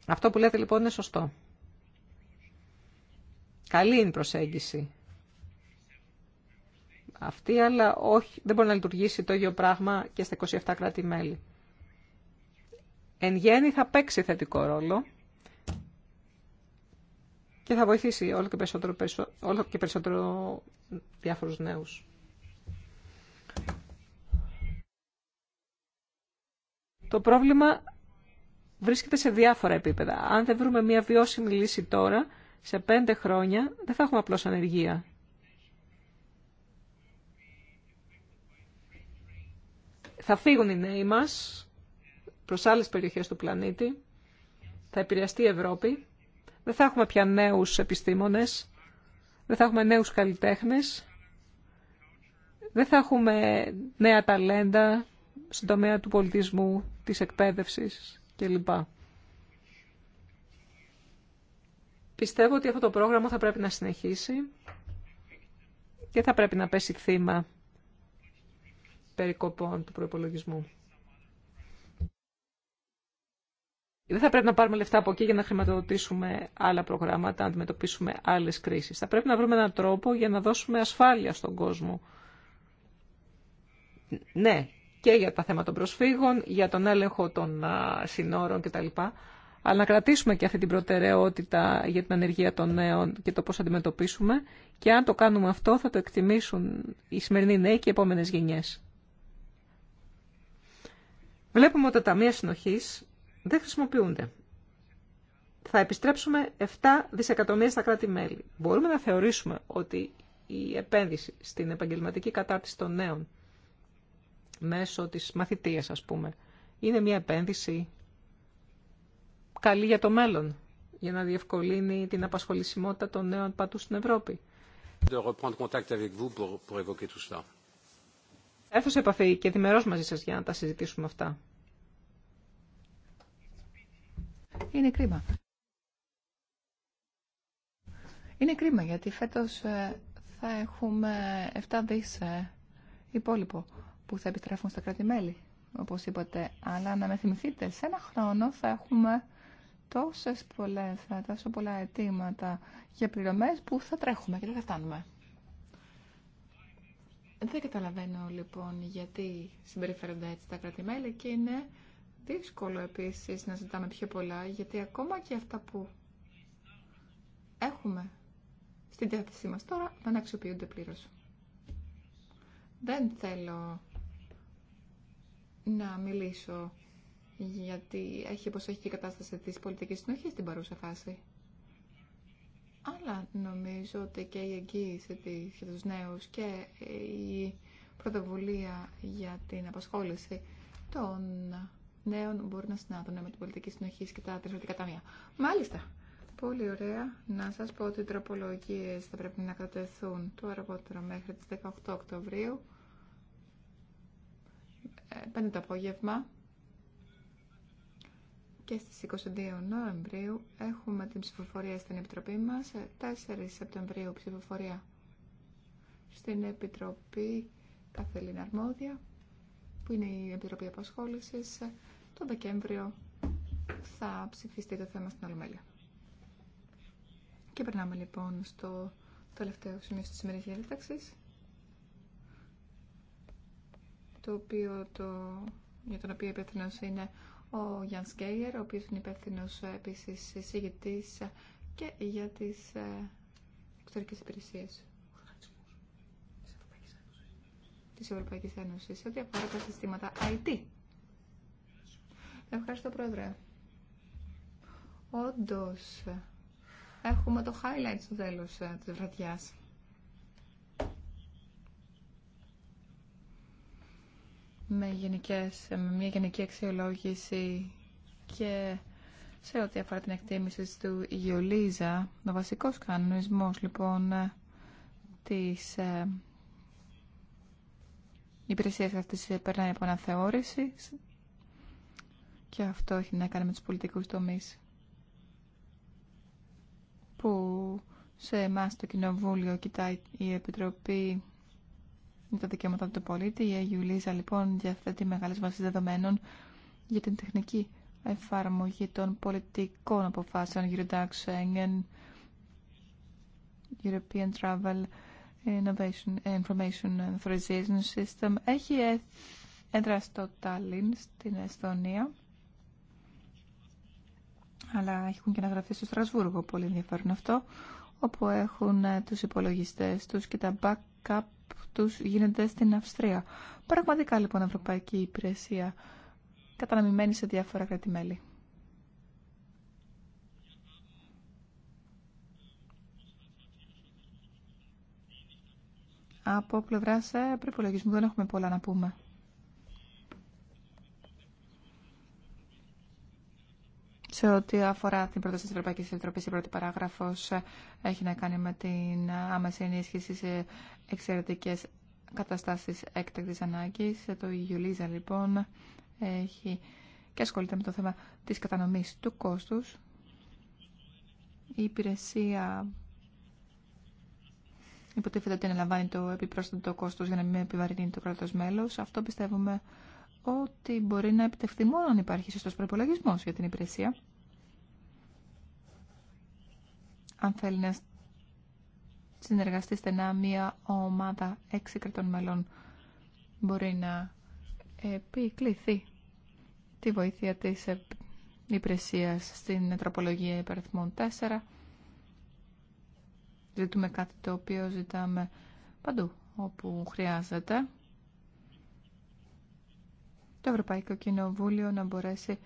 Αυτό που λέτε λοιπόν είναι σωστό. Καλή είναι η προσέγγιση αυτή, αλλά όχι, δεν μπορεί να λειτουργήσει το ίδιο πράγμα και στα 27 κράτη-μέλη. Εν γέννη θα παίξει θετικό ρόλο και θα βοηθήσει όλο και περισσότερο, όλο και περισσότερο διάφορους νέους. Το πρόβλημα βρίσκεται σε διάφορα επίπεδα. Αν δεν βρούμε μια βιώσιμη λύση τώρα, σε πέντε χρόνια δεν θα έχουμε απλώς ανεργία. Θα φύγουν οι νέοι μας προς άλλες περιοχές του πλανήτη, θα επηρεαστεί η Ευρώπη, δεν θα έχουμε πια νέους επιστήμονες, δεν θα έχουμε νέους καλλιτέχνες, δεν θα έχουμε νέα ταλέντα στον τομέα του πολιτισμού, της εκπαίδευσης, κλπ. Πιστεύω ότι αυτό το πρόγραμμα θα πρέπει να συνεχίσει και θα πρέπει να πέσει θύμα περικοπών του προϋπολογισμού. Δεν θα πρέπει να πάρουμε λεφτά από εκεί για να χρηματοδοτήσουμε άλλα προγράμματα, να αντιμετωπίσουμε άλλες κρίσεις. Θα πρέπει να βρούμε έναν τρόπο για να δώσουμε ασφάλεια στον κόσμο. Ναι, και για τα θέματα των προσφύγων, για τον έλεγχο των συνόρων κτλ. Αλλά να κρατήσουμε και αυτή την προτεραιότητα για την ανεργία των νέων και το πώς αντιμετωπίσουμε και αν το κάνουμε αυτό θα το εκτιμήσουν οι σημερινοί νέοι και οι επόμενες γενιές. Βλέπουμε ότι τα ταμεία συνοχής δεν χρησιμοποιούνται. Θα επιστρέψουμε 7 δισεκατομμύρια στα κράτη-μέλη. Μπορούμε να θεωρήσουμε ότι η επένδυση στην επαγγελματική κατάρτιση των νέων μέσω της μαθητείας, ας πούμε. Είναι μια επένδυση καλή για το μέλλον, για να διευκολύνει την απασχολησιμότητα των νέων πατού στην Ευρώπη. Έρθω σε επαφή και διμερώς μαζί σας για να τα συζητήσουμε αυτά. Είναι κρίμα. Είναι κρίμα γιατί φέτος ε, θα έχουμε 7 δις ε, υπόλοιπο που θα επιστρέφουν στα κράτη-μέλη, όπως είπατε. Αλλά να με θυμηθείτε, σε ένα χρόνο θα έχουμε τόσες πολλές, τόσο πολλά αιτήματα για πληρωμές που θα τρέχουμε και δεν θα φτάνουμε. Δεν καταλαβαίνω λοιπόν γιατί συμπεριφέρονται έτσι τα κράτη-μέλη και είναι δύσκολο επίσης να ζητάμε πιο πολλά γιατί ακόμα και αυτά που έχουμε στην διάθεσή μας τώρα δεν αξιοποιούνται πλήρως. Δεν θέλω να μιλήσω γιατί έχει πως και η κατάσταση της πολιτικής συνοχής στην παρούσα φάση. Αλλά νομίζω ότι και η εγγύηση για τους νέους και η πρωτοβουλία για την απασχόληση των νέων μπορεί να συνάδουν με την πολιτική συνοχή και τα τελευταία ταμεία. Μάλιστα. Πολύ ωραία. Να σας πω ότι οι τροπολογίες θα πρέπει να κατευθούν το αργότερο μέχρι τις 18 Οκτωβρίου πέντε το απόγευμα και στις 22 Νοεμβρίου έχουμε την ψηφοφορία στην Επιτροπή μας, 4 Σεπτεμβρίου ψηφοφορία στην Επιτροπή Καθελήν Αρμόδια, που είναι η Επιτροπή Απασχόλησης, το Δεκέμβριο θα ψηφιστεί το θέμα στην Ολομέλεια. Και περνάμε λοιπόν στο τελευταίο σημείο της σημερινής διάταξης το οποίο το, για τον οποίο υπεύθυνο είναι ο Γιάνν Σκέιερ, ο οποίος είναι υπεύθυνο ε, επίσης εισηγητής ε, και για τις ε, εξωτερικές υπηρεσίες Τη Ευρωπαϊκή Ένωση σε ό,τι αφορά τα συστήματα IT. Ευχαριστώ, Πρόεδρε. Όντω. έχουμε το highlight στο τέλο τη βραδιά. με, γενικές, ε, με μια γενική αξιολόγηση και σε ό,τι αφορά την εκτίμηση του Ιωλίζα, ο βασικός κανονισμός λοιπόν ε, της ε, υπηρεσίας αυτής ε, περνάει από αναθεώρηση και αυτό έχει να κάνει με τους πολιτικούς τομείς που σε εμά το Κοινοβούλιο κοιτάει η Επιτροπή για τα δικαιώματα του πολίτη. Η Αγιουλίζα λοιπόν διαθέτει μεγάλες βάσεις δεδομένων για την τεχνική εφαρμογή των πολιτικών αποφάσεων γύρω Schengen, European Travel Innovation, Information Authorization System. Έχει έδρα στο Τάλιν, στην Εσθονία, αλλά έχουν και να γραφτεί στο Στρασβούργο. Πολύ ενδιαφέρον αυτό όπου έχουν ε, τους υπολογιστές τους και τα backup τους γίνεται στην Αυστρία. Πραγματικά λοιπόν Ευρωπαϊκή Υπηρεσία καταναμημένη σε διάφορα κρατημέλη. Από πλευρά σε προπολογισμού δεν έχουμε πολλά να πούμε. Σε ό,τι αφορά την πρόταση τη Ευρωπαϊκή Επιτροπή, η πρώτη παράγραφο ε, έχει να κάνει με την άμεση ενίσχυση σε εξαιρετικέ καταστάσει έκτακτη ανάγκη. Ε, το Ιουλίζα, λοιπόν, έχει και ασχολείται με το θέμα τη κατανομή του κόστου. Η υπηρεσία υποτίθεται ότι αναλαμβάνει το επιπρόσθετο κόστο για να μην επιβαρύνει το κράτο μέλος. Αυτό πιστεύουμε ότι μπορεί να επιτευχθεί μόνο αν υπάρχει σωστός προπολογισμό για την υπηρεσία. αν θέλει να συνεργαστεί στενά μία ομάδα έξι κρατών μελών μπορεί να επικληθεί τη βοήθεια της υπηρεσίας στην τροπολογία υπεριθμών 4. Ζητούμε κάτι το οποίο ζητάμε παντού όπου χρειάζεται. Το Ευρωπαϊκό Κοινοβούλιο να μπορέσει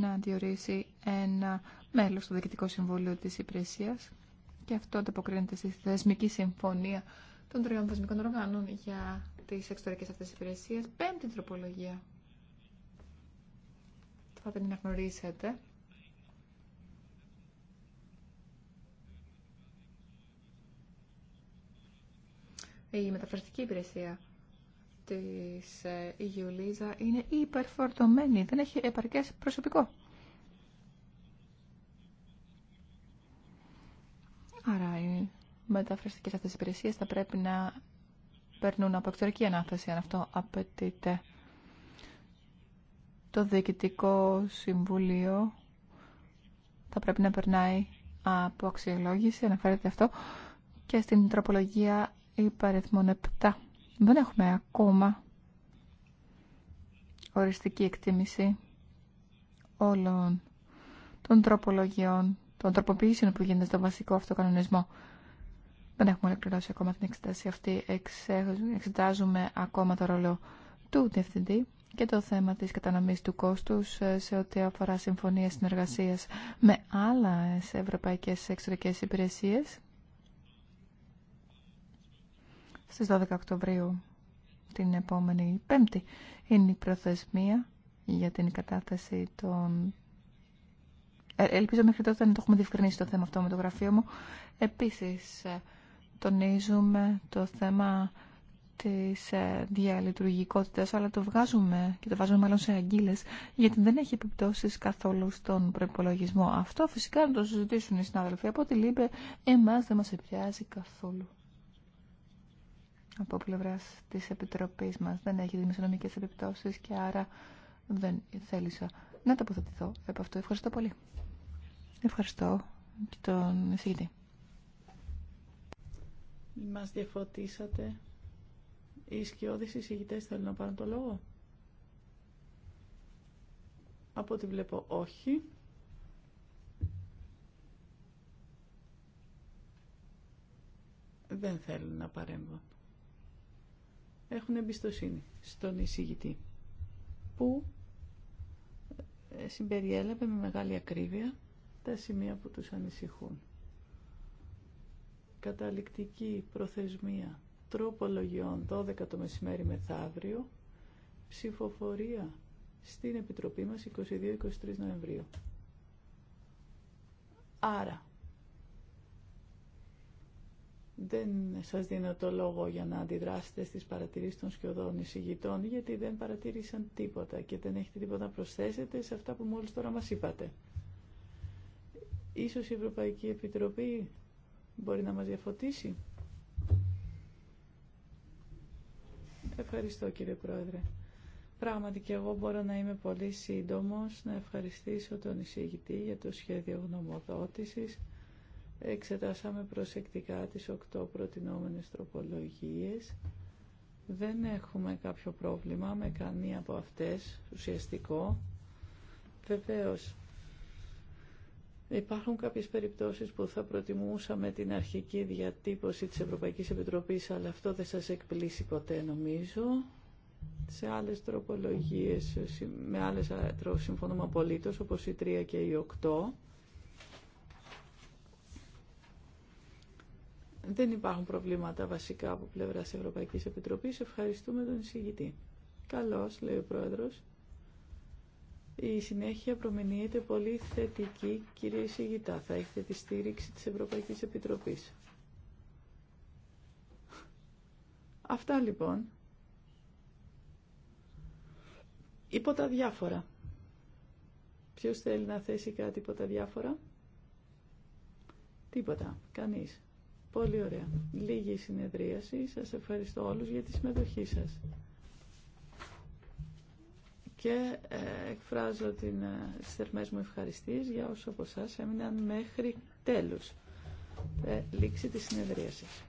να διορίσει ένα μέλος στο Διοικητικό Συμβούλιο της Υπηρεσίας και αυτό ανταποκρίνεται στη θεσμική συμφωνία των τριών θεσμικών οργάνων για τις εξωτερικές αυτές υπηρεσίες. Πέμπτη τροπολογία. Θα την αναγνωρίσετε. Η μεταφραστική υπηρεσία της ε, Γιουλίζα είναι υπερφορτωμένη, δεν έχει επαρκές προσωπικό. Άρα οι μεταφραστικές αυτές υπηρεσίες θα πρέπει να περνούν από εξωτερική ανάθεση, αν αυτό απαιτείται. Το Διοικητικό Συμβουλίο θα πρέπει να περνάει από αξιολόγηση, αναφέρεται αυτό, και στην τροπολογία υπαριθμών 7 δεν έχουμε ακόμα οριστική εκτίμηση όλων των τροπολογιών, των τροποποιήσεων που γίνεται στο βασικό αυτοκανονισμό. Δεν έχουμε ολοκληρώσει ακόμα την εξετάση αυτή. Εξετάζουμε ακόμα το ρόλο του διευθυντή και το θέμα της κατανομής του κόστους ε, σε ό,τι αφορά συμφωνίες συνεργασίας με άλλες ευρωπαϊκές εξωτερικές υπηρεσίες στις 12 Οκτωβρίου την επόμενη Πέμπτη είναι η προθεσμία για την κατάθεση των... Ε, ελπίζω μέχρι τότε να το έχουμε διευκρινίσει το θέμα αυτό με το γραφείο μου. Επίσης, ε, τονίζουμε το θέμα της ε, διαλειτουργικότητας, αλλά το βγάζουμε και το βάζουμε μάλλον σε αγγίλες, γιατί δεν έχει επιπτώσεις καθόλου στον προπολογισμό. Αυτό φυσικά να το συζητήσουν οι συνάδελφοι. Από τη Λίμπε, εμάς δεν μας επηρεάζει καθόλου από πλευρά τη Επιτροπή μα. Δεν έχει δημοσιονομικέ επιπτώσει και άρα δεν θέλησα να τοποθετηθώ από αυτό. Ευχαριστώ πολύ. Ευχαριστώ και τον εισηγητή. Μας διαφωτίσατε. Οι σκιώδεις εισηγητέ θέλουν να πάρουν το λόγο. Από ό,τι βλέπω όχι. Δεν θέλουν να παρέμβουν έχουν εμπιστοσύνη στον εισηγητή που ε, συμπεριέλαβε με μεγάλη ακρίβεια τα σημεία που τους ανησυχούν. Καταληκτική προθεσμία τροπολογιών 12 το μεσημέρι μεθαύριο, ψηφοφορία στην Επιτροπή μας 22-23 Νοεμβρίου. Άρα, δεν σας δίνω το λόγο για να αντιδράσετε στις παρατηρήσεις των σκιωδών εισηγητών, γιατί δεν παρατήρησαν τίποτα και δεν έχετε τίποτα να προσθέσετε σε αυτά που μόλις τώρα μας είπατε. Ίσως η Ευρωπαϊκή Επιτροπή μπορεί να μας διαφωτίσει. Ευχαριστώ κύριε Πρόεδρε. Πράγματι και εγώ μπορώ να είμαι πολύ σύντομος να ευχαριστήσω τον εισηγητή για το σχέδιο γνωμοδότησης εξετάσαμε προσεκτικά τις οκτώ προτινόμενες τροπολογίες. Δεν έχουμε κάποιο πρόβλημα με καμία από αυτές, ουσιαστικό. Βεβαίως, υπάρχουν κάποιες περιπτώσεις που θα προτιμούσαμε την αρχική διατύπωση της Ευρωπαϊκής Επιτροπής, αλλά αυτό δεν σας εκπλήσει ποτέ νομίζω. Σε άλλες τροπολογίες, με άλλες συμφωνούμε απολύτως, όπως η 3 και η 8. Δεν υπάρχουν προβλήματα βασικά από πλευρά τη Ευρωπαϊκή Επιτροπή. Ευχαριστούμε τον εισηγητή. Καλώ, λέει ο πρόεδρο. Η συνέχεια προμηνύεται πολύ θετική, κύριε εισηγητά. Θα έχετε τη στήριξη τη Ευρωπαϊκή Επιτροπή. Αυτά λοιπόν. Υπό τα διάφορα. Ποιος θέλει να θέσει κάτι υπό τα διάφορα. Τίποτα. Κανείς. Πολύ ωραία. Λίγη συνεδρίαση. Σας ευχαριστώ όλους για τη συμμετοχή σας. Και ε, εκφράζω την, ε, θερμές μου ευχαριστίες για όσους από εσά έμειναν μέχρι τέλους. Ε, λήξη της συνεδρίασης.